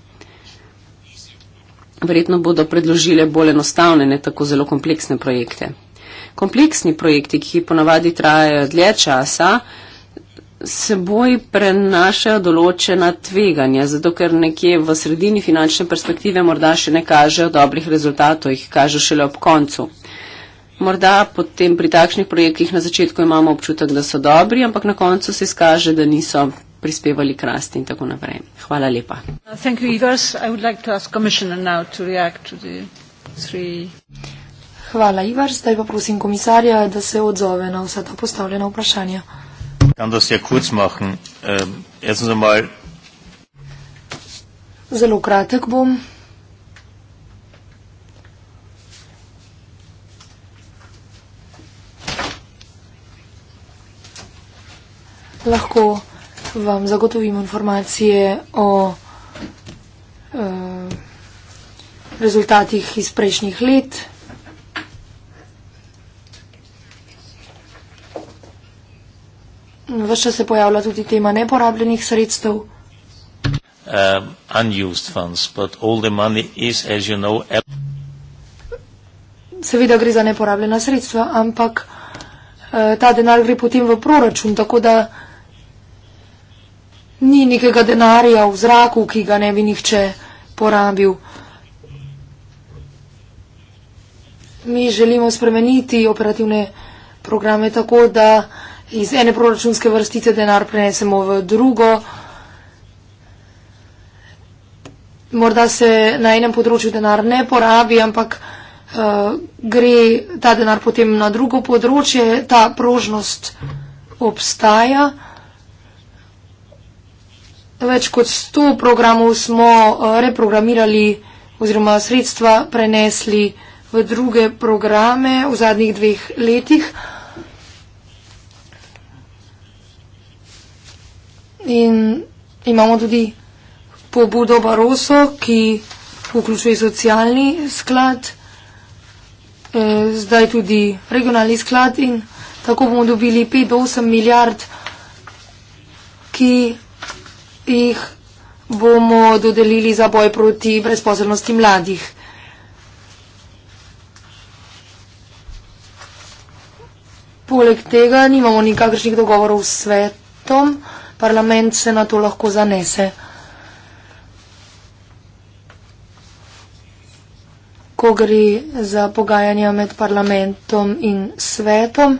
Verjetno bodo predložile bolj enostavne, ne tako zelo kompleksne projekte. Kompleksni projekti, ki ponavadi trajajo dlje časa, seboj prenašajo določena tveganja, zato ker nekje v sredini finančne perspektive morda še ne kažejo dobrih rezultatov, jih kažejo šele ob koncu. Morda potem pri takšnih projektih na začetku imamo občutek, da so dobri, ampak na koncu se izkaže, da niso prispevali k rasti in tako naprej. Hvala lepa. Hvala, Ivar. Zdaj pa prosim komisarja, da se odzove na vsa ta postavljena vprašanja. Ich kann das sehr kurz machen. Ähm, erstens einmal. Zelo kratek bom. Lahko vam zagotovim informacije o eh, rezultatih iz prejšnjih let. Vse čas se pojavlja tudi tema neporabljenih sredstev. Um, funds, is, you know, el... Seveda gre za neporabljena sredstva, ampak eh, ta denar gre potem v proračun, tako da ni nekega denarja v zraku, ki ga ne bi nihče porabil. Mi želimo spremeniti operativne programe tako, da iz ene proračunske vrstice denar prenesemo v drugo. Morda se na enem področju denar ne porabi, ampak uh, gre ta denar potem na drugo področje. Ta prožnost obstaja. Več kot sto programov smo eh, reprogramirali oziroma sredstva prenesli v druge programe v zadnjih dveh letih. in imamo tudi pobudo Baroso, ki vključuje socialni sklad, eh, zdaj tudi regionalni sklad in tako bomo dobili 5 do 8 milijard, ki jih bomo dodelili za boj proti brezposobnosti mladih. Poleg tega nimamo nikakršnih dogovorov s svetom parlament se na to lahko zanese. Ko gre za pogajanja med parlamentom in svetom,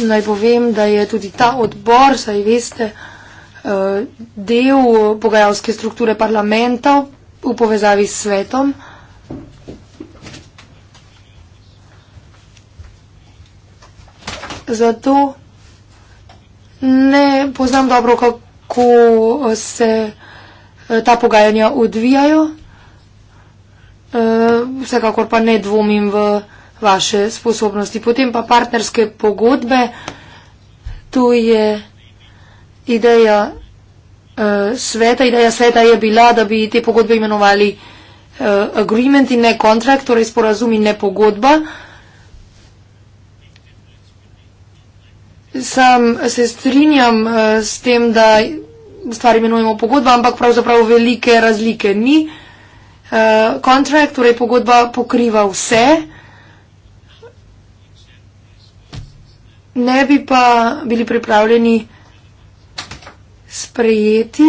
naj povem, da je tudi ta odbor, saj veste, eh, del pogajalske strukture parlamenta v povezavi s svetom. zato ne poznam dobro, kako se eh, ta pogajanja odvijajo. Eh, vsekakor pa ne dvomim v vaše sposobnosti. Potem pa partnerske pogodbe. To je ideja eh, sveta. Ideja sveta je bila, da bi te pogodbe imenovali agreement in ne contract, torej sporazum in ne pogodba. Sam se strinjam eh, s tem, da stvari imenujemo pogodba, ampak pravzaprav velike razlike ni. Eh, kontrakt, torej pogodba, pokriva vse. Ne bi pa bili pripravljeni sprejeti,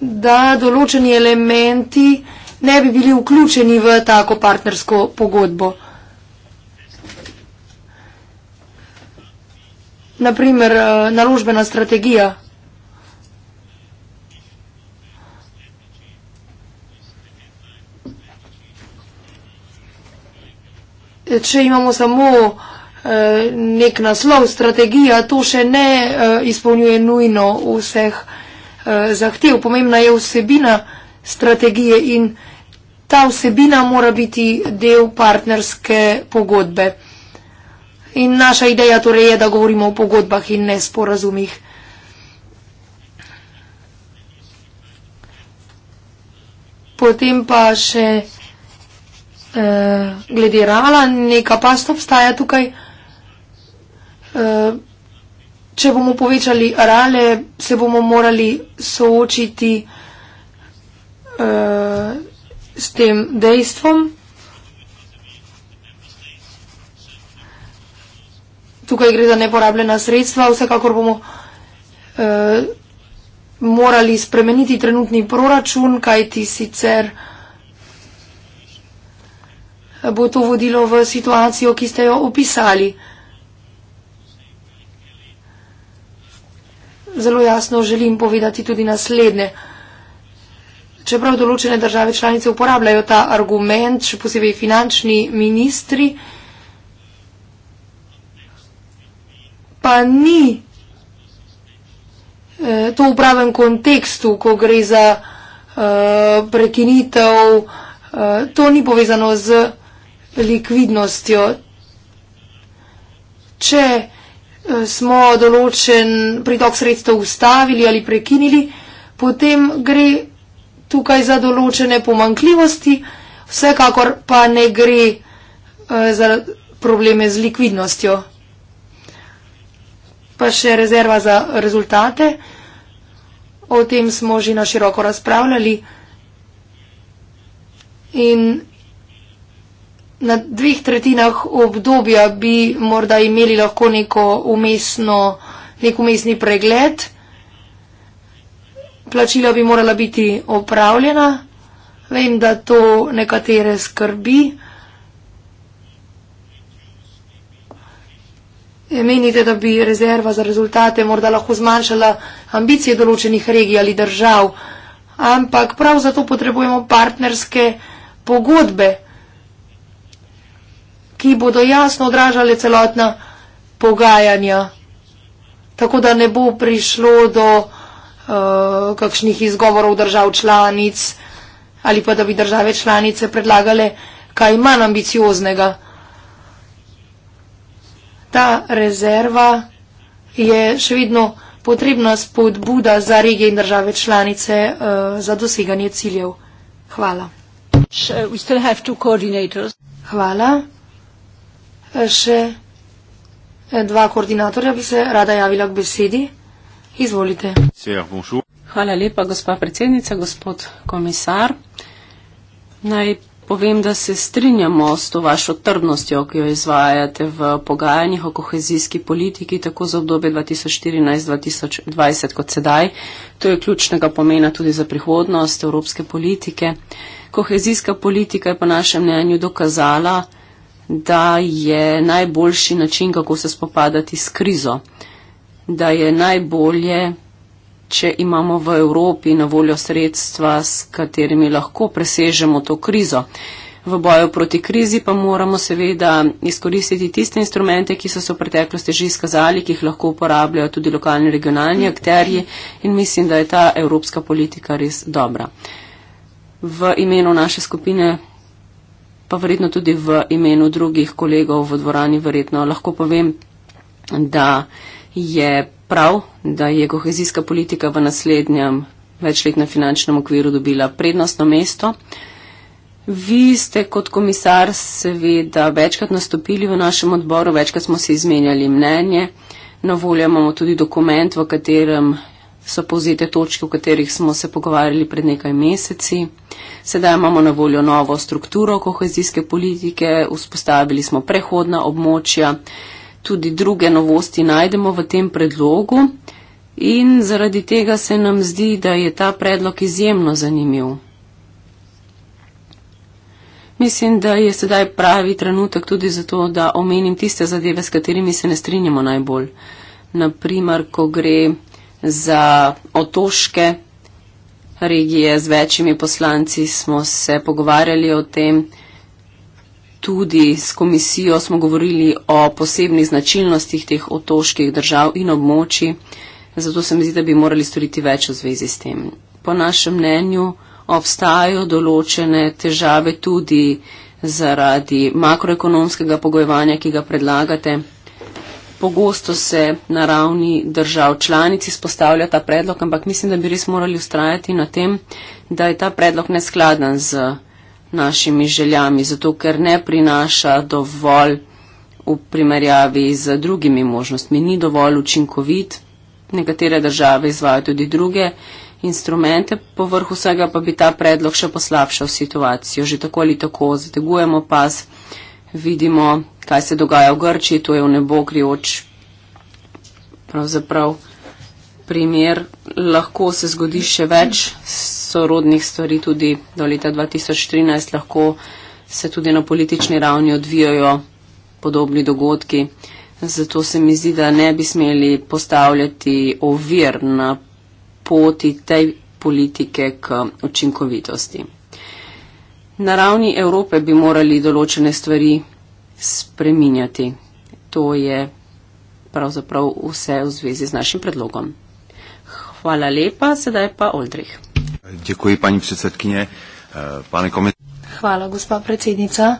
da določeni elementi ne bi bili vključeni v tako partnersko pogodbo. Naprimer, eh, naložbena strategija. Če imamo samo eh, nek naslov, strategija, to še ne eh, izpolnjuje nujno vseh zahtev. Pomembna je vsebina strategije in ta vsebina mora biti del partnerske pogodbe. In naša ideja torej je, da govorimo o pogodbah in ne sporazumih. Potem pa še eh, glede rala, neka past obstaja tukaj. Eh, če bomo povečali rale, se bomo morali soočiti eh, s tem dejstvom. tukaj gre za neporabljena sredstva, vsekakor bomo eh, morali spremeniti trenutni proračun, kajti sicer eh, bo to vodilo v situacijo, ki ste jo opisali. Zelo jasno želim povedati tudi naslednje. Čeprav določene države članice uporabljajo ta argument, še posebej finančni ministri, pa ni eh, to v pravem kontekstu, ko gre za eh, prekinitev, eh, to ni povezano z likvidnostjo. Če smo določen pritok sredstev ustavili ali prekinili, potem gre tukaj za določene pomankljivosti, vsekakor pa ne gre za probleme z likvidnostjo pa še rezerva za rezultate. O tem smo že na široko razpravljali. In na dveh tretjinah obdobja bi morda imeli lahko neko umestno, nek umestni pregled. Plačila bi morala biti opravljena. Vem, da to nekatere skrbi. Menite, da bi rezerva za rezultate morda lahko zmanjšala ambicije določenih regij ali držav, ampak prav zato potrebujemo partnerske pogodbe, ki bodo jasno odražale celotna pogajanja, tako da ne bo prišlo do uh, kakšnih izgovorov držav članic ali pa da bi države članice predlagale kaj manj ambicioznega. Ta rezerva je še vedno potrebna spodbuda za regije in države članice uh, za doseganje ciljev. Hvala. Hvala. Eh, še eh, dva koordinatorja bi se rada javila k besedi. Izvolite. Hvala lepa, gospa predsednica, gospod komisar. Naj povem, da se strinjamo s to vašo trdnostjo, ki jo izvajate v pogajanjih o kohezijski politiki, tako za obdobje 2014-2020 kot sedaj. To je ključnega pomena tudi za prihodnost evropske politike. Kohezijska politika je po našem mnenju dokazala, da je najboljši način, kako se spopadati s krizo, da je najbolje če imamo v Evropi na voljo sredstva, s katerimi lahko presežemo to krizo. V boju proti krizi pa moramo seveda izkoristiti tiste instrumente, ki so se v preteklosti že izkazali, ki jih lahko uporabljajo tudi lokalni regionalni akterji in mislim, da je ta evropska politika res dobra. V imenu naše skupine, pa verjetno tudi v imenu drugih kolegov v dvorani, verjetno lahko povem, da je prav, da je kohezijska politika v naslednjem večletnem finančnem okviru dobila prednostno mesto. Vi ste kot komisar seveda večkrat nastopili v našem odboru, večkrat smo se izmenjali mnenje, na voljo imamo tudi dokument, v katerem so povzete točke, o katerih smo se pogovarjali pred nekaj meseci. Sedaj imamo na voljo novo strukturo kohezijske politike, vzpostavili smo prehodna območja tudi druge novosti najdemo v tem predlogu in zaradi tega se nam zdi, da je ta predlog izjemno zanimiv. Mislim, da je sedaj pravi trenutek tudi zato, da omenim tiste zadeve, s katerimi se ne strinjamo najbolj. Naprimer, ko gre za otoške regije z večjimi poslanci, smo se pogovarjali o tem, tudi s komisijo smo govorili o posebnih značilnostih teh otoških držav in območji, zato se mi zdi, da bi morali storiti več v zvezi s tem. Po našem mnenju obstajajo določene težave tudi zaradi makroekonomskega pogojevanja, ki ga predlagate. Pogosto se na ravni držav članici spostavlja ta predlog, ampak mislim, da bi res morali ustrajati na tem, da je ta predlog neskladen z našimi željami, zato ker ne prinaša dovolj v primerjavi z drugimi možnostmi, ni dovolj učinkovit. Nekatere države izvajo tudi druge instrumente, povrhu vsega pa bi ta predlog še poslabšal situacijo. Že tako ali tako zategujemo pas, vidimo, kaj se dogaja v Grčiji, to je v nebo krijoč pravzaprav primer. Lahko se zgodi še več. S sorodnih stvari tudi do leta 2013 lahko se tudi na politični ravni odvijajo podobni dogodki. Zato se mi zdi, da ne bi smeli postavljati ovir na poti tej politike k učinkovitosti. Na ravni Evrope bi morali določene stvari spreminjati. To je pravzaprav vse v zvezi z našim predlogom. Hvala lepa, sedaj pa Oldrih. Děkuji, paní předsedkyně. Pane komis... Hvala, gospa predsednica.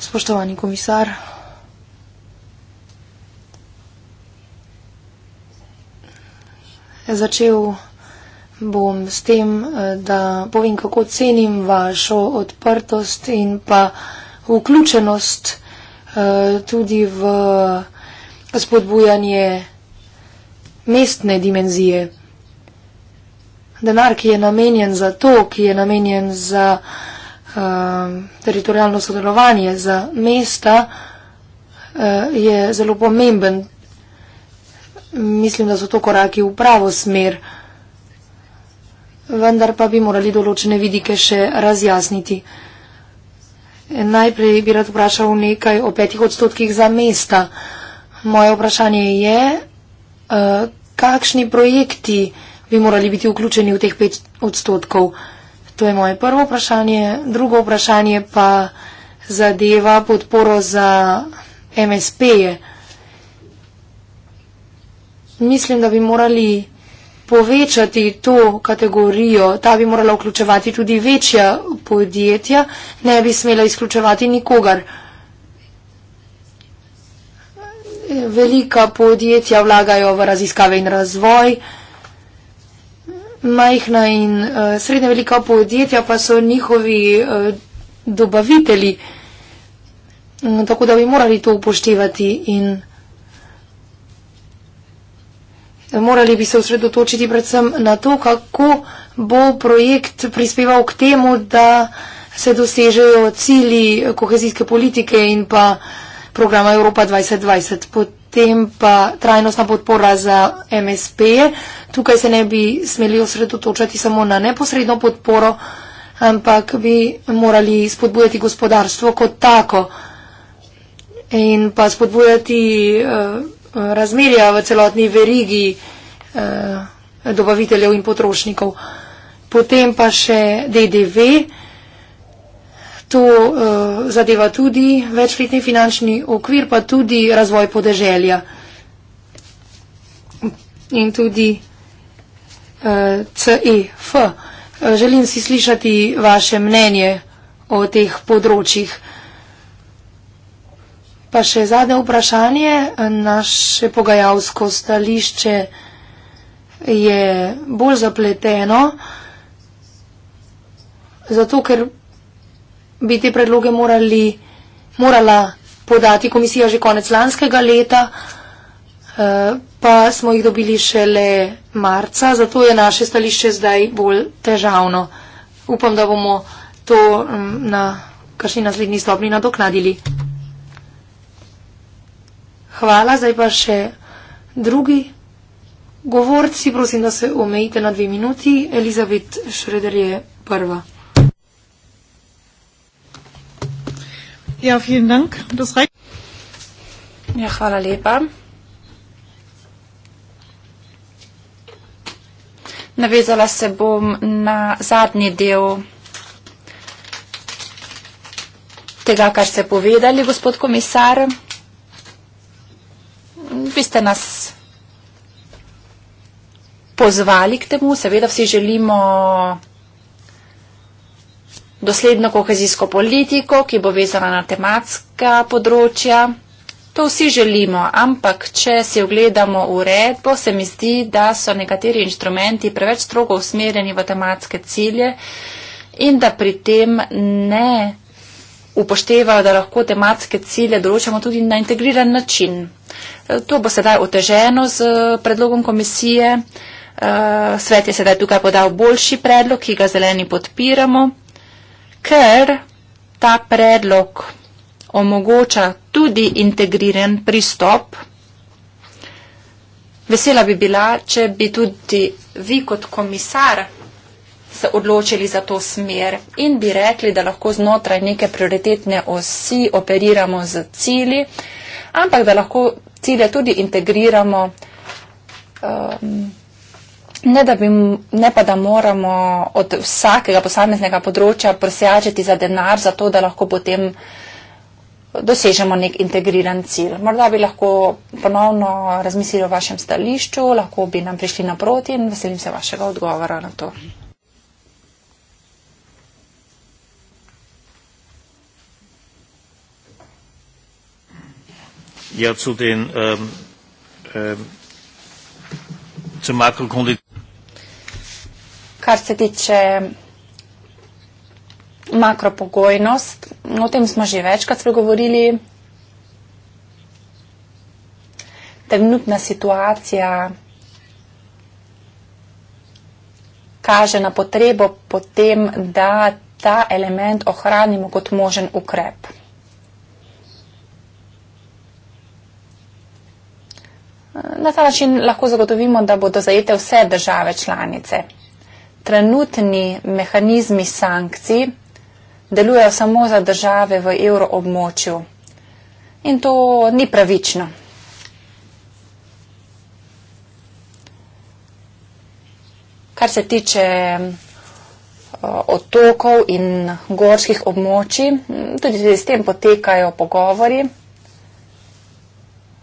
Spoštovani komisar. Začel bom s tem, da povem, kako cenim vašo odprtost in pa vključenost eh, tudi v spodbujanje mestne dimenzije denar, ki je namenjen za to, ki je namenjen za uh, teritorijalno sodelovanje, za mesta, uh, je zelo pomemben. Mislim, da so to koraki v pravo smer, vendar pa bi morali določene vidike še razjasniti. Najprej bi rad vprašal nekaj o petih odstotkih za mesta. Moje vprašanje je, uh, kakšni projekti uh, bi morali biti vključeni v teh pet odstotkov. To je moje prvo vprašanje. Drugo vprašanje pa zadeva podporo za MSP-je. Mislim, da bi morali povečati to kategorijo. Ta bi morala vključevati tudi večja podjetja, ne bi smela izključevati nikogar. Velika podjetja vlagajo v raziskave in razvoj majhna in uh, eh, srednje velika podjetja pa so njihovi uh, dobavitelji. Mm, tako da bi morali to upoštevati in eh, morali bi se osredotočiti predvsem na to, kako bo projekt prispeval k temu, da se dosežejo cili kohezijske politike in pa programa Evropa 2020 potem pa trajnostna podpora za MSP. Tukaj se ne bi smeli osredotočati samo na neposredno podporo, ampak bi morali spodbujati gospodarstvo kot tako in pa spodbujati uh, razmerja v celotni verigi uh, dobaviteljev in potrošnikov. Potem pa še DDV to uh, zadeva tudi večletni finančni okvir, pa tudi razvoj podeželja in tudi uh, eh, CEF. Eh, želim si slišati vaše mnenje o teh področjih. Pa še zadnje vprašanje. Naše pogajalsko stališče je bolj zapleteno, zato ker bi te predloge morali, morala podati komisija že konec lanskega leta, eh, pa smo jih dobili šele marca, zato je naše stališče zdaj bolj težavno. Upam, da bomo to mm, na kakšni naslednji stopni nadoknadili. Hvala, zdaj pa še drugi govorci, prosim, da se omejite na dve minuti. Elizabet Šreder je prva. Ja, vielen Dank. Das reicht. Ja, hvala lepa. Navezala se bom na zadnji del tega, kar ste povedali, gospod komisar. Vi ste nas pozvali k temu, seveda vsi želimo dosledno kohezijsko politiko, ki bo vezana na tematska področja. To vsi želimo, ampak če si ogledamo uredbo, se mi zdi, da so nekateri inštrumenti preveč strogo usmerjeni v tematske cilje in da pri tem ne upoštevajo, da lahko tematske cilje določamo tudi na integriran način. To bo sedaj oteženo z eh, predlogom komisije. Eh, svet je sedaj tukaj podal boljši predlog, ki ga zeleni podpiramo ker ta predlog omogoča tudi integriran pristop. Vesela bi bila, če bi tudi vi kot komisar se odločili za to smer in bi rekli, da lahko znotraj neke prioritetne osi operiramo z cili, ampak da lahko cilje tudi integriramo. Um, Ne, bi, ne pa, da moramo od vsakega posameznega področja prosjačiti za denar, za to, da lahko potem dosežemo nek integriran cilj. Morda bi lahko ponovno razmislili o vašem stališču, lahko bi nam prišli naproti in veselim se vašega odgovora na to. Ja, zu den, ähm, ähm, zur Makrokondition kar se tiče makropogojnost, o tem smo že večkrat spregovorili. Trenutna situacija kaže na potrebo potem, da ta element ohranimo kot možen ukrep. Na ta način lahko zagotovimo, da bodo zajete vse države članice trenutni mehanizmi sankcij delujejo samo za države v evroobmočju. In to ni pravično. Kar se tiče eh, otokov in gorskih območij, tudi s tem potekajo pogovori.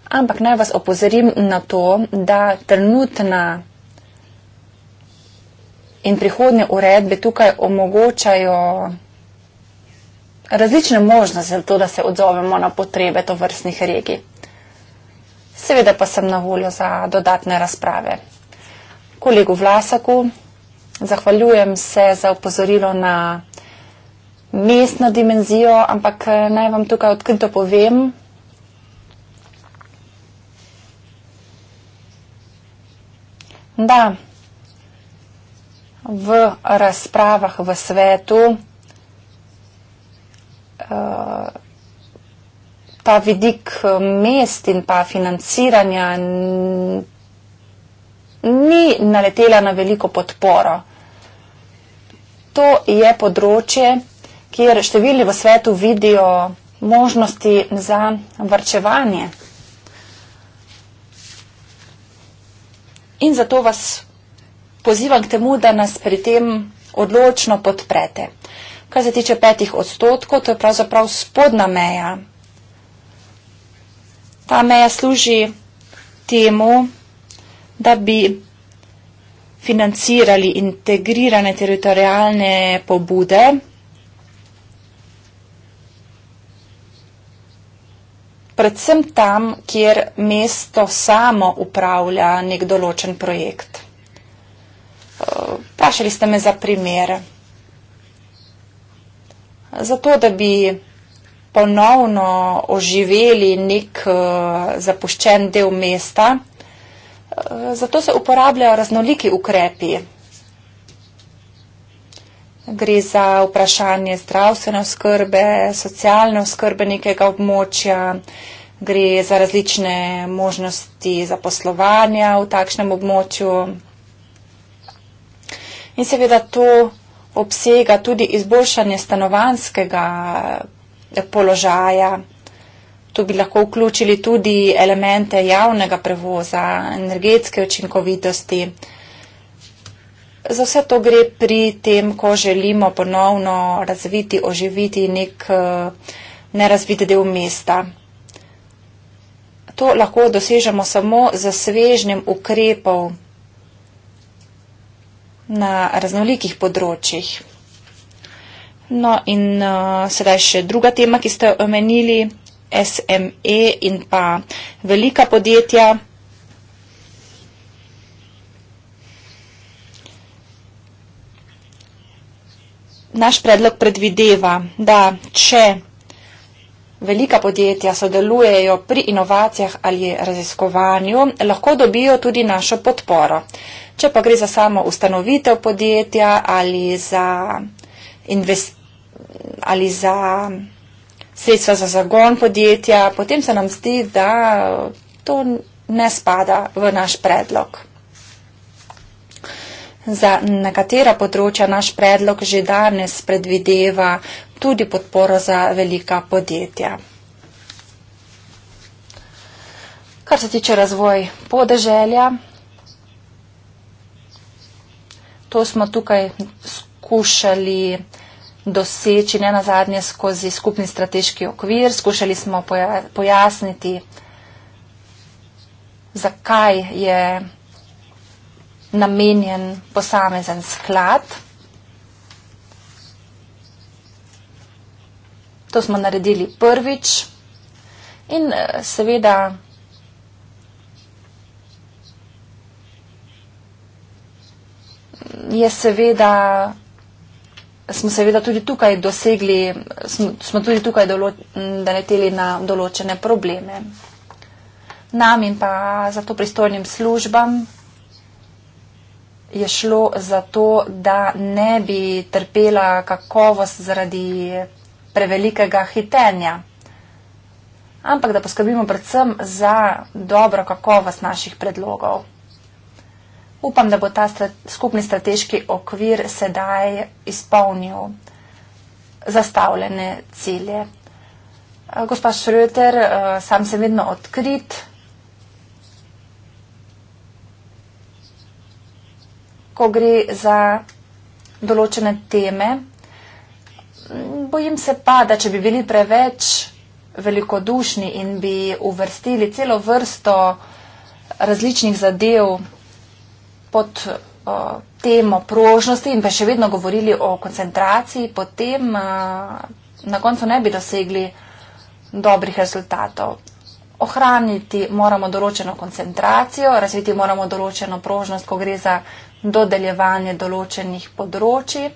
Ampak naj vas opozorim na to, da trenutna in prihodne uredbe tukaj omogočajo različne možnosti za to, da se odzovemo na potrebe to vrstnih regij. Seveda pa sem na voljo za dodatne razprave. Kolegu Vlasaku zahvaljujem se za upozorilo na mestno dimenzijo, ampak eh, naj vam tukaj odkrito povem, da v razpravah v svetu eh, ta vidik eh, mest in pa financiranja ni naletela na veliko podporo. To je področje, kjer številni v svetu vidijo možnosti za vrčevanje. In zato vas pozivam k temu, da nas pri tem odločno podprete. Kar se tiče petih odstotkov, to je pravzaprav spodna meja. Ta meja služi temu, da bi financirali integrirane teritorijalne pobude. predvsem tam, kjer mesto samo upravlja nek določen projekt. Vprašali ste me za primer. Zato, da bi ponovno oživeli nek eh, zapuščen del mesta, eh, zato se uporabljajo raznoliki ukrepi. Gre za vprašanje zdravstvene oskrbe, socialne oskrbe nekega območja, gre za različne možnosti zaposlovanja v takšnem območju, In seveda to obsega tudi izboljšanje stanovanskega eh, položaja. Tu bi lahko vključili tudi elemente javnega prevoza, energetske učinkovitosti. Za vse to gre pri tem, ko želimo ponovno razviti, oživiti nek eh, nerazvit del mesta. To lahko dosežemo samo z svežnjem ukrepov na raznolikih področjih. No in uh, sedaj še druga tema, ki ste omenili, SME in pa velika podjetja. Naš predlog predvideva, da če velika podjetja sodelujejo pri inovacijah ali raziskovanju, lahko dobijo tudi našo podporo. Uh, Če pa gre za samo ustanovitev podjetja ali za, ali za sredstva za zagon podjetja, potem se nam zdi, da to ne spada v naš predlog. Za nekatera področja naš predlog že danes predvideva tudi podporo za velika podjetja. Kar se tiče razvoj podeželja, to smo tukaj skušali doseči ne na zadnje skozi skupni strateški okvir. Skušali smo pojasniti, zakaj je namenjen posamezen sklad. To smo naredili prvič in eh, seveda je seveda, smo seveda tudi tukaj dosegli, smo, smo tudi tukaj naleteli na določene probleme. Nam in pa za to pristojnim službam je šlo za to, da ne bi trpela kakovost zaradi prevelikega hitenja, ampak da poskrbimo predvsem za dobro kakovost naših predlogov. Upam, da bo ta skupni strateški okvir sedaj izpolnil zastavljene cilje. Eh, gospa Šröter, eh, sam sem vedno odkrit. Ko gre za določene teme, bojim se pa, da če bi bili preveč velikodušni in bi uvrstili celo vrsto različnih zadev pod uh, temo prožnosti in pa še vedno govorili o koncentraciji, potem uh, na koncu ne bi dosegli dobrih rezultatov. Ohraniti moramo določeno koncentracijo, razviti moramo določeno prožnost, ko gre za dodeljevanje določenih področji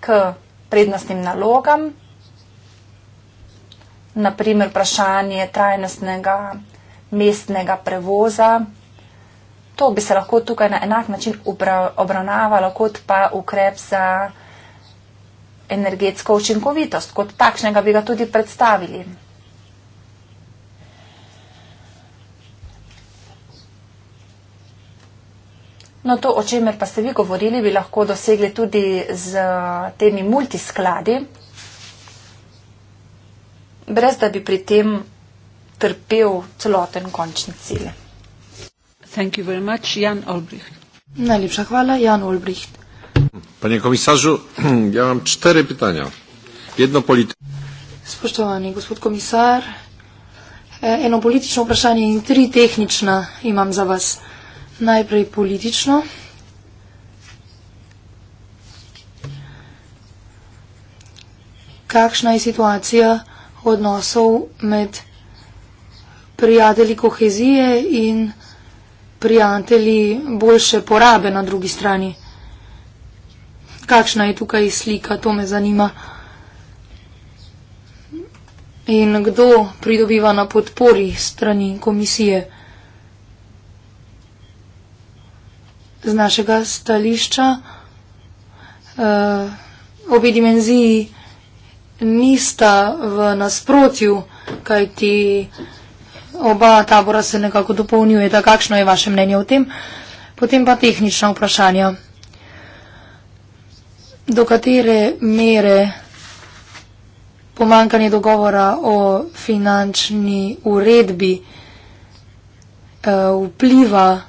k prednostnim nalogam, naprimer vprašanje trajnostnega mestnega prevoza To bi se lahko tukaj na enak način obravnavalo kot pa ukrep za energetsko učinkovitost, kot takšnega bi ga tudi predstavili. No, to, o čemer pa ste vi govorili, bi lahko dosegli tudi z temi multiskladi, brez da bi pri tem trpel celoten končni cilj. Thank you very much. Jan Olbricht. Najlepsza chwala, Jan Olbricht. Panie komisarzu, ja mam cztery pytania. Jedno polityczne. Spoštovani gospod komisar, e, eno politično vprašanje in tri tehnična imam za vas. Najprej politično. Kakšna je situacija odnosov med prijatelji kohezije in prijatelji? prijatelji boljše porabe na drugi strani. Kakšna je tukaj slika, to me zanima. In kdo pridobiva na podpori strani komisije? Z našega stališča uh, eh, obi dimenziji nista v nasprotju, kajti oba tabora se nekako dopolnjujeta. Kakšno je vaše mnenje o tem? Potem pa tehnična vprašanja. Do katere mere pomankanje dogovora o finančni uredbi eh, vpliva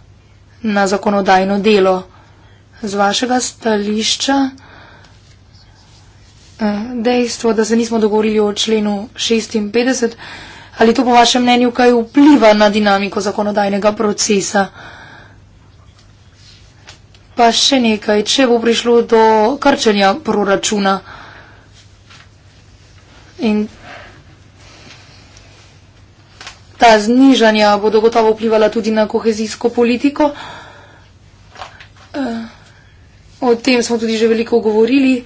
na zakonodajno delo? Z vašega stališča eh, dejstvo, da se nismo dogovorili o členu 56. Ali to po vašem mnenju kaj vpliva na dinamiko zakonodajnega procesa? Pa še nekaj, če bo prišlo do krčenja proračuna. In ta znižanja bodo gotovo vplivala tudi na kohezijsko politiko. Eh, o tem smo tudi že veliko govorili, eh,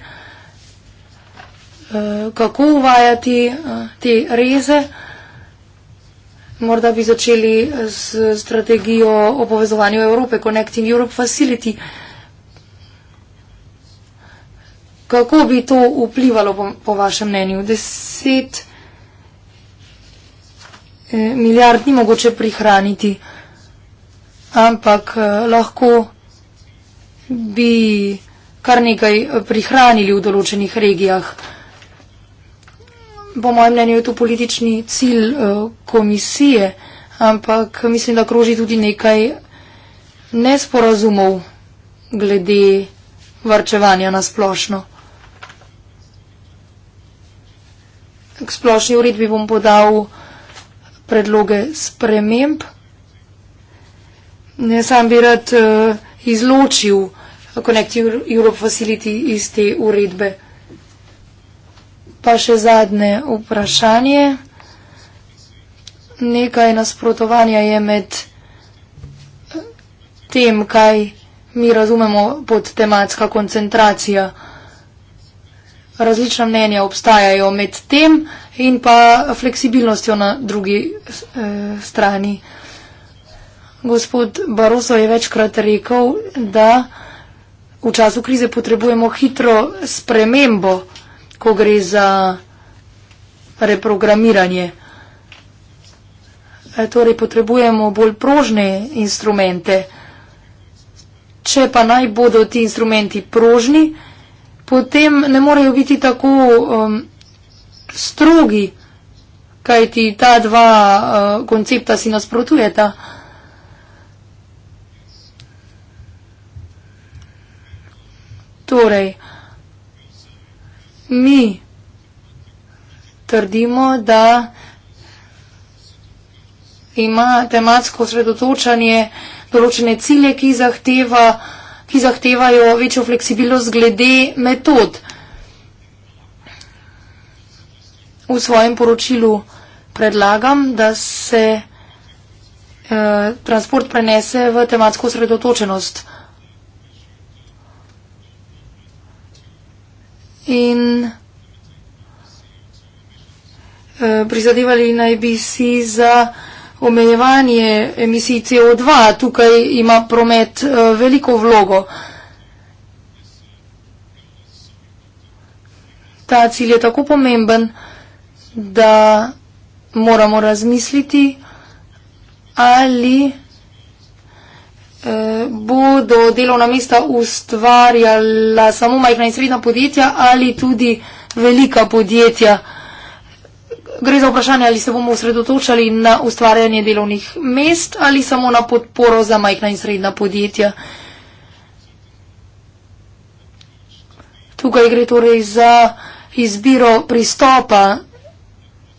kako uvajati eh, te reze morda bi začeli eh, s strategijo o povezovanju Evrope, Connecting Europe Facility. Kako bi to vplivalo po, po vašem mnenju? Deset eh, milijard ni mogoče prihraniti, ampak eh, lahko bi kar nekaj prihranili v določenih regijah po mojem mnenju je to politični cilj eh, komisije, ampak mislim, da kroži tudi nekaj nesporazumov glede varčevanja na splošno. K splošni uredbi bom podal predloge sprememb. Ne, sam bi rad uh, izločil Connect Europe Facility iz te uredbe. Uh, Pa še zadnje vprašanje. Nekaj nasprotovanja je med tem, kaj mi razumemo pod tematska koncentracija. Različna mnenja obstajajo med tem in pa fleksibilnostjo na drugi e, strani. Gospod Baroso je večkrat rekel, da v času krize potrebujemo hitro spremembo ko gre za reprogramiranje. E, torej potrebujemo bolj prožne instrumente. Če pa naj bodo ti instrumenti prožni, potem ne morejo biti tako um, strogi, kaj ti ta dva uh, koncepta si nasprotujeta. Torej, mi trdimo, da ima tematsko osredotočanje določene cilje, ki, zahteva, ki zahtevajo večjo fleksibilnost glede metod. V svojem poročilu predlagam, da se eh, transport prenese v tematsko osredotočenost. in eh, prizadevali naj bi si za omejevanje emisij CO2. Tukaj ima promet eh, veliko vlogo. Ta cilj je tako pomemben, da moramo razmisliti ali bodo delovna mesta ustvarjala samo majhna in srednja podjetja ali tudi velika podjetja. Gre za vprašanje, ali se bomo osredotočali na ustvarjanje delovnih mest ali samo na podporo za majhna in srednja podjetja. Tukaj gre torej za izbiro pristopa,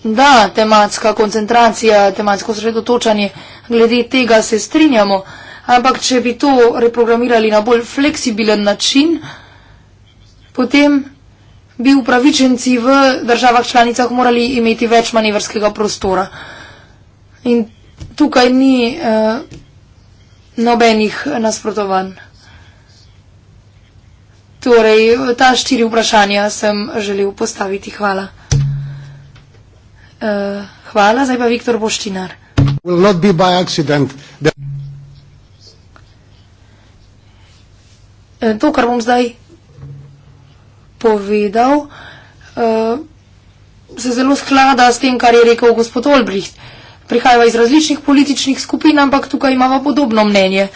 da, tematska koncentracija, tematsko osredotočanje, glede tega se strinjamo. Ampak če bi to reprogramirali na bolj fleksibilen način, potem bi upravičenci v državah članicah morali imeti več manevrskega prostora. In tukaj ni uh, nobenih nasprotovanj. Torej, ta štiri vprašanja sem želel postaviti. Hvala. Uh, hvala, zdaj pa Viktor Boštinar. Eh, to, kar bom zdaj povedal, eh, se zelo sklada s tem, kar je rekel gospod Olbricht. Prihajava iz različnih političnih skupin, ampak tukaj imamo podobno mnenje.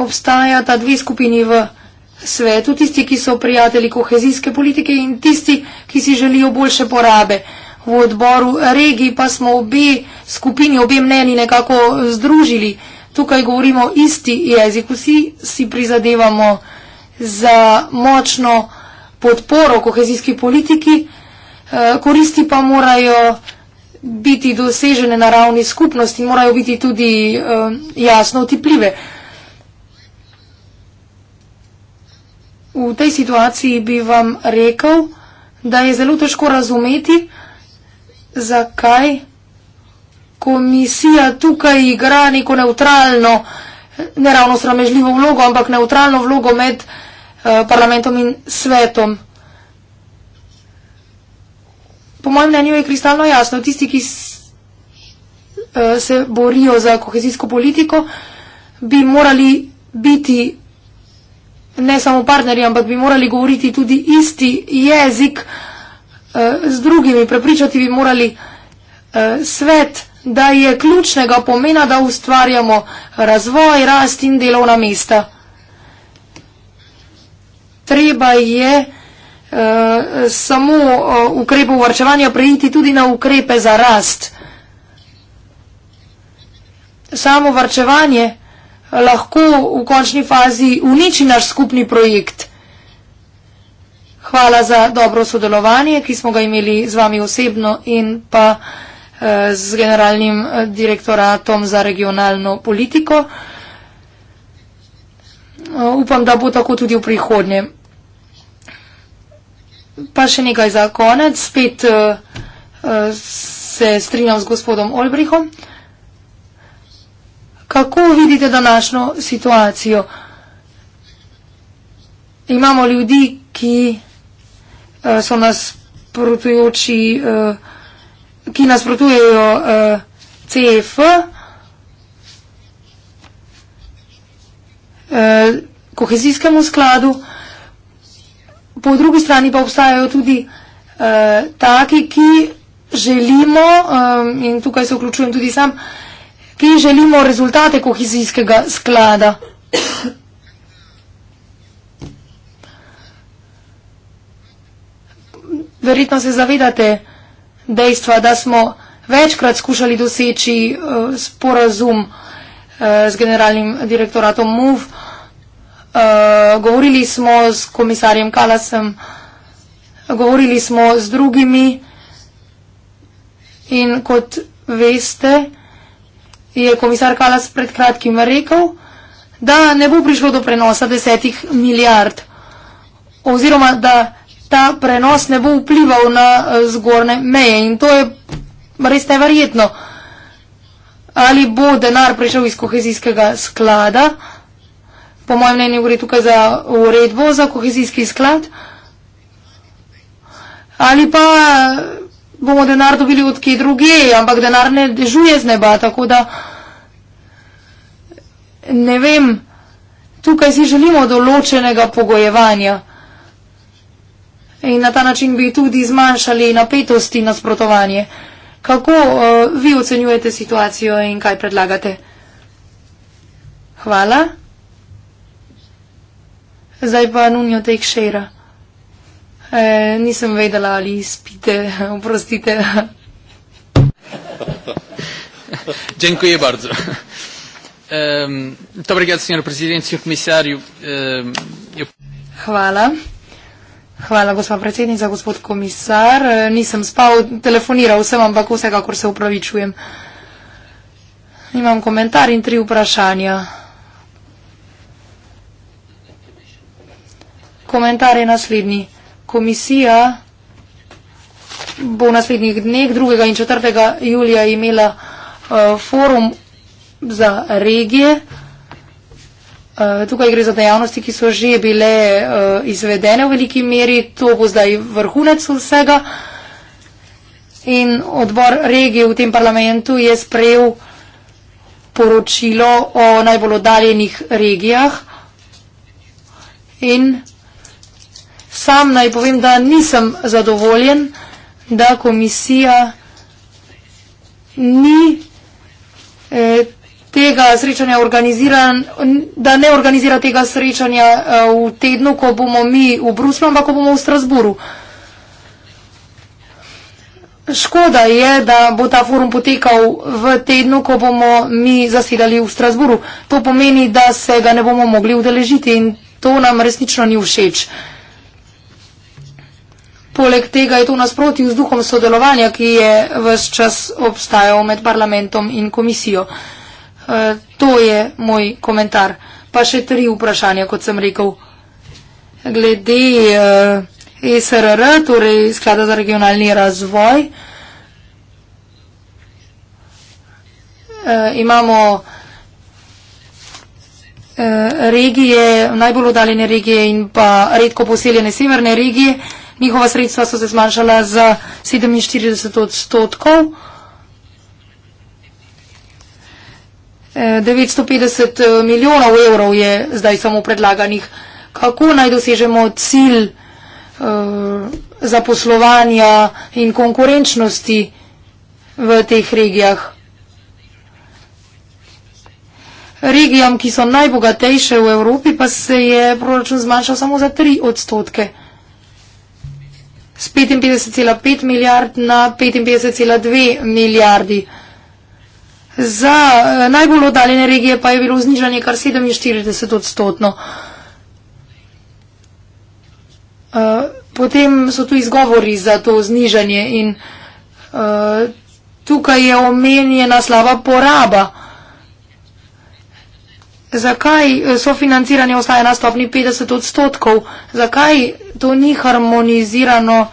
Obstaja ta dve skupini v svetu, tisti, ki so prijatelji kohezijske politike in tisti, ki si želijo boljše porabe. V odboru regij pa smo obe skupini, obe mneni nekako združili tukaj govorimo isti jezik, vsi si prizadevamo za močno podporo kohezijski politiki, eh, koristi pa morajo biti dosežene na ravni skupnosti, morajo biti tudi eh, jasno otipljive. V tej situaciji bi vam rekel, da je zelo težko razumeti, zakaj komisija tukaj igra neko neutralno, ne ravno sramežljivo vlogo, ampak neutralno vlogo med eh, parlamentom in svetom. Po mojem mnenju je kristalno jasno, tisti, ki eh, se borijo za kohezijsko politiko, bi morali biti ne samo partnerji, ampak bi morali govoriti tudi isti jezik eh, z drugimi, prepričati bi morali svet, da je ključnega pomena, da ustvarjamo razvoj, rast in delovna mesta. Treba je eh, samo eh, ukrepov varčevanja prejiti tudi na ukrepe za rast. Samo varčevanje eh, lahko v končni fazi uniči naš skupni projekt. Hvala za dobro sodelovanje, ki smo ga imeli z vami osebno in pa z generalnim eh, direktoratom za regionalno politiko. Eh, upam, da bo tako tudi v prihodnje. Pa še nekaj za konec. Spet eh, se strinjam z gospodom Olbrihom. Kako vidite današnjo situacijo? Imamo ljudi, ki so nas protujoči vsega, ki nasprotujejo uh, eh, CF, uh, eh, kohezijskemu skladu, po drugi strani pa obstajajo tudi uh, taki, ki želimo, um, in tukaj se vključujem tudi sam, ki želimo rezultate kohezijskega sklada. Verjetno se zavedate, dejstva, da smo večkrat skušali doseči uh, sporazum uh, z generalnim direktoratom MUV. Uh, eh, govorili smo s komisarjem Kalasem, govorili smo z drugimi in kot veste, je komisar Kalas pred kratkim rekel, da ne bo prišlo do prenosa desetih milijard oziroma da ta prenos ne bo vplival na eh, zgorne meje in to je res neverjetno. Ali bo denar prišel iz kohezijskega sklada, po mojem mnenju gre tukaj za uredbo za kohezijski sklad, ali pa eh, bomo denar dobili od kje druge, ampak denar ne dežuje z neba, tako da ne vem, tukaj si želimo določenega pogojevanja in na ta način bi tudi zmanjšali napetosti in nasprotovanje. Kako uh, vi ocenjujete situacijo in kaj predlagate? Hvala. Zdaj pa Nunjo Tejkšera. E, nisem vedela, ali spite, oprostite. Dziękuję bardzo. Um, dobry gad, senior prezydent, senior komisariu. Um, Hvala. Hvala, gospa predsednica, gospod komisar. E, nisem spal, telefoniral sem, ampak vsekakor se upravičujem. Imam komentar in tri vprašanja. Komentar je naslednji. Komisija bo v naslednjih dneh 2. in 4. julija imela uh, forum za regije. Uh, Eh, tukaj gre za dejavnosti, ki so že bile uh, izvedene v veliki meri, to bo zdaj vrhunec vsega. In odbor regije v tem parlamentu je sprejel poročilo o najbolj oddaljenih regijah. In sam naj povem, da nisem zadovoljen, da komisija ni. Eh, tega srečanja organiziran, da ne organizira tega srečanja eh, v tednu, ko bomo mi v Bruslu, ampak ko bomo v Strasburu. Škoda je, da bo ta forum potekal v tednu, ko bomo mi zasedali v Strasburu. To pomeni, da se ga ne bomo mogli udeležiti in to nam resnično ni všeč. Poleg tega je to nasprotju z duhom sodelovanja, ki je vse čas obstajal med parlamentom in komisijo. Eh, to je moj komentar. Pa še tri vprašanja, kot sem rekel. Glede uh, eh, SRR, torej sklada za regionalni razvoj, uh, imamo regije, najbolj odaljene regije in pa redko poseljene severne regije. Njihova sredstva so se zmanjšala za 47 odstotkov. Uh, 950 eh, milijonov evrov je zdaj samo predlaganih. Kako naj dosežemo cilj eh, zaposlovanja in konkurenčnosti v teh regijah? Regijam, ki so najbogatejše v Evropi, pa se je proračun zmanjšal samo za 3 odstotke. Z 55,5 milijard na 55,2 milijardi. Za eh, najbolj oddaljene regije pa je bilo znižanje kar 47 odstotno. Eh, potem so tu izgovori za to znižanje in eh, tukaj je omenjena slaba poraba. Zakaj so financiranje ostaje na stopni 50 odstotkov? Zakaj to ni harmonizirano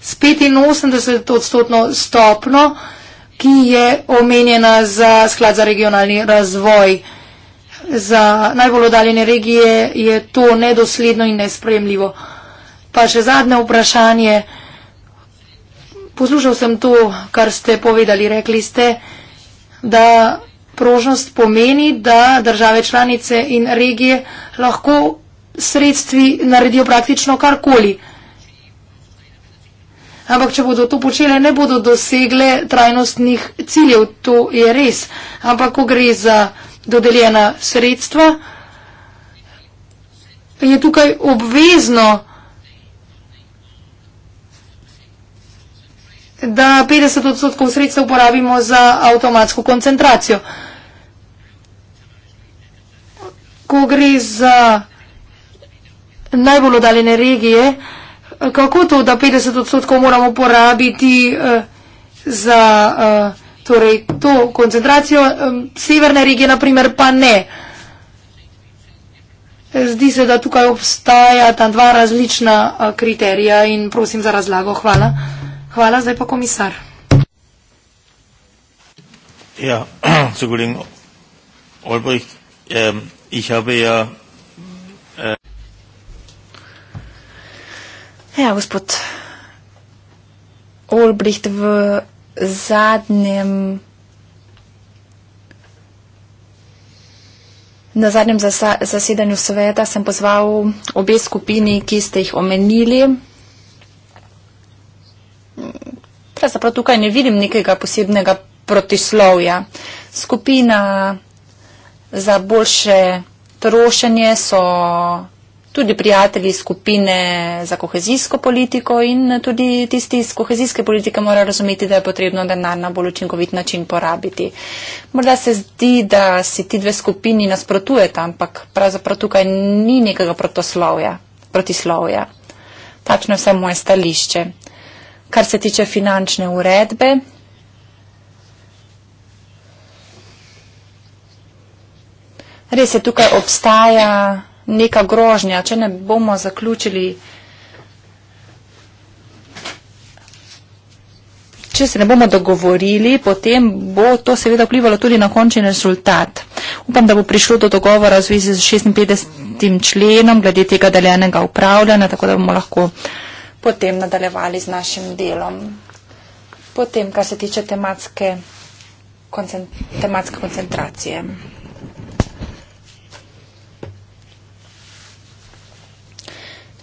s 85 odstotno stopno? ki je omenjena za sklad za regionalni razvoj. Za najbolj odaljene regije je to nedosledno in nespremljivo. Pa še zadnje vprašanje. Poslušal sem to, kar ste povedali. Rekli ste, da prožnost pomeni, da države članice in regije lahko sredstvi naredijo praktično karkoli. Ampak če bodo to počele, ne bodo dosegle trajnostnih ciljev, to je res. Ampak ko gre za dodeljena sredstva, je tukaj obvezno, da 50 odstotkov sredstev uporabimo za avtomatsko koncentracijo. Ko gre za najbolj odaljene regije, kako to, da 50 odstotkov moramo porabiti uh, za uh, torej to koncentracijo um, severne regije, naprimer pa ne. Zdi se, da tukaj obstaja ta dva različna uh, kriterija in prosim za razlago. Hvala. Hvala, zdaj pa komisar. Ja, so Albrecht, ähm, ich habe ja Ja, gospod Olbricht, v zadnjem, na zadnjem zasa, zasedanju sveta sem pozval obe skupini, ki ste jih omenili. Pravzaprav tukaj ne vidim nekega posebnega protislovja. Skupina za boljše trošenje so tudi prijatelji skupine za kohezijsko politiko in tudi tisti iz kohezijske politike morajo razumeti, da je potrebno denar na bolj učinkovit način porabiti. Morda se zdi, da si ti dve skupini nasprotujeta, ampak pravzaprav tukaj ni nekega protislovja. Takšno je vse moje stališče. Kar se tiče finančne uredbe. Res je, tukaj obstaja neka grožnja, če ne bomo zaključili, če se ne bomo dogovorili, potem bo to seveda vplivalo tudi na končni rezultat. Upam, da bo prišlo do dogovora v zvezi z 56. členom glede tega deljenega upravljanja, tako da bomo lahko potem nadaljevali z našim delom. Potem, kar se tiče tematske, koncent, tematske koncentracije.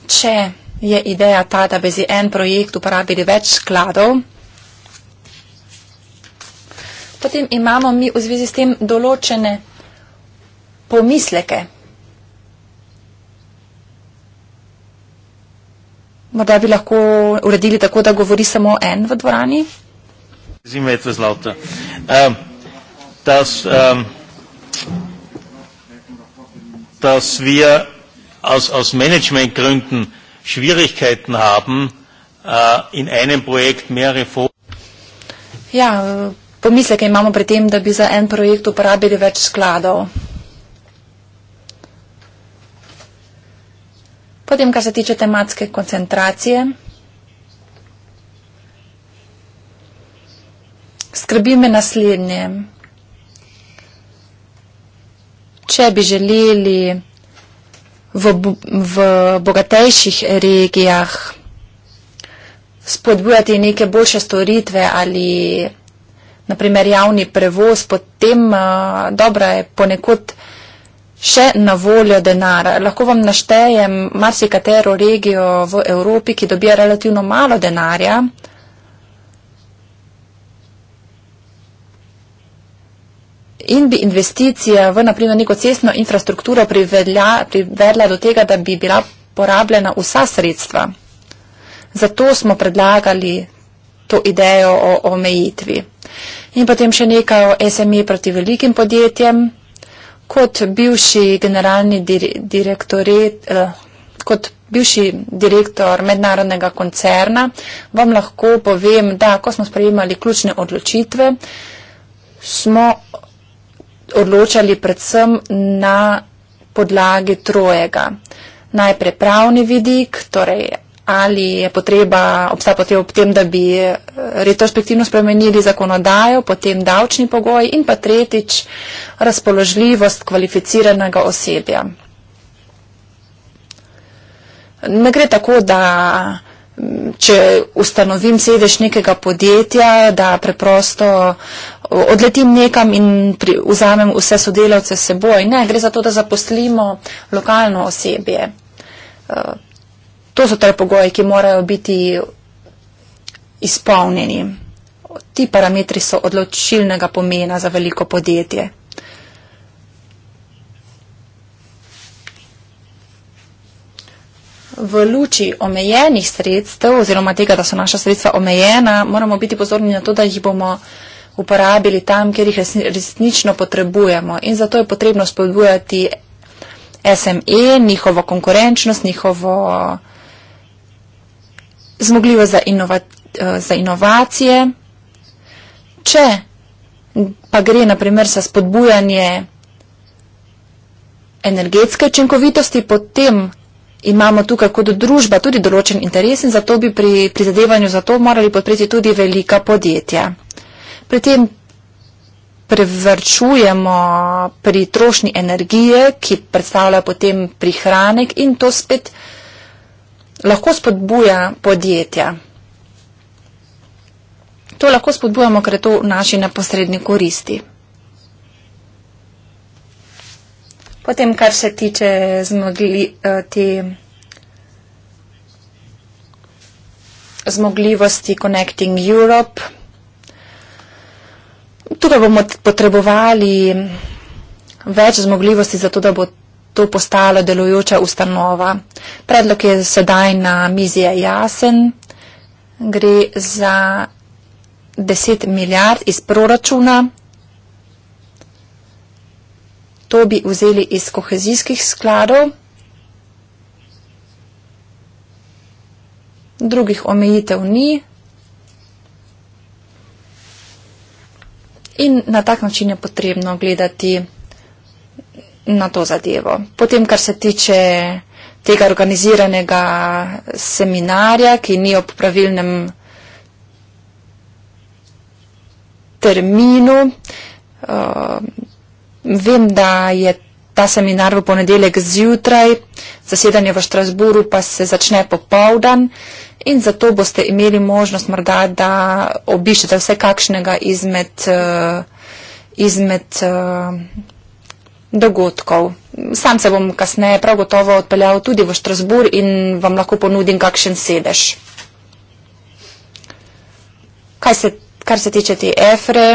če je ideja ta, da bi za en projekt uporabili več skladov, potem imamo mi v zvezi s tem določene pomisleke. Morda bi lahko uredili tako, da govori samo en v dvorani. Zime je zlato. Um, ehm, das, um, ehm, das wir aus, aus Managementgründen Schwierigkeiten haben, äh, in einem Projekt mehrere Fokus. Ja, äh, pomisleke imamo pri tem, da bi za en projekt uporabili več skladov. Potem, kar se tiče tematske koncentracije, skrbi me naslednje. Če bi želeli v, v bogatejših regijah spodbujati neke boljše storitve ali naprimer javni prevoz, potem dobro je ponekod še na voljo denar. Lahko vam naštejem marsikatero regijo v Evropi, ki dobija relativno malo denarja, in bi investicije v naprimer neko cestno infrastrukturo privedla, privedla do tega, da bi bila porabljena vsa sredstva. Zato smo predlagali to idejo o omejitvi. In potem še nekaj o SME proti velikim podjetjem. Kot bivši generalni direktorat, eh, kot bivši direktor mednarodnega koncerna, vam lahko povem, da ko smo sprejemali ključne odločitve, smo odločali predvsem na podlagi trojega. Najprej pravni vidik, torej ali je potreba, obstaja potreba ob tem, da bi eh, retrospektivno spremenili zakonodajo, potem davčni pogoj in pa tretjič razpoložljivost kvalificiranega osebja. Ne gre tako, da če ustanovim sedež nekega podjetja, da preprosto uh, odletim nekam in pri, vzamem vse sodelavce s seboj. Ne, gre za to, da zaposlimo lokalno osebje. Eh, to so torej pogoji, ki morajo biti izpolnjeni. Ti parametri so odločilnega pomena za veliko podjetje. V luči omejenih sredstev oziroma tega, da so naša sredstva omejena, moramo biti pozorni na to, da jih bomo uh, uporabili tam, kjer jih resnično potrebujemo. In zato je potrebno spodbujati SME, njihovo konkurenčnost, njihovo eh, zmogljivost za, inova, eh, za inovacije. Če pa gre naprimer za spodbujanje energetske učinkovitosti, potem imamo tukaj kot družba tudi določen interes in zato bi pri prizadevanju za to morali podpreti tudi velika podjetja pri tem prevrčujemo pri trošnji energije, ki predstavlja potem prihranek in to spet lahko spodbuja podjetja. To lahko spodbujamo, ker je to v naši neposredni koristi. Potem, kar se tiče zmogli, eh, te zmogljivosti Connecting Europe. Tukaj bomo potrebovali več zmogljivosti za to, da bo to postalo delujoča ustanova. Predlog je sedaj na mizi je jasen. Gre za 10 milijard iz proračuna. To bi vzeli iz kohezijskih skladov. Drugih omejitev ni. In na tak način je potrebno gledati na to zadevo. Potem, kar se tiče tega organiziranega seminarja, ki ni ob pravilnem terminu, uh, vem, da je ta seminar v ponedeljek zjutraj, zasedanje v Štrasburu pa se začne popovdan in zato boste imeli možnost morda, da obišete vse kakšnega izmed, eh, izmed eh, dogodkov. Sam se bom kasneje prav gotovo odpeljal tudi v Štrasbur in vam lahko ponudim kakšen sedež. Kaj se, kar se tiče te Efre,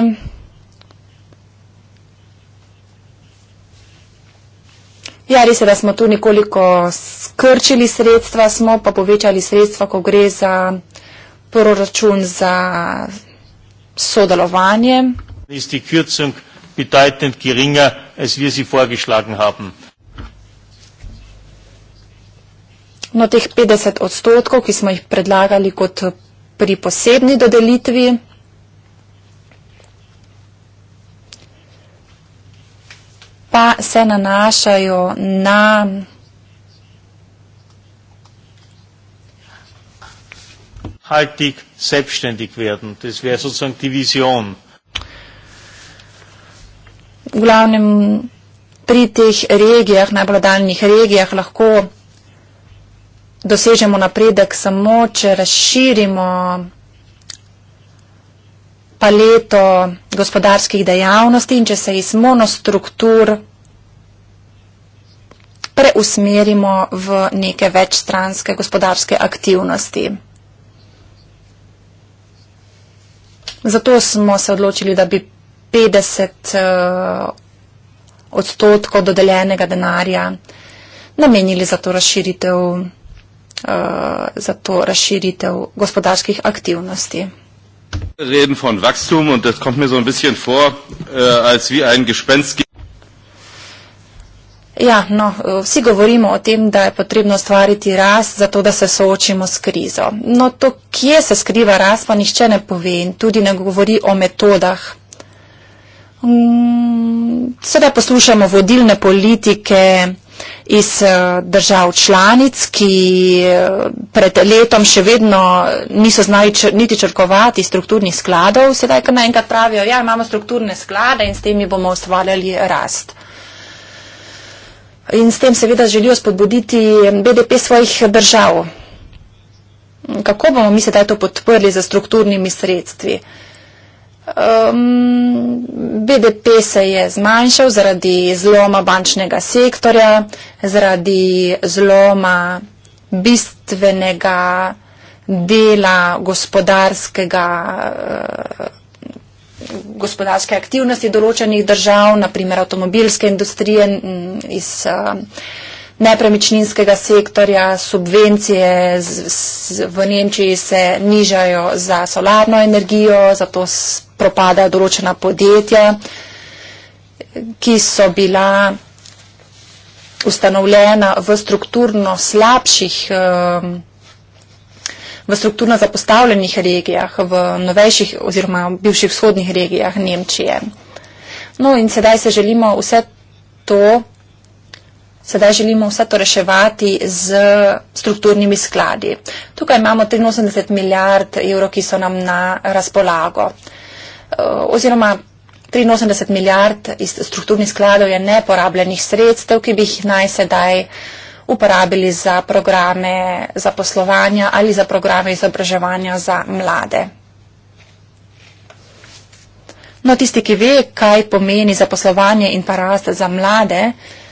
Ja, res je, da smo tu nekoliko skrčili sredstva, smo pa povečali sredstva, ko gre za proračun za sodelovanje. No, teh 50 odstotkov, ki smo jih predlagali kot pri posebni dodelitvi, pa se nanašajo na V glavnem pri teh regijah, najbolj daljnih regijah, lahko dosežemo napredek samo, če razširimo paleto gospodarskih dejavnosti in če se iz monostruktur preusmerimo v neke večstranske gospodarske aktivnosti. Zato smo se odločili, da bi 50 eh, odstotkov dodeljenega denarja namenili za to razširitev, eh, za to razširitev gospodarskih aktivnosti reden von Wachstum und das kommt mir so ein bisschen vor, äh, als wie ein Gespenst. Ja, no, äh, vsi govorimo o tem, da je potrebno stvariti rast, zato da se soočimo s krizo. No, to, kje se skriva rast, pa nišče ne pove in tudi ne govori o metodah. Mm, sedaj poslušamo vodilne politike, iz eh, držav članic, ki eh, pred letom še vedno niso znali čr, niti črkovati strukturnih skladov, sedaj, ko naenkrat pravijo, ja, imamo strukturne sklade in s temi bomo ustvarjali rast. In s tem seveda želijo spodbuditi eh, BDP svojih držav. Kako bomo mi sedaj to podprli za strukturnimi sredstvi? Uh, Um, BDP se je zmanjšal zaradi zloma bančnega sektorja, zaradi zloma bistvenega dela gospodarskega, uh, gospodarske aktivnosti določenih držav, naprimer avtomobilske industrije m, mm, iz uh, nepremičninskega sektorja, subvencije z, z, v Nemčiji se nižajo za solarno energijo, zato propadajo določena podjetja, ki so bila ustanovljena v strukturno slabših, ehm, v strukturno zapostavljenih regijah, v novejših oziroma bivših vzhodnih regijah Nemčije. No in sedaj se želimo vse to sedaj želimo vse to reševati z strukturnimi skladi. Tukaj imamo 83 milijard evrov, ki so nam na razpolago. Eh, oziroma 83 milijard iz strukturnih skladov je neporabljenih sredstev, ki bi jih naj sedaj uporabili za programe za poslovanja ali za programe izobraževanja za mlade. No, tisti, ki ve, kaj pomeni zaposlovanje in pa rast za mlade, uh,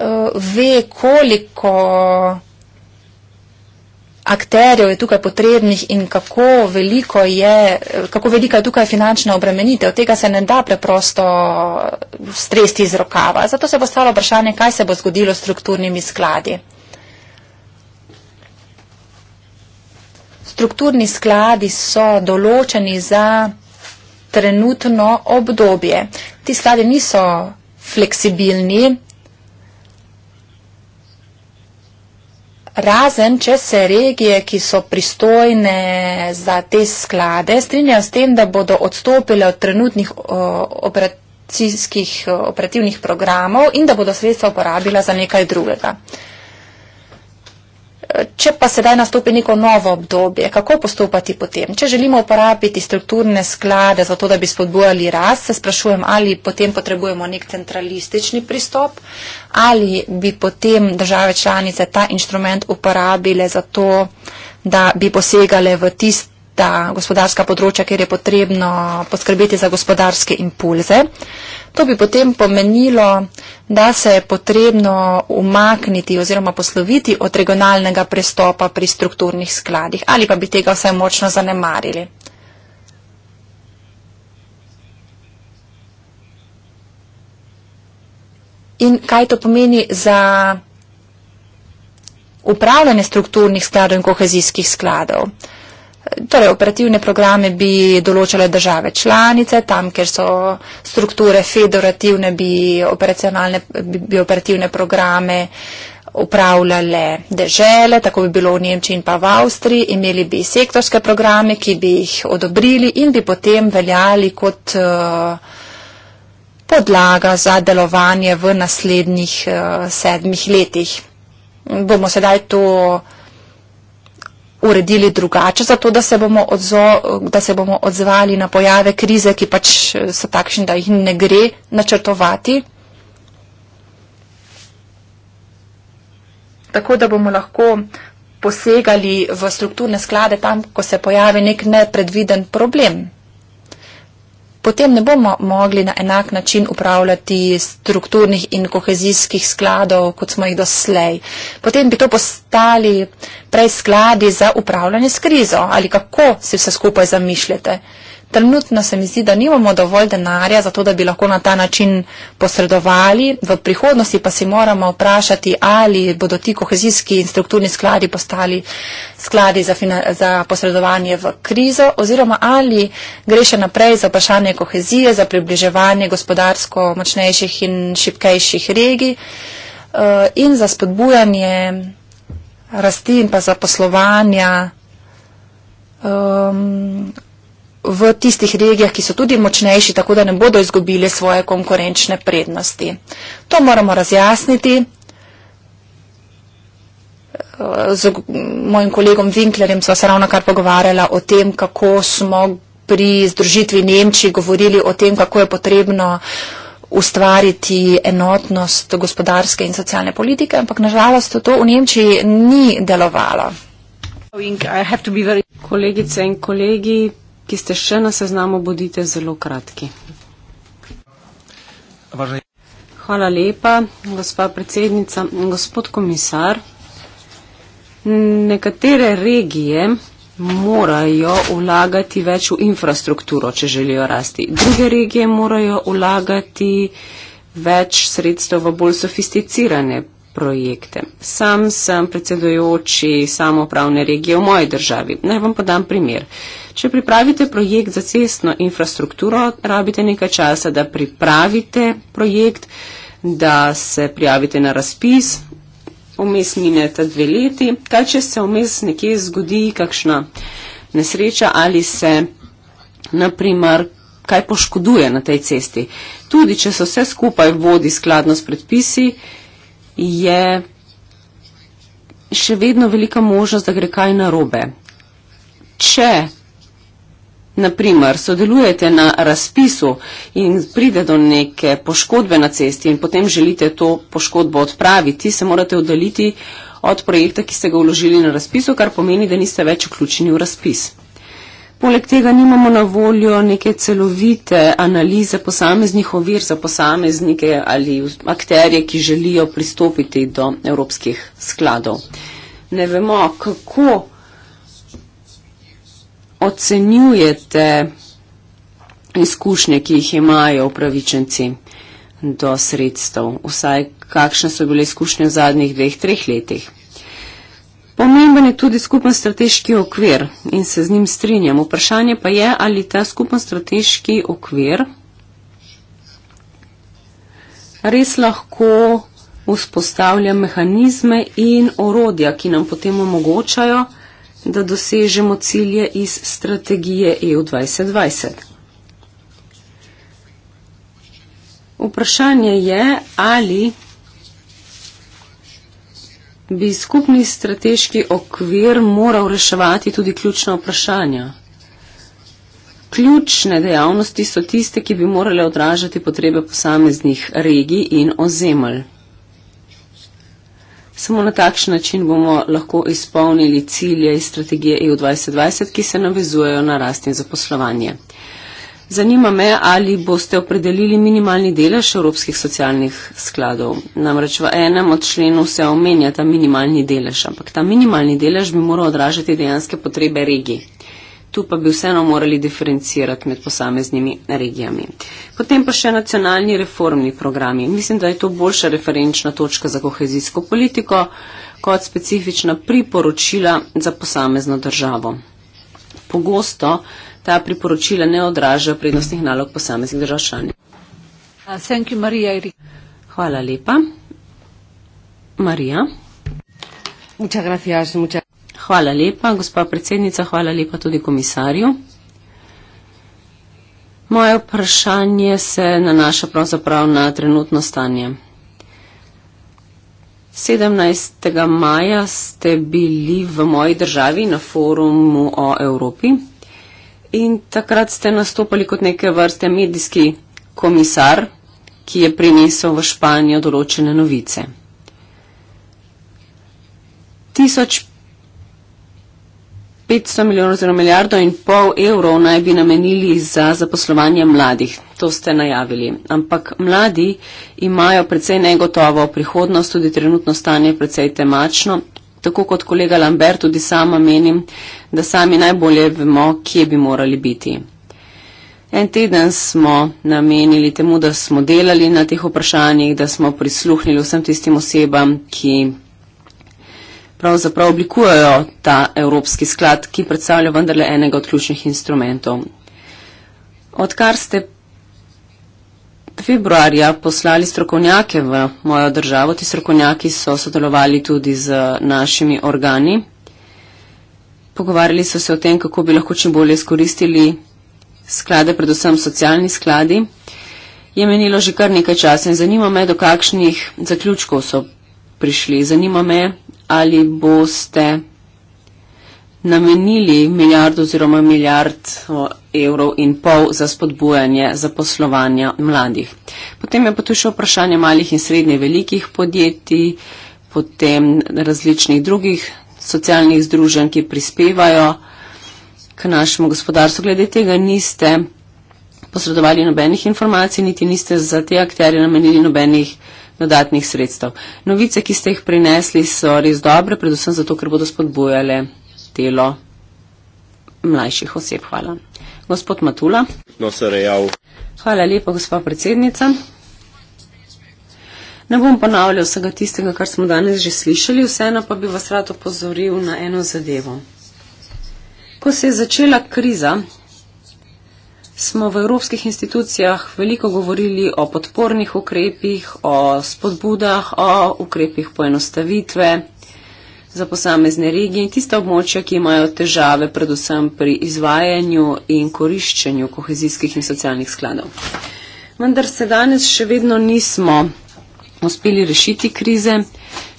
uh, ve, koliko akterjev je tukaj potrebnih in kako, je, kako velika je tukaj finančna obremenitev. Tega se ne da preprosto stresti iz rokava. Zato se bo stalo vprašanje, kaj se bo zgodilo s strukturnimi skladi. Strukturni skladi so določeni za trenutno obdobje. Ti skladi niso fleksibilni, Razen, če se regije, ki so pristojne za te sklade, strinjajo s tem, da bodo odstopile od trenutnih operativnih programov in da bodo sredstva porabila za nekaj drugega. Če pa sedaj nastopi neko novo obdobje, kako postopati potem? Če želimo uporabiti strukturne sklade za to, da bi spodbujali rast, se sprašujem, ali potem potrebujemo nek centralistični pristop, ali bi potem države članice ta inštrument uporabile za to, da bi posegale v tista gospodarska področja, kjer je potrebno poskrbeti za gospodarske impulze. Uh, To bi potem pomenilo, da se je potrebno umakniti oziroma posloviti od regionalnega prestopa pri strukturnih skladih ali pa bi tega vsaj močno zanemarili. In kaj to pomeni za upravljanje strukturnih skladov in kohezijskih skladov? Torej, operativne programe bi določale države članice, tam, kjer so strukture federativne, bi, bi, bi operativne programe upravljale dežele, tako bi bilo v Nemčiji in pa v Avstriji, imeli bi sektorske programe, ki bi jih odobrili in bi potem veljali kot eh, podlaga za delovanje v naslednjih eh, sedmih letih. Bomo sedaj to uredili drugače, zato da se bomo, odzo, da se bomo odzvali na pojave krize, ki pač eh, so takšni, da jih ne gre načrtovati. Tako da bomo lahko posegali v strukturne sklade tam, ko se pojavi nek nepredviden problem potem ne bomo mogli na enak način upravljati strukturnih in kohezijskih skladov, kot smo jih doslej. Potem bi to postali prej skladi za upravljanje s krizo ali kako si vse skupaj zamišljate. Trenutno se mi zdi, da nimamo dovolj denarja za to, da bi lahko na ta način posredovali. V prihodnosti pa si moramo vprašati, ali bodo ti kohezijski in strukturni skladi postali skladi za, za posredovanje v krizo oziroma ali gre še naprej za vprašanje kohezije, za približevanje gospodarsko močnejših in šipkejših regij eh, in za spodbujanje rasti in pa zaposlovanja. Um, v tistih regijah, ki so tudi močnejši, tako da ne bodo izgubili svoje konkurenčne prednosti. To moramo razjasniti eh, z mojim kolegom Winklerjem sva se ravno kar pogovarjala o tem, kako smo pri združitvi Nemčiji govorili o tem, kako je potrebno ustvariti enotnost gospodarske in socialne politike, ampak nažalost to v Nemčiji ni delovalo. Kolegice in kolegi, ki ste še na seznamu, bodite zelo kratki. Hvala lepa, gospa predsednica. Gospod komisar, nekatere regije morajo vlagati več v infrastrukturo, če želijo rasti. Druge regije morajo vlagati več sredstev v bolj sofisticirane projekte. Sam sem predsedujoči samopravne regije v moji državi. Naj vam podam primer. Če pripravite projekt za cestno infrastrukturo, rabite nekaj časa, da pripravite projekt, da se prijavite na razpis, vmes minete dve leti, ta če se vmes nekje zgodi kakšna nesreča ali se naprimer kaj poškoduje na tej cesti. Tudi če se vse skupaj vodi skladno s predpisi, je še vedno velika možnost, da gre kaj narobe. Če naprimer sodelujete na razpisu in pride do neke poškodbe na cesti in potem želite to poškodbo odpraviti, se morate oddaliti od projekta, ki ste ga vložili na razpisu, kar pomeni, da niste več vključeni v razpis. Poleg tega nimamo na voljo neke celovite analize posameznih ovir za posameznike ali akterje, ki želijo pristopiti do evropskih skladov. Ne vemo, kako ocenjujete izkušnje, ki jih imajo upravičenci do sredstev? Vsaj kakšne so bile izkušnje v zadnjih dveh, treh letih? Pomemben je tudi skupen strateški okvir in se z njim strinjam. Vprašanje pa je, ali ta skupen strateški okvir res lahko vzpostavlja mehanizme in orodja, ki nam potem omogočajo, da dosežemo cilje iz strategije EU 2020. Vprašanje je, ali bi skupni strateški okvir moral reševati tudi ključna vprašanja. Ključne dejavnosti so tiste, ki bi morale odražati potrebe posameznih regij in ozemelj. Samo na takšen način bomo lahko izpolnili cilje iz strategije EU 2020, ki se navezujejo na rast in zaposlovanje. Zanima me, ali boste opredelili minimalni delež evropskih socialnih skladov. Namreč v enem od členov se omenja ta minimalni delež, ampak ta minimalni delež bi moral odražati dejanske potrebe regije tu pa bi vseeno morali diferencirati med posameznimi regijami. Potem pa še nacionalni reformni programi. Mislim, da je to boljša referenčna točka za kohezijsko politiko kot specifična priporočila za posamezno državo. Pogosto ta priporočila ne odražajo prednostnih nalog posameznih držav članic. Uh, Hvala lepa. Marija. Muchas gracias, muchas... Hvala lepa, gospa predsednica, hvala lepa tudi komisarju. Moje vprašanje se nanaša pravzaprav na trenutno stanje. 17. maja ste bili v moji državi na forumu o Evropi in takrat ste nastopali kot neke vrste medijski komisar, ki je prinesel v Španijo določene novice. 1500 500 milijonov oziroma milijardo in pol evrov naj bi namenili za zaposlovanje mladih. To ste najavili. Ampak mladi imajo precej negotovo prihodnost, tudi trenutno stanje precej temačno. Tako kot kolega Lambert, tudi sama menim, da sami najbolje vemo, kje bi morali biti. En teden smo namenili temu, da smo delali na teh vprašanjih, da smo prisluhnili vsem tistim osebam, ki pravzaprav oblikujejo ta evropski sklad, ki predstavlja vendarle enega od ključnih instrumentov. Odkar ste februarja poslali strokovnjake v mojo državo, ti strokovnjaki so sodelovali tudi z našimi organi, pogovarjali so se o tem, kako bi lahko čim bolje izkoristili sklade, predvsem socialni skladi. Je menilo že kar nekaj časa in zanima me, do kakšnih zaključkov so prišli. Zanima me, ali boste namenili milijardo oziroma milijard evrov in pol za spodbujanje zaposlovanja mladih. Potem je pa tu še vprašanje malih in srednje velikih podjetij, potem različnih drugih socialnih združenj, ki prispevajo k našemu gospodarstvu. Glede tega niste posredovali nobenih informacij, niti niste za te akterje namenili nobenih dodatnih sredstev. Novice, ki ste jih prinesli, so res dobre, predvsem zato, ker bodo spodbujale telo mlajših oseb. Hvala. Gospod Matula. No, Hvala lepa, gospa predsednica. Ne bom ponavljal vsega tistega, kar smo danes že slišali, vseeno pa bi vas rad opozoril na eno zadevo. Ko se je začela kriza, smo v evropskih institucijah veliko govorili o podpornih ukrepih, o spodbudah, o ukrepih poenostavitve za posamezne regije in tiste območja, ki imajo težave predvsem pri izvajanju in koriščenju kohezijskih in socialnih skladov. Vendar se danes še vedno nismo uspeli rešiti krize,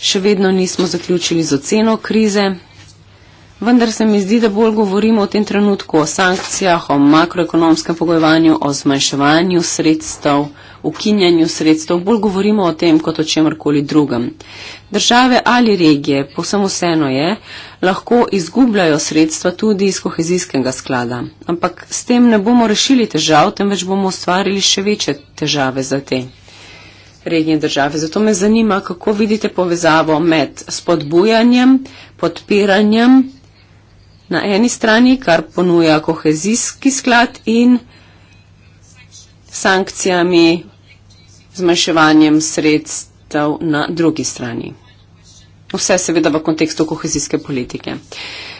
še vedno nismo zaključili z oceno krize vendar se mi zdi, da bolj govorimo v tem trenutku o sankcijah, o makroekonomskem pogojevanju, o zmanjševanju sredstev, ukinjanju sredstev, bolj govorimo o tem kot o čemrkoli drugem. Države ali regije, posem vseeno je, lahko izgubljajo sredstva tudi iz kohezijskega sklada, ampak s tem ne bomo rešili težav, temveč bomo ustvarili še večje težave za te. Regije države. Zato me zanima, kako vidite povezavo med spodbujanjem, podpiranjem na eni strani, kar ponuja kohezijski sklad in sankcijami, zmanjševanjem sredstev na drugi strani. Vse seveda v kontekstu kohezijske politike.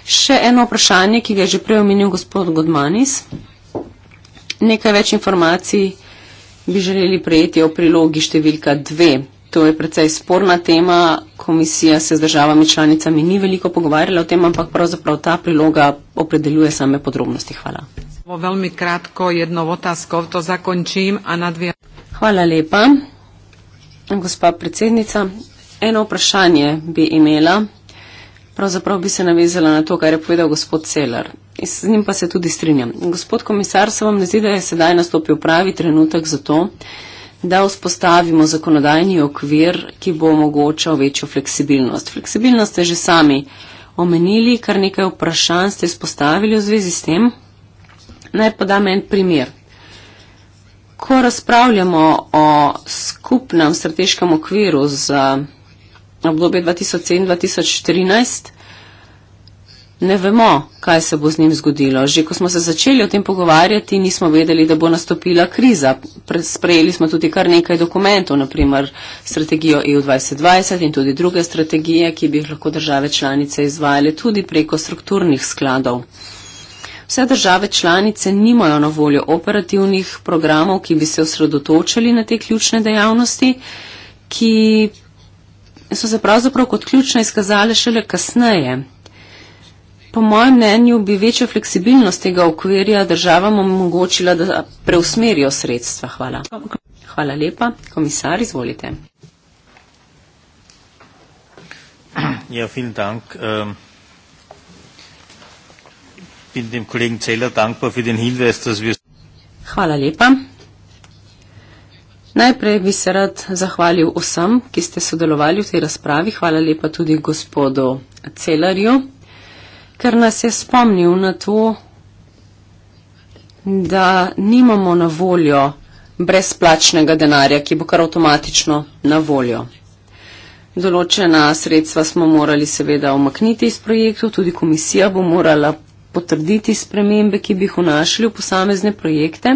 Še eno vprašanje, ki ga je že prej omenil gospod Godmanis. Nekaj več informacij bi želeli prejeti o prilogi številka 2. To je precej sporna tema. Komisija se z državami članicami ni veliko pogovarjala o tem, ampak pravzaprav ta priloga opredeljuje same podrobnosti. Hvala. Veľmi kratko jedno otázkov to zakončím a na dvie... Hvala lepa. Gospa predsednica, eno vprašanje bi imela. Pravzaprav bi se navezala na to, kar je povedal gospod Celar. Z njim pa se tudi strinjam. Gospod komisar, se vam ne zdi, da je sedaj nastopil pravi trenutek za to, da vzpostavimo zakonodajni okvir, ki bo omogočal večjo fleksibilnost. Fleksibilnost ste že sami omenili, kar nekaj vprašanj ste izpostavili v zvezi s tem. Naj podam en primer. Ko razpravljamo o skupnem strateškem okviru za obdobje 2007-2013, ne vemo, kaj se bo z njim zgodilo. Že ko smo se začeli o tem pogovarjati, nismo vedeli, da bo nastopila kriza. Sprejeli smo tudi kar nekaj dokumentov, naprimer strategijo EU 2020 in tudi druge strategije, ki bi jih lahko države članice izvajale tudi preko strukturnih skladov. Vse države članice nimajo na voljo operativnih programov, ki bi se osredotočili na te ključne dejavnosti, ki so se pravzaprav kot ključne izkazale šele kasneje. Po mojem mnenju bi večjo fleksibilnost tega okvirja državam omogočila, da preusmerijo sredstva. Hvala. Hvala lepa. Komisar, izvolite. Ja, vielen Dank. Ähm, bin dem Kollegen Zeller dankbar für den Hinweis, dass wir... Hvala lepa. Najprej bi se rad zahvalil vsem, ki ste sodelovali v tej razpravi. Hvala lepa tudi gospodu Celarju ker nas je spomnil na to, da nimamo na voljo brezplačnega denarja, ki bo kar avtomatično na voljo. Določena sredstva smo morali seveda omakniti iz projektov, tudi komisija bo morala potrditi spremembe, ki bi jih vnašali v posamezne projekte.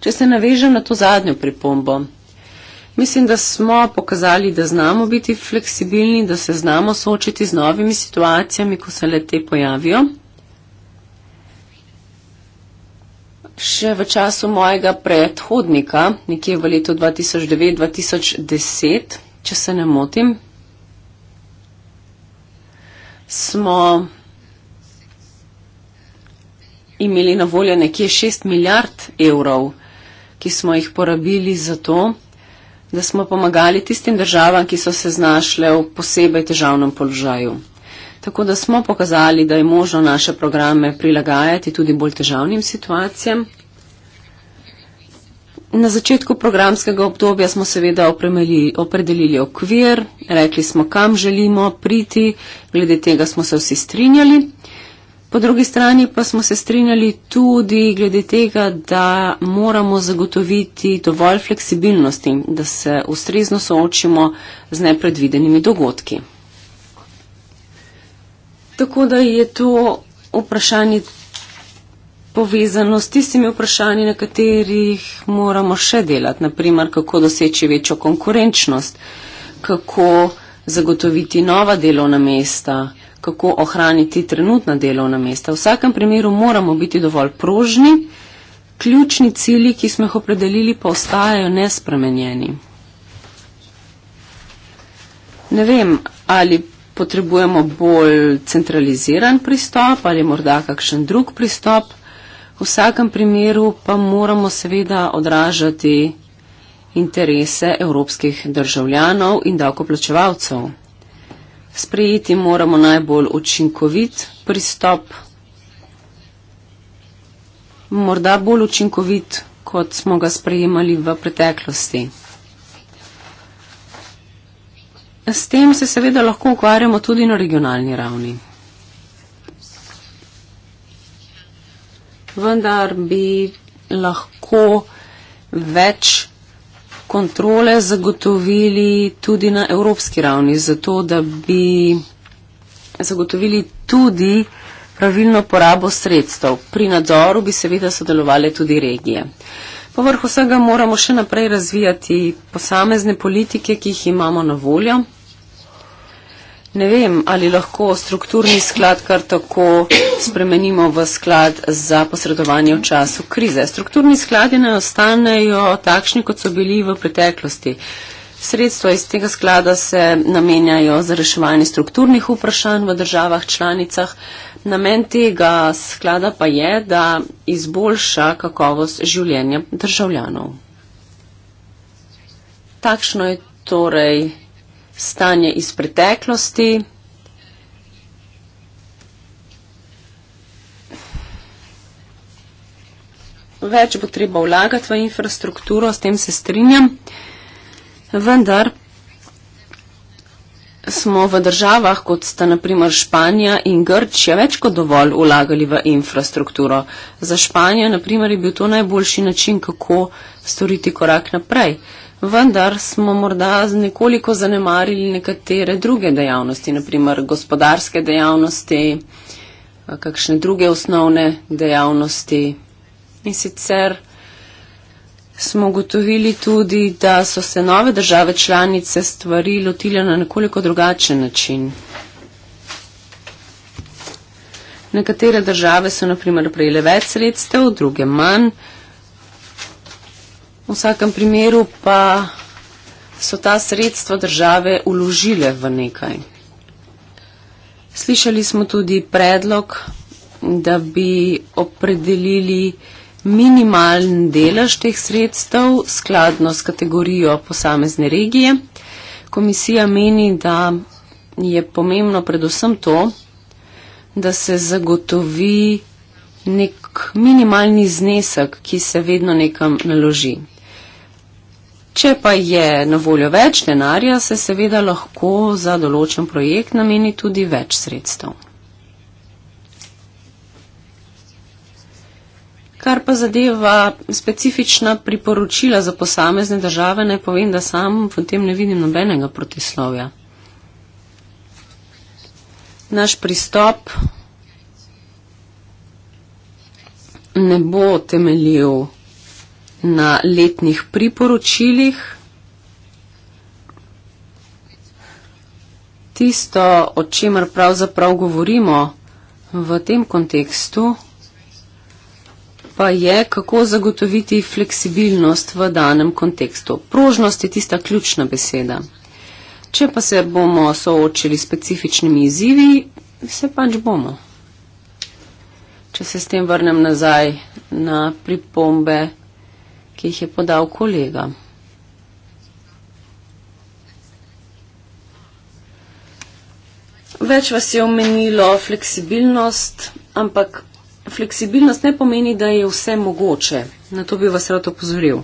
Če se navežem na to zadnjo pripombo, Mislim, da smo pokazali, da znamo biti fleksibilni, da se znamo soočiti z novimi situacijami, ko se le te pojavijo. Še v času mojega predhodnika, nekje v letu 2009-2010, če se ne motim, smo imeli na voljo nekje 6 milijard evrov, ki smo jih porabili za to, da smo pomagali tistim državam, ki so se znašle v posebej težavnem položaju. Tako da smo pokazali, da je možno naše programe prilagajati tudi bolj težavnim situacijam. Na začetku programskega obdobja smo seveda opredelili okvir, rekli smo, kam želimo priti, glede tega smo se vsi strinjali. Po drugi strani pa smo se strinjali tudi glede tega, da moramo zagotoviti dovolj fleksibilnosti, da se ustrezno soočimo z nepredvidenimi dogodki. Tako da je to vprašanje povezano s tistimi vprašanji, na katerih moramo še delati, naprimer kako doseči večjo konkurenčnost, kako zagotoviti nova delovna mesta kako ohraniti trenutna delovna mesta. V vsakem primeru moramo biti dovolj prožni, ključni cilji, ki smo jih opredelili, pa ostajajo nespremenjeni. Ne vem, ali potrebujemo bolj centraliziran pristop ali morda kakšen drug pristop. V vsakem primeru pa moramo seveda odražati interese evropskih državljanov in davkoplačevalcev sprejeti moramo najbolj učinkovit pristop, morda bolj učinkovit, kot smo ga sprejemali v preteklosti. S tem se seveda lahko ukvarjamo tudi na regionalni ravni. Vendar bi lahko več kontrole zagotovili tudi na evropski ravni, zato da bi zagotovili tudi pravilno porabo sredstev. Pri nadzoru bi seveda sodelovali tudi regije. Povrh vsega moramo še naprej razvijati posamezne politike, ki jih imamo na voljo. Ne vem, ali lahko strukturni sklad kar tako spremenimo v sklad za posredovanje v času krize. Strukturni skladi ne ostanejo takšni, kot so bili v preteklosti. Sredstva iz tega sklada se namenjajo za reševanje strukturnih vprašanj v državah članicah. Namen tega sklada pa je, da izboljša kakovost življenja državljanov. Takšno je torej stanje iz preteklosti. Več bo treba vlagati v infrastrukturo, s tem se strinjam, vendar smo v državah, kot sta naprimer Španija in Grčija, več kot dovolj vlagali v infrastrukturo. Za Španijo naprimer je bil to najboljši način, kako storiti korak naprej. Uh, vendar smo morda nekoliko zanemarili nekatere druge dejavnosti, naprimer gospodarske dejavnosti, kakšne druge osnovne dejavnosti. In sicer smo gotovili tudi, da so se nove države članice stvari lotile na nekoliko drugačen način. Nekatere države so naprimer prejele več sredstev, druge manj. V vsakem primeru pa so ta sredstva države uložile v nekaj. Slišali smo tudi predlog, da bi opredelili minimalen delež teh sredstev skladno s kategorijo posamezne regije. Komisija meni, da je pomembno predvsem to, da se zagotovi nek minimalni znesek, ki se vedno nekam naloži. Če pa je na voljo več denarja, se seveda lahko za določen projekt nameni tudi več sredstev. Kar pa zadeva specifična priporočila za posamezne države, ne povem, da sam v tem ne vidim nobenega protislovja. Naš pristop ne bo temeljil na letnih priporočilih. Tisto, o čemer pravzaprav govorimo v tem kontekstu, pa je, kako zagotoviti fleksibilnost v danem kontekstu. Prožnost je tista ključna beseda. Če pa se bomo soočili s specifičnimi izzivi, se pač bomo. Če se s tem vrnem nazaj na pripombe ki jih je podal kolega. Več vas je omenilo fleksibilnost, ampak fleksibilnost ne pomeni, da je vse mogoče. Na to bi vas rad opozoril.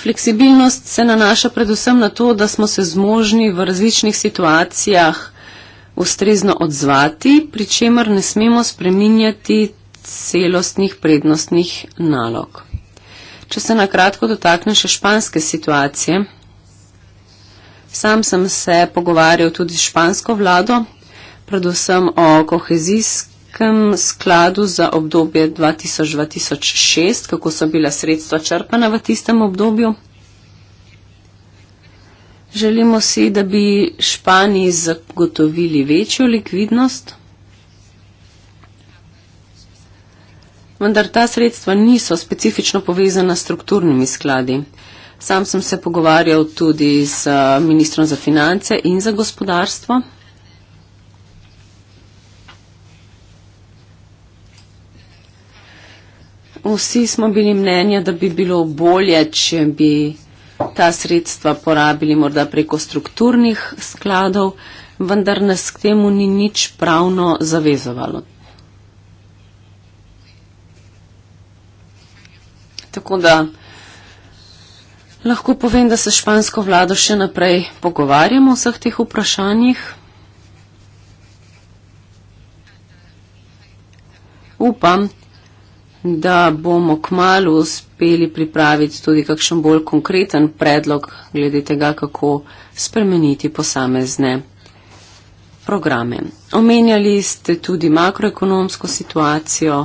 Fleksibilnost se nanaša predvsem na to, da smo se zmožni v različnih situacijah ustrezno odzvati, pri čemer ne smemo spreminjati celostnih prednostnih nalog. Če se na kratko dotaknem še španske situacije, sam sem se pogovarjal tudi s špansko vlado, predvsem o kohezijskem skladu za obdobje 2000-2006, kako so bila sredstva črpana v tistem obdobju. Želimo si, da bi Španiji zagotovili večjo likvidnost. vendar ta sredstva niso specifično povezana s strukturnimi skladi. Sam sem se pogovarjal tudi z eh, ministrom za finance in za gospodarstvo. Vsi smo bili mnenja, da bi bilo bolje, če bi ta sredstva porabili morda preko strukturnih skladov, vendar nas k temu ni nič pravno zavezovalo. Tako da lahko povem, da se špansko vlado še naprej pogovarjamo o vseh teh vprašanjih. Upam, da bomo k malu uspeli pripraviti tudi kakšen bolj konkreten predlog glede tega, kako spremeniti posamezne programe. Omenjali ste tudi makroekonomsko situacijo,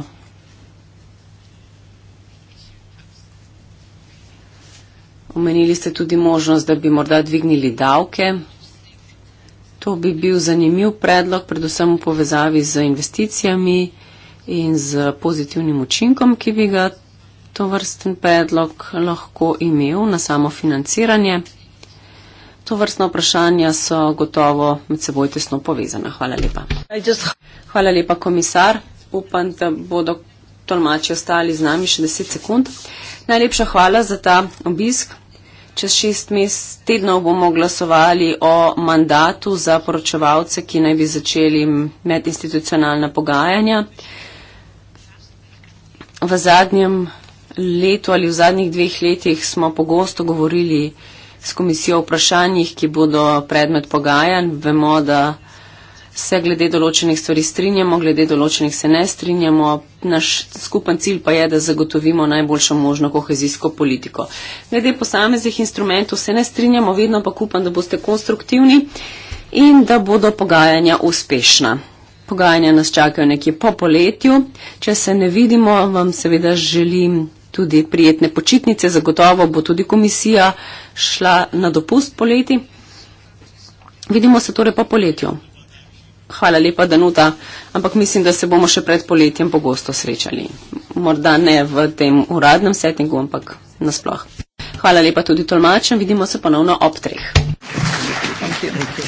Omenili ste tudi možnost, da bi morda dvignili davke. To bi bil zanimiv predlog, predvsem v povezavi z investicijami in z pozitivnim učinkom, ki bi ga to vrsten predlog lahko imel na samo financiranje. To vrstno vprašanje so gotovo med seboj tesno povezane. Hvala lepa. Hvala lepa, komisar. Upam, da bodo tolmači ostali z nami še 10 sekund. Najlepša hvala za ta obisk čez šest mest tednov bomo glasovali o mandatu za poročevalce, ki naj bi začeli medinstitucionalna pogajanja. V zadnjem letu ali v zadnjih dveh letih smo pogosto govorili s komisijo o vprašanjih, ki bodo predmet pogajanj. Vemo, da se glede določenih stvari strinjamo, glede določenih se ne strinjamo. Naš skupen cilj pa je, da zagotovimo najboljšo možno kohezijsko politiko. Glede posameznih instrumentov se ne strinjamo, vedno pa upam, da boste konstruktivni in da bodo pogajanja uspešna. Pogajanja nas čakajo nekje po poletju. Če se ne vidimo, vam seveda želim tudi prijetne počitnice. Zagotovo bo tudi komisija šla na dopust poleti. Vidimo se torej po poletju. Hvala lepa, Danuta, ampak mislim, da se bomo še pred poletjem pogosto srečali. Morda ne v tem uradnem settingu, ampak nasploh. Hvala lepa tudi tolmačem, vidimo se ponovno ob treh. Thank you. Thank you.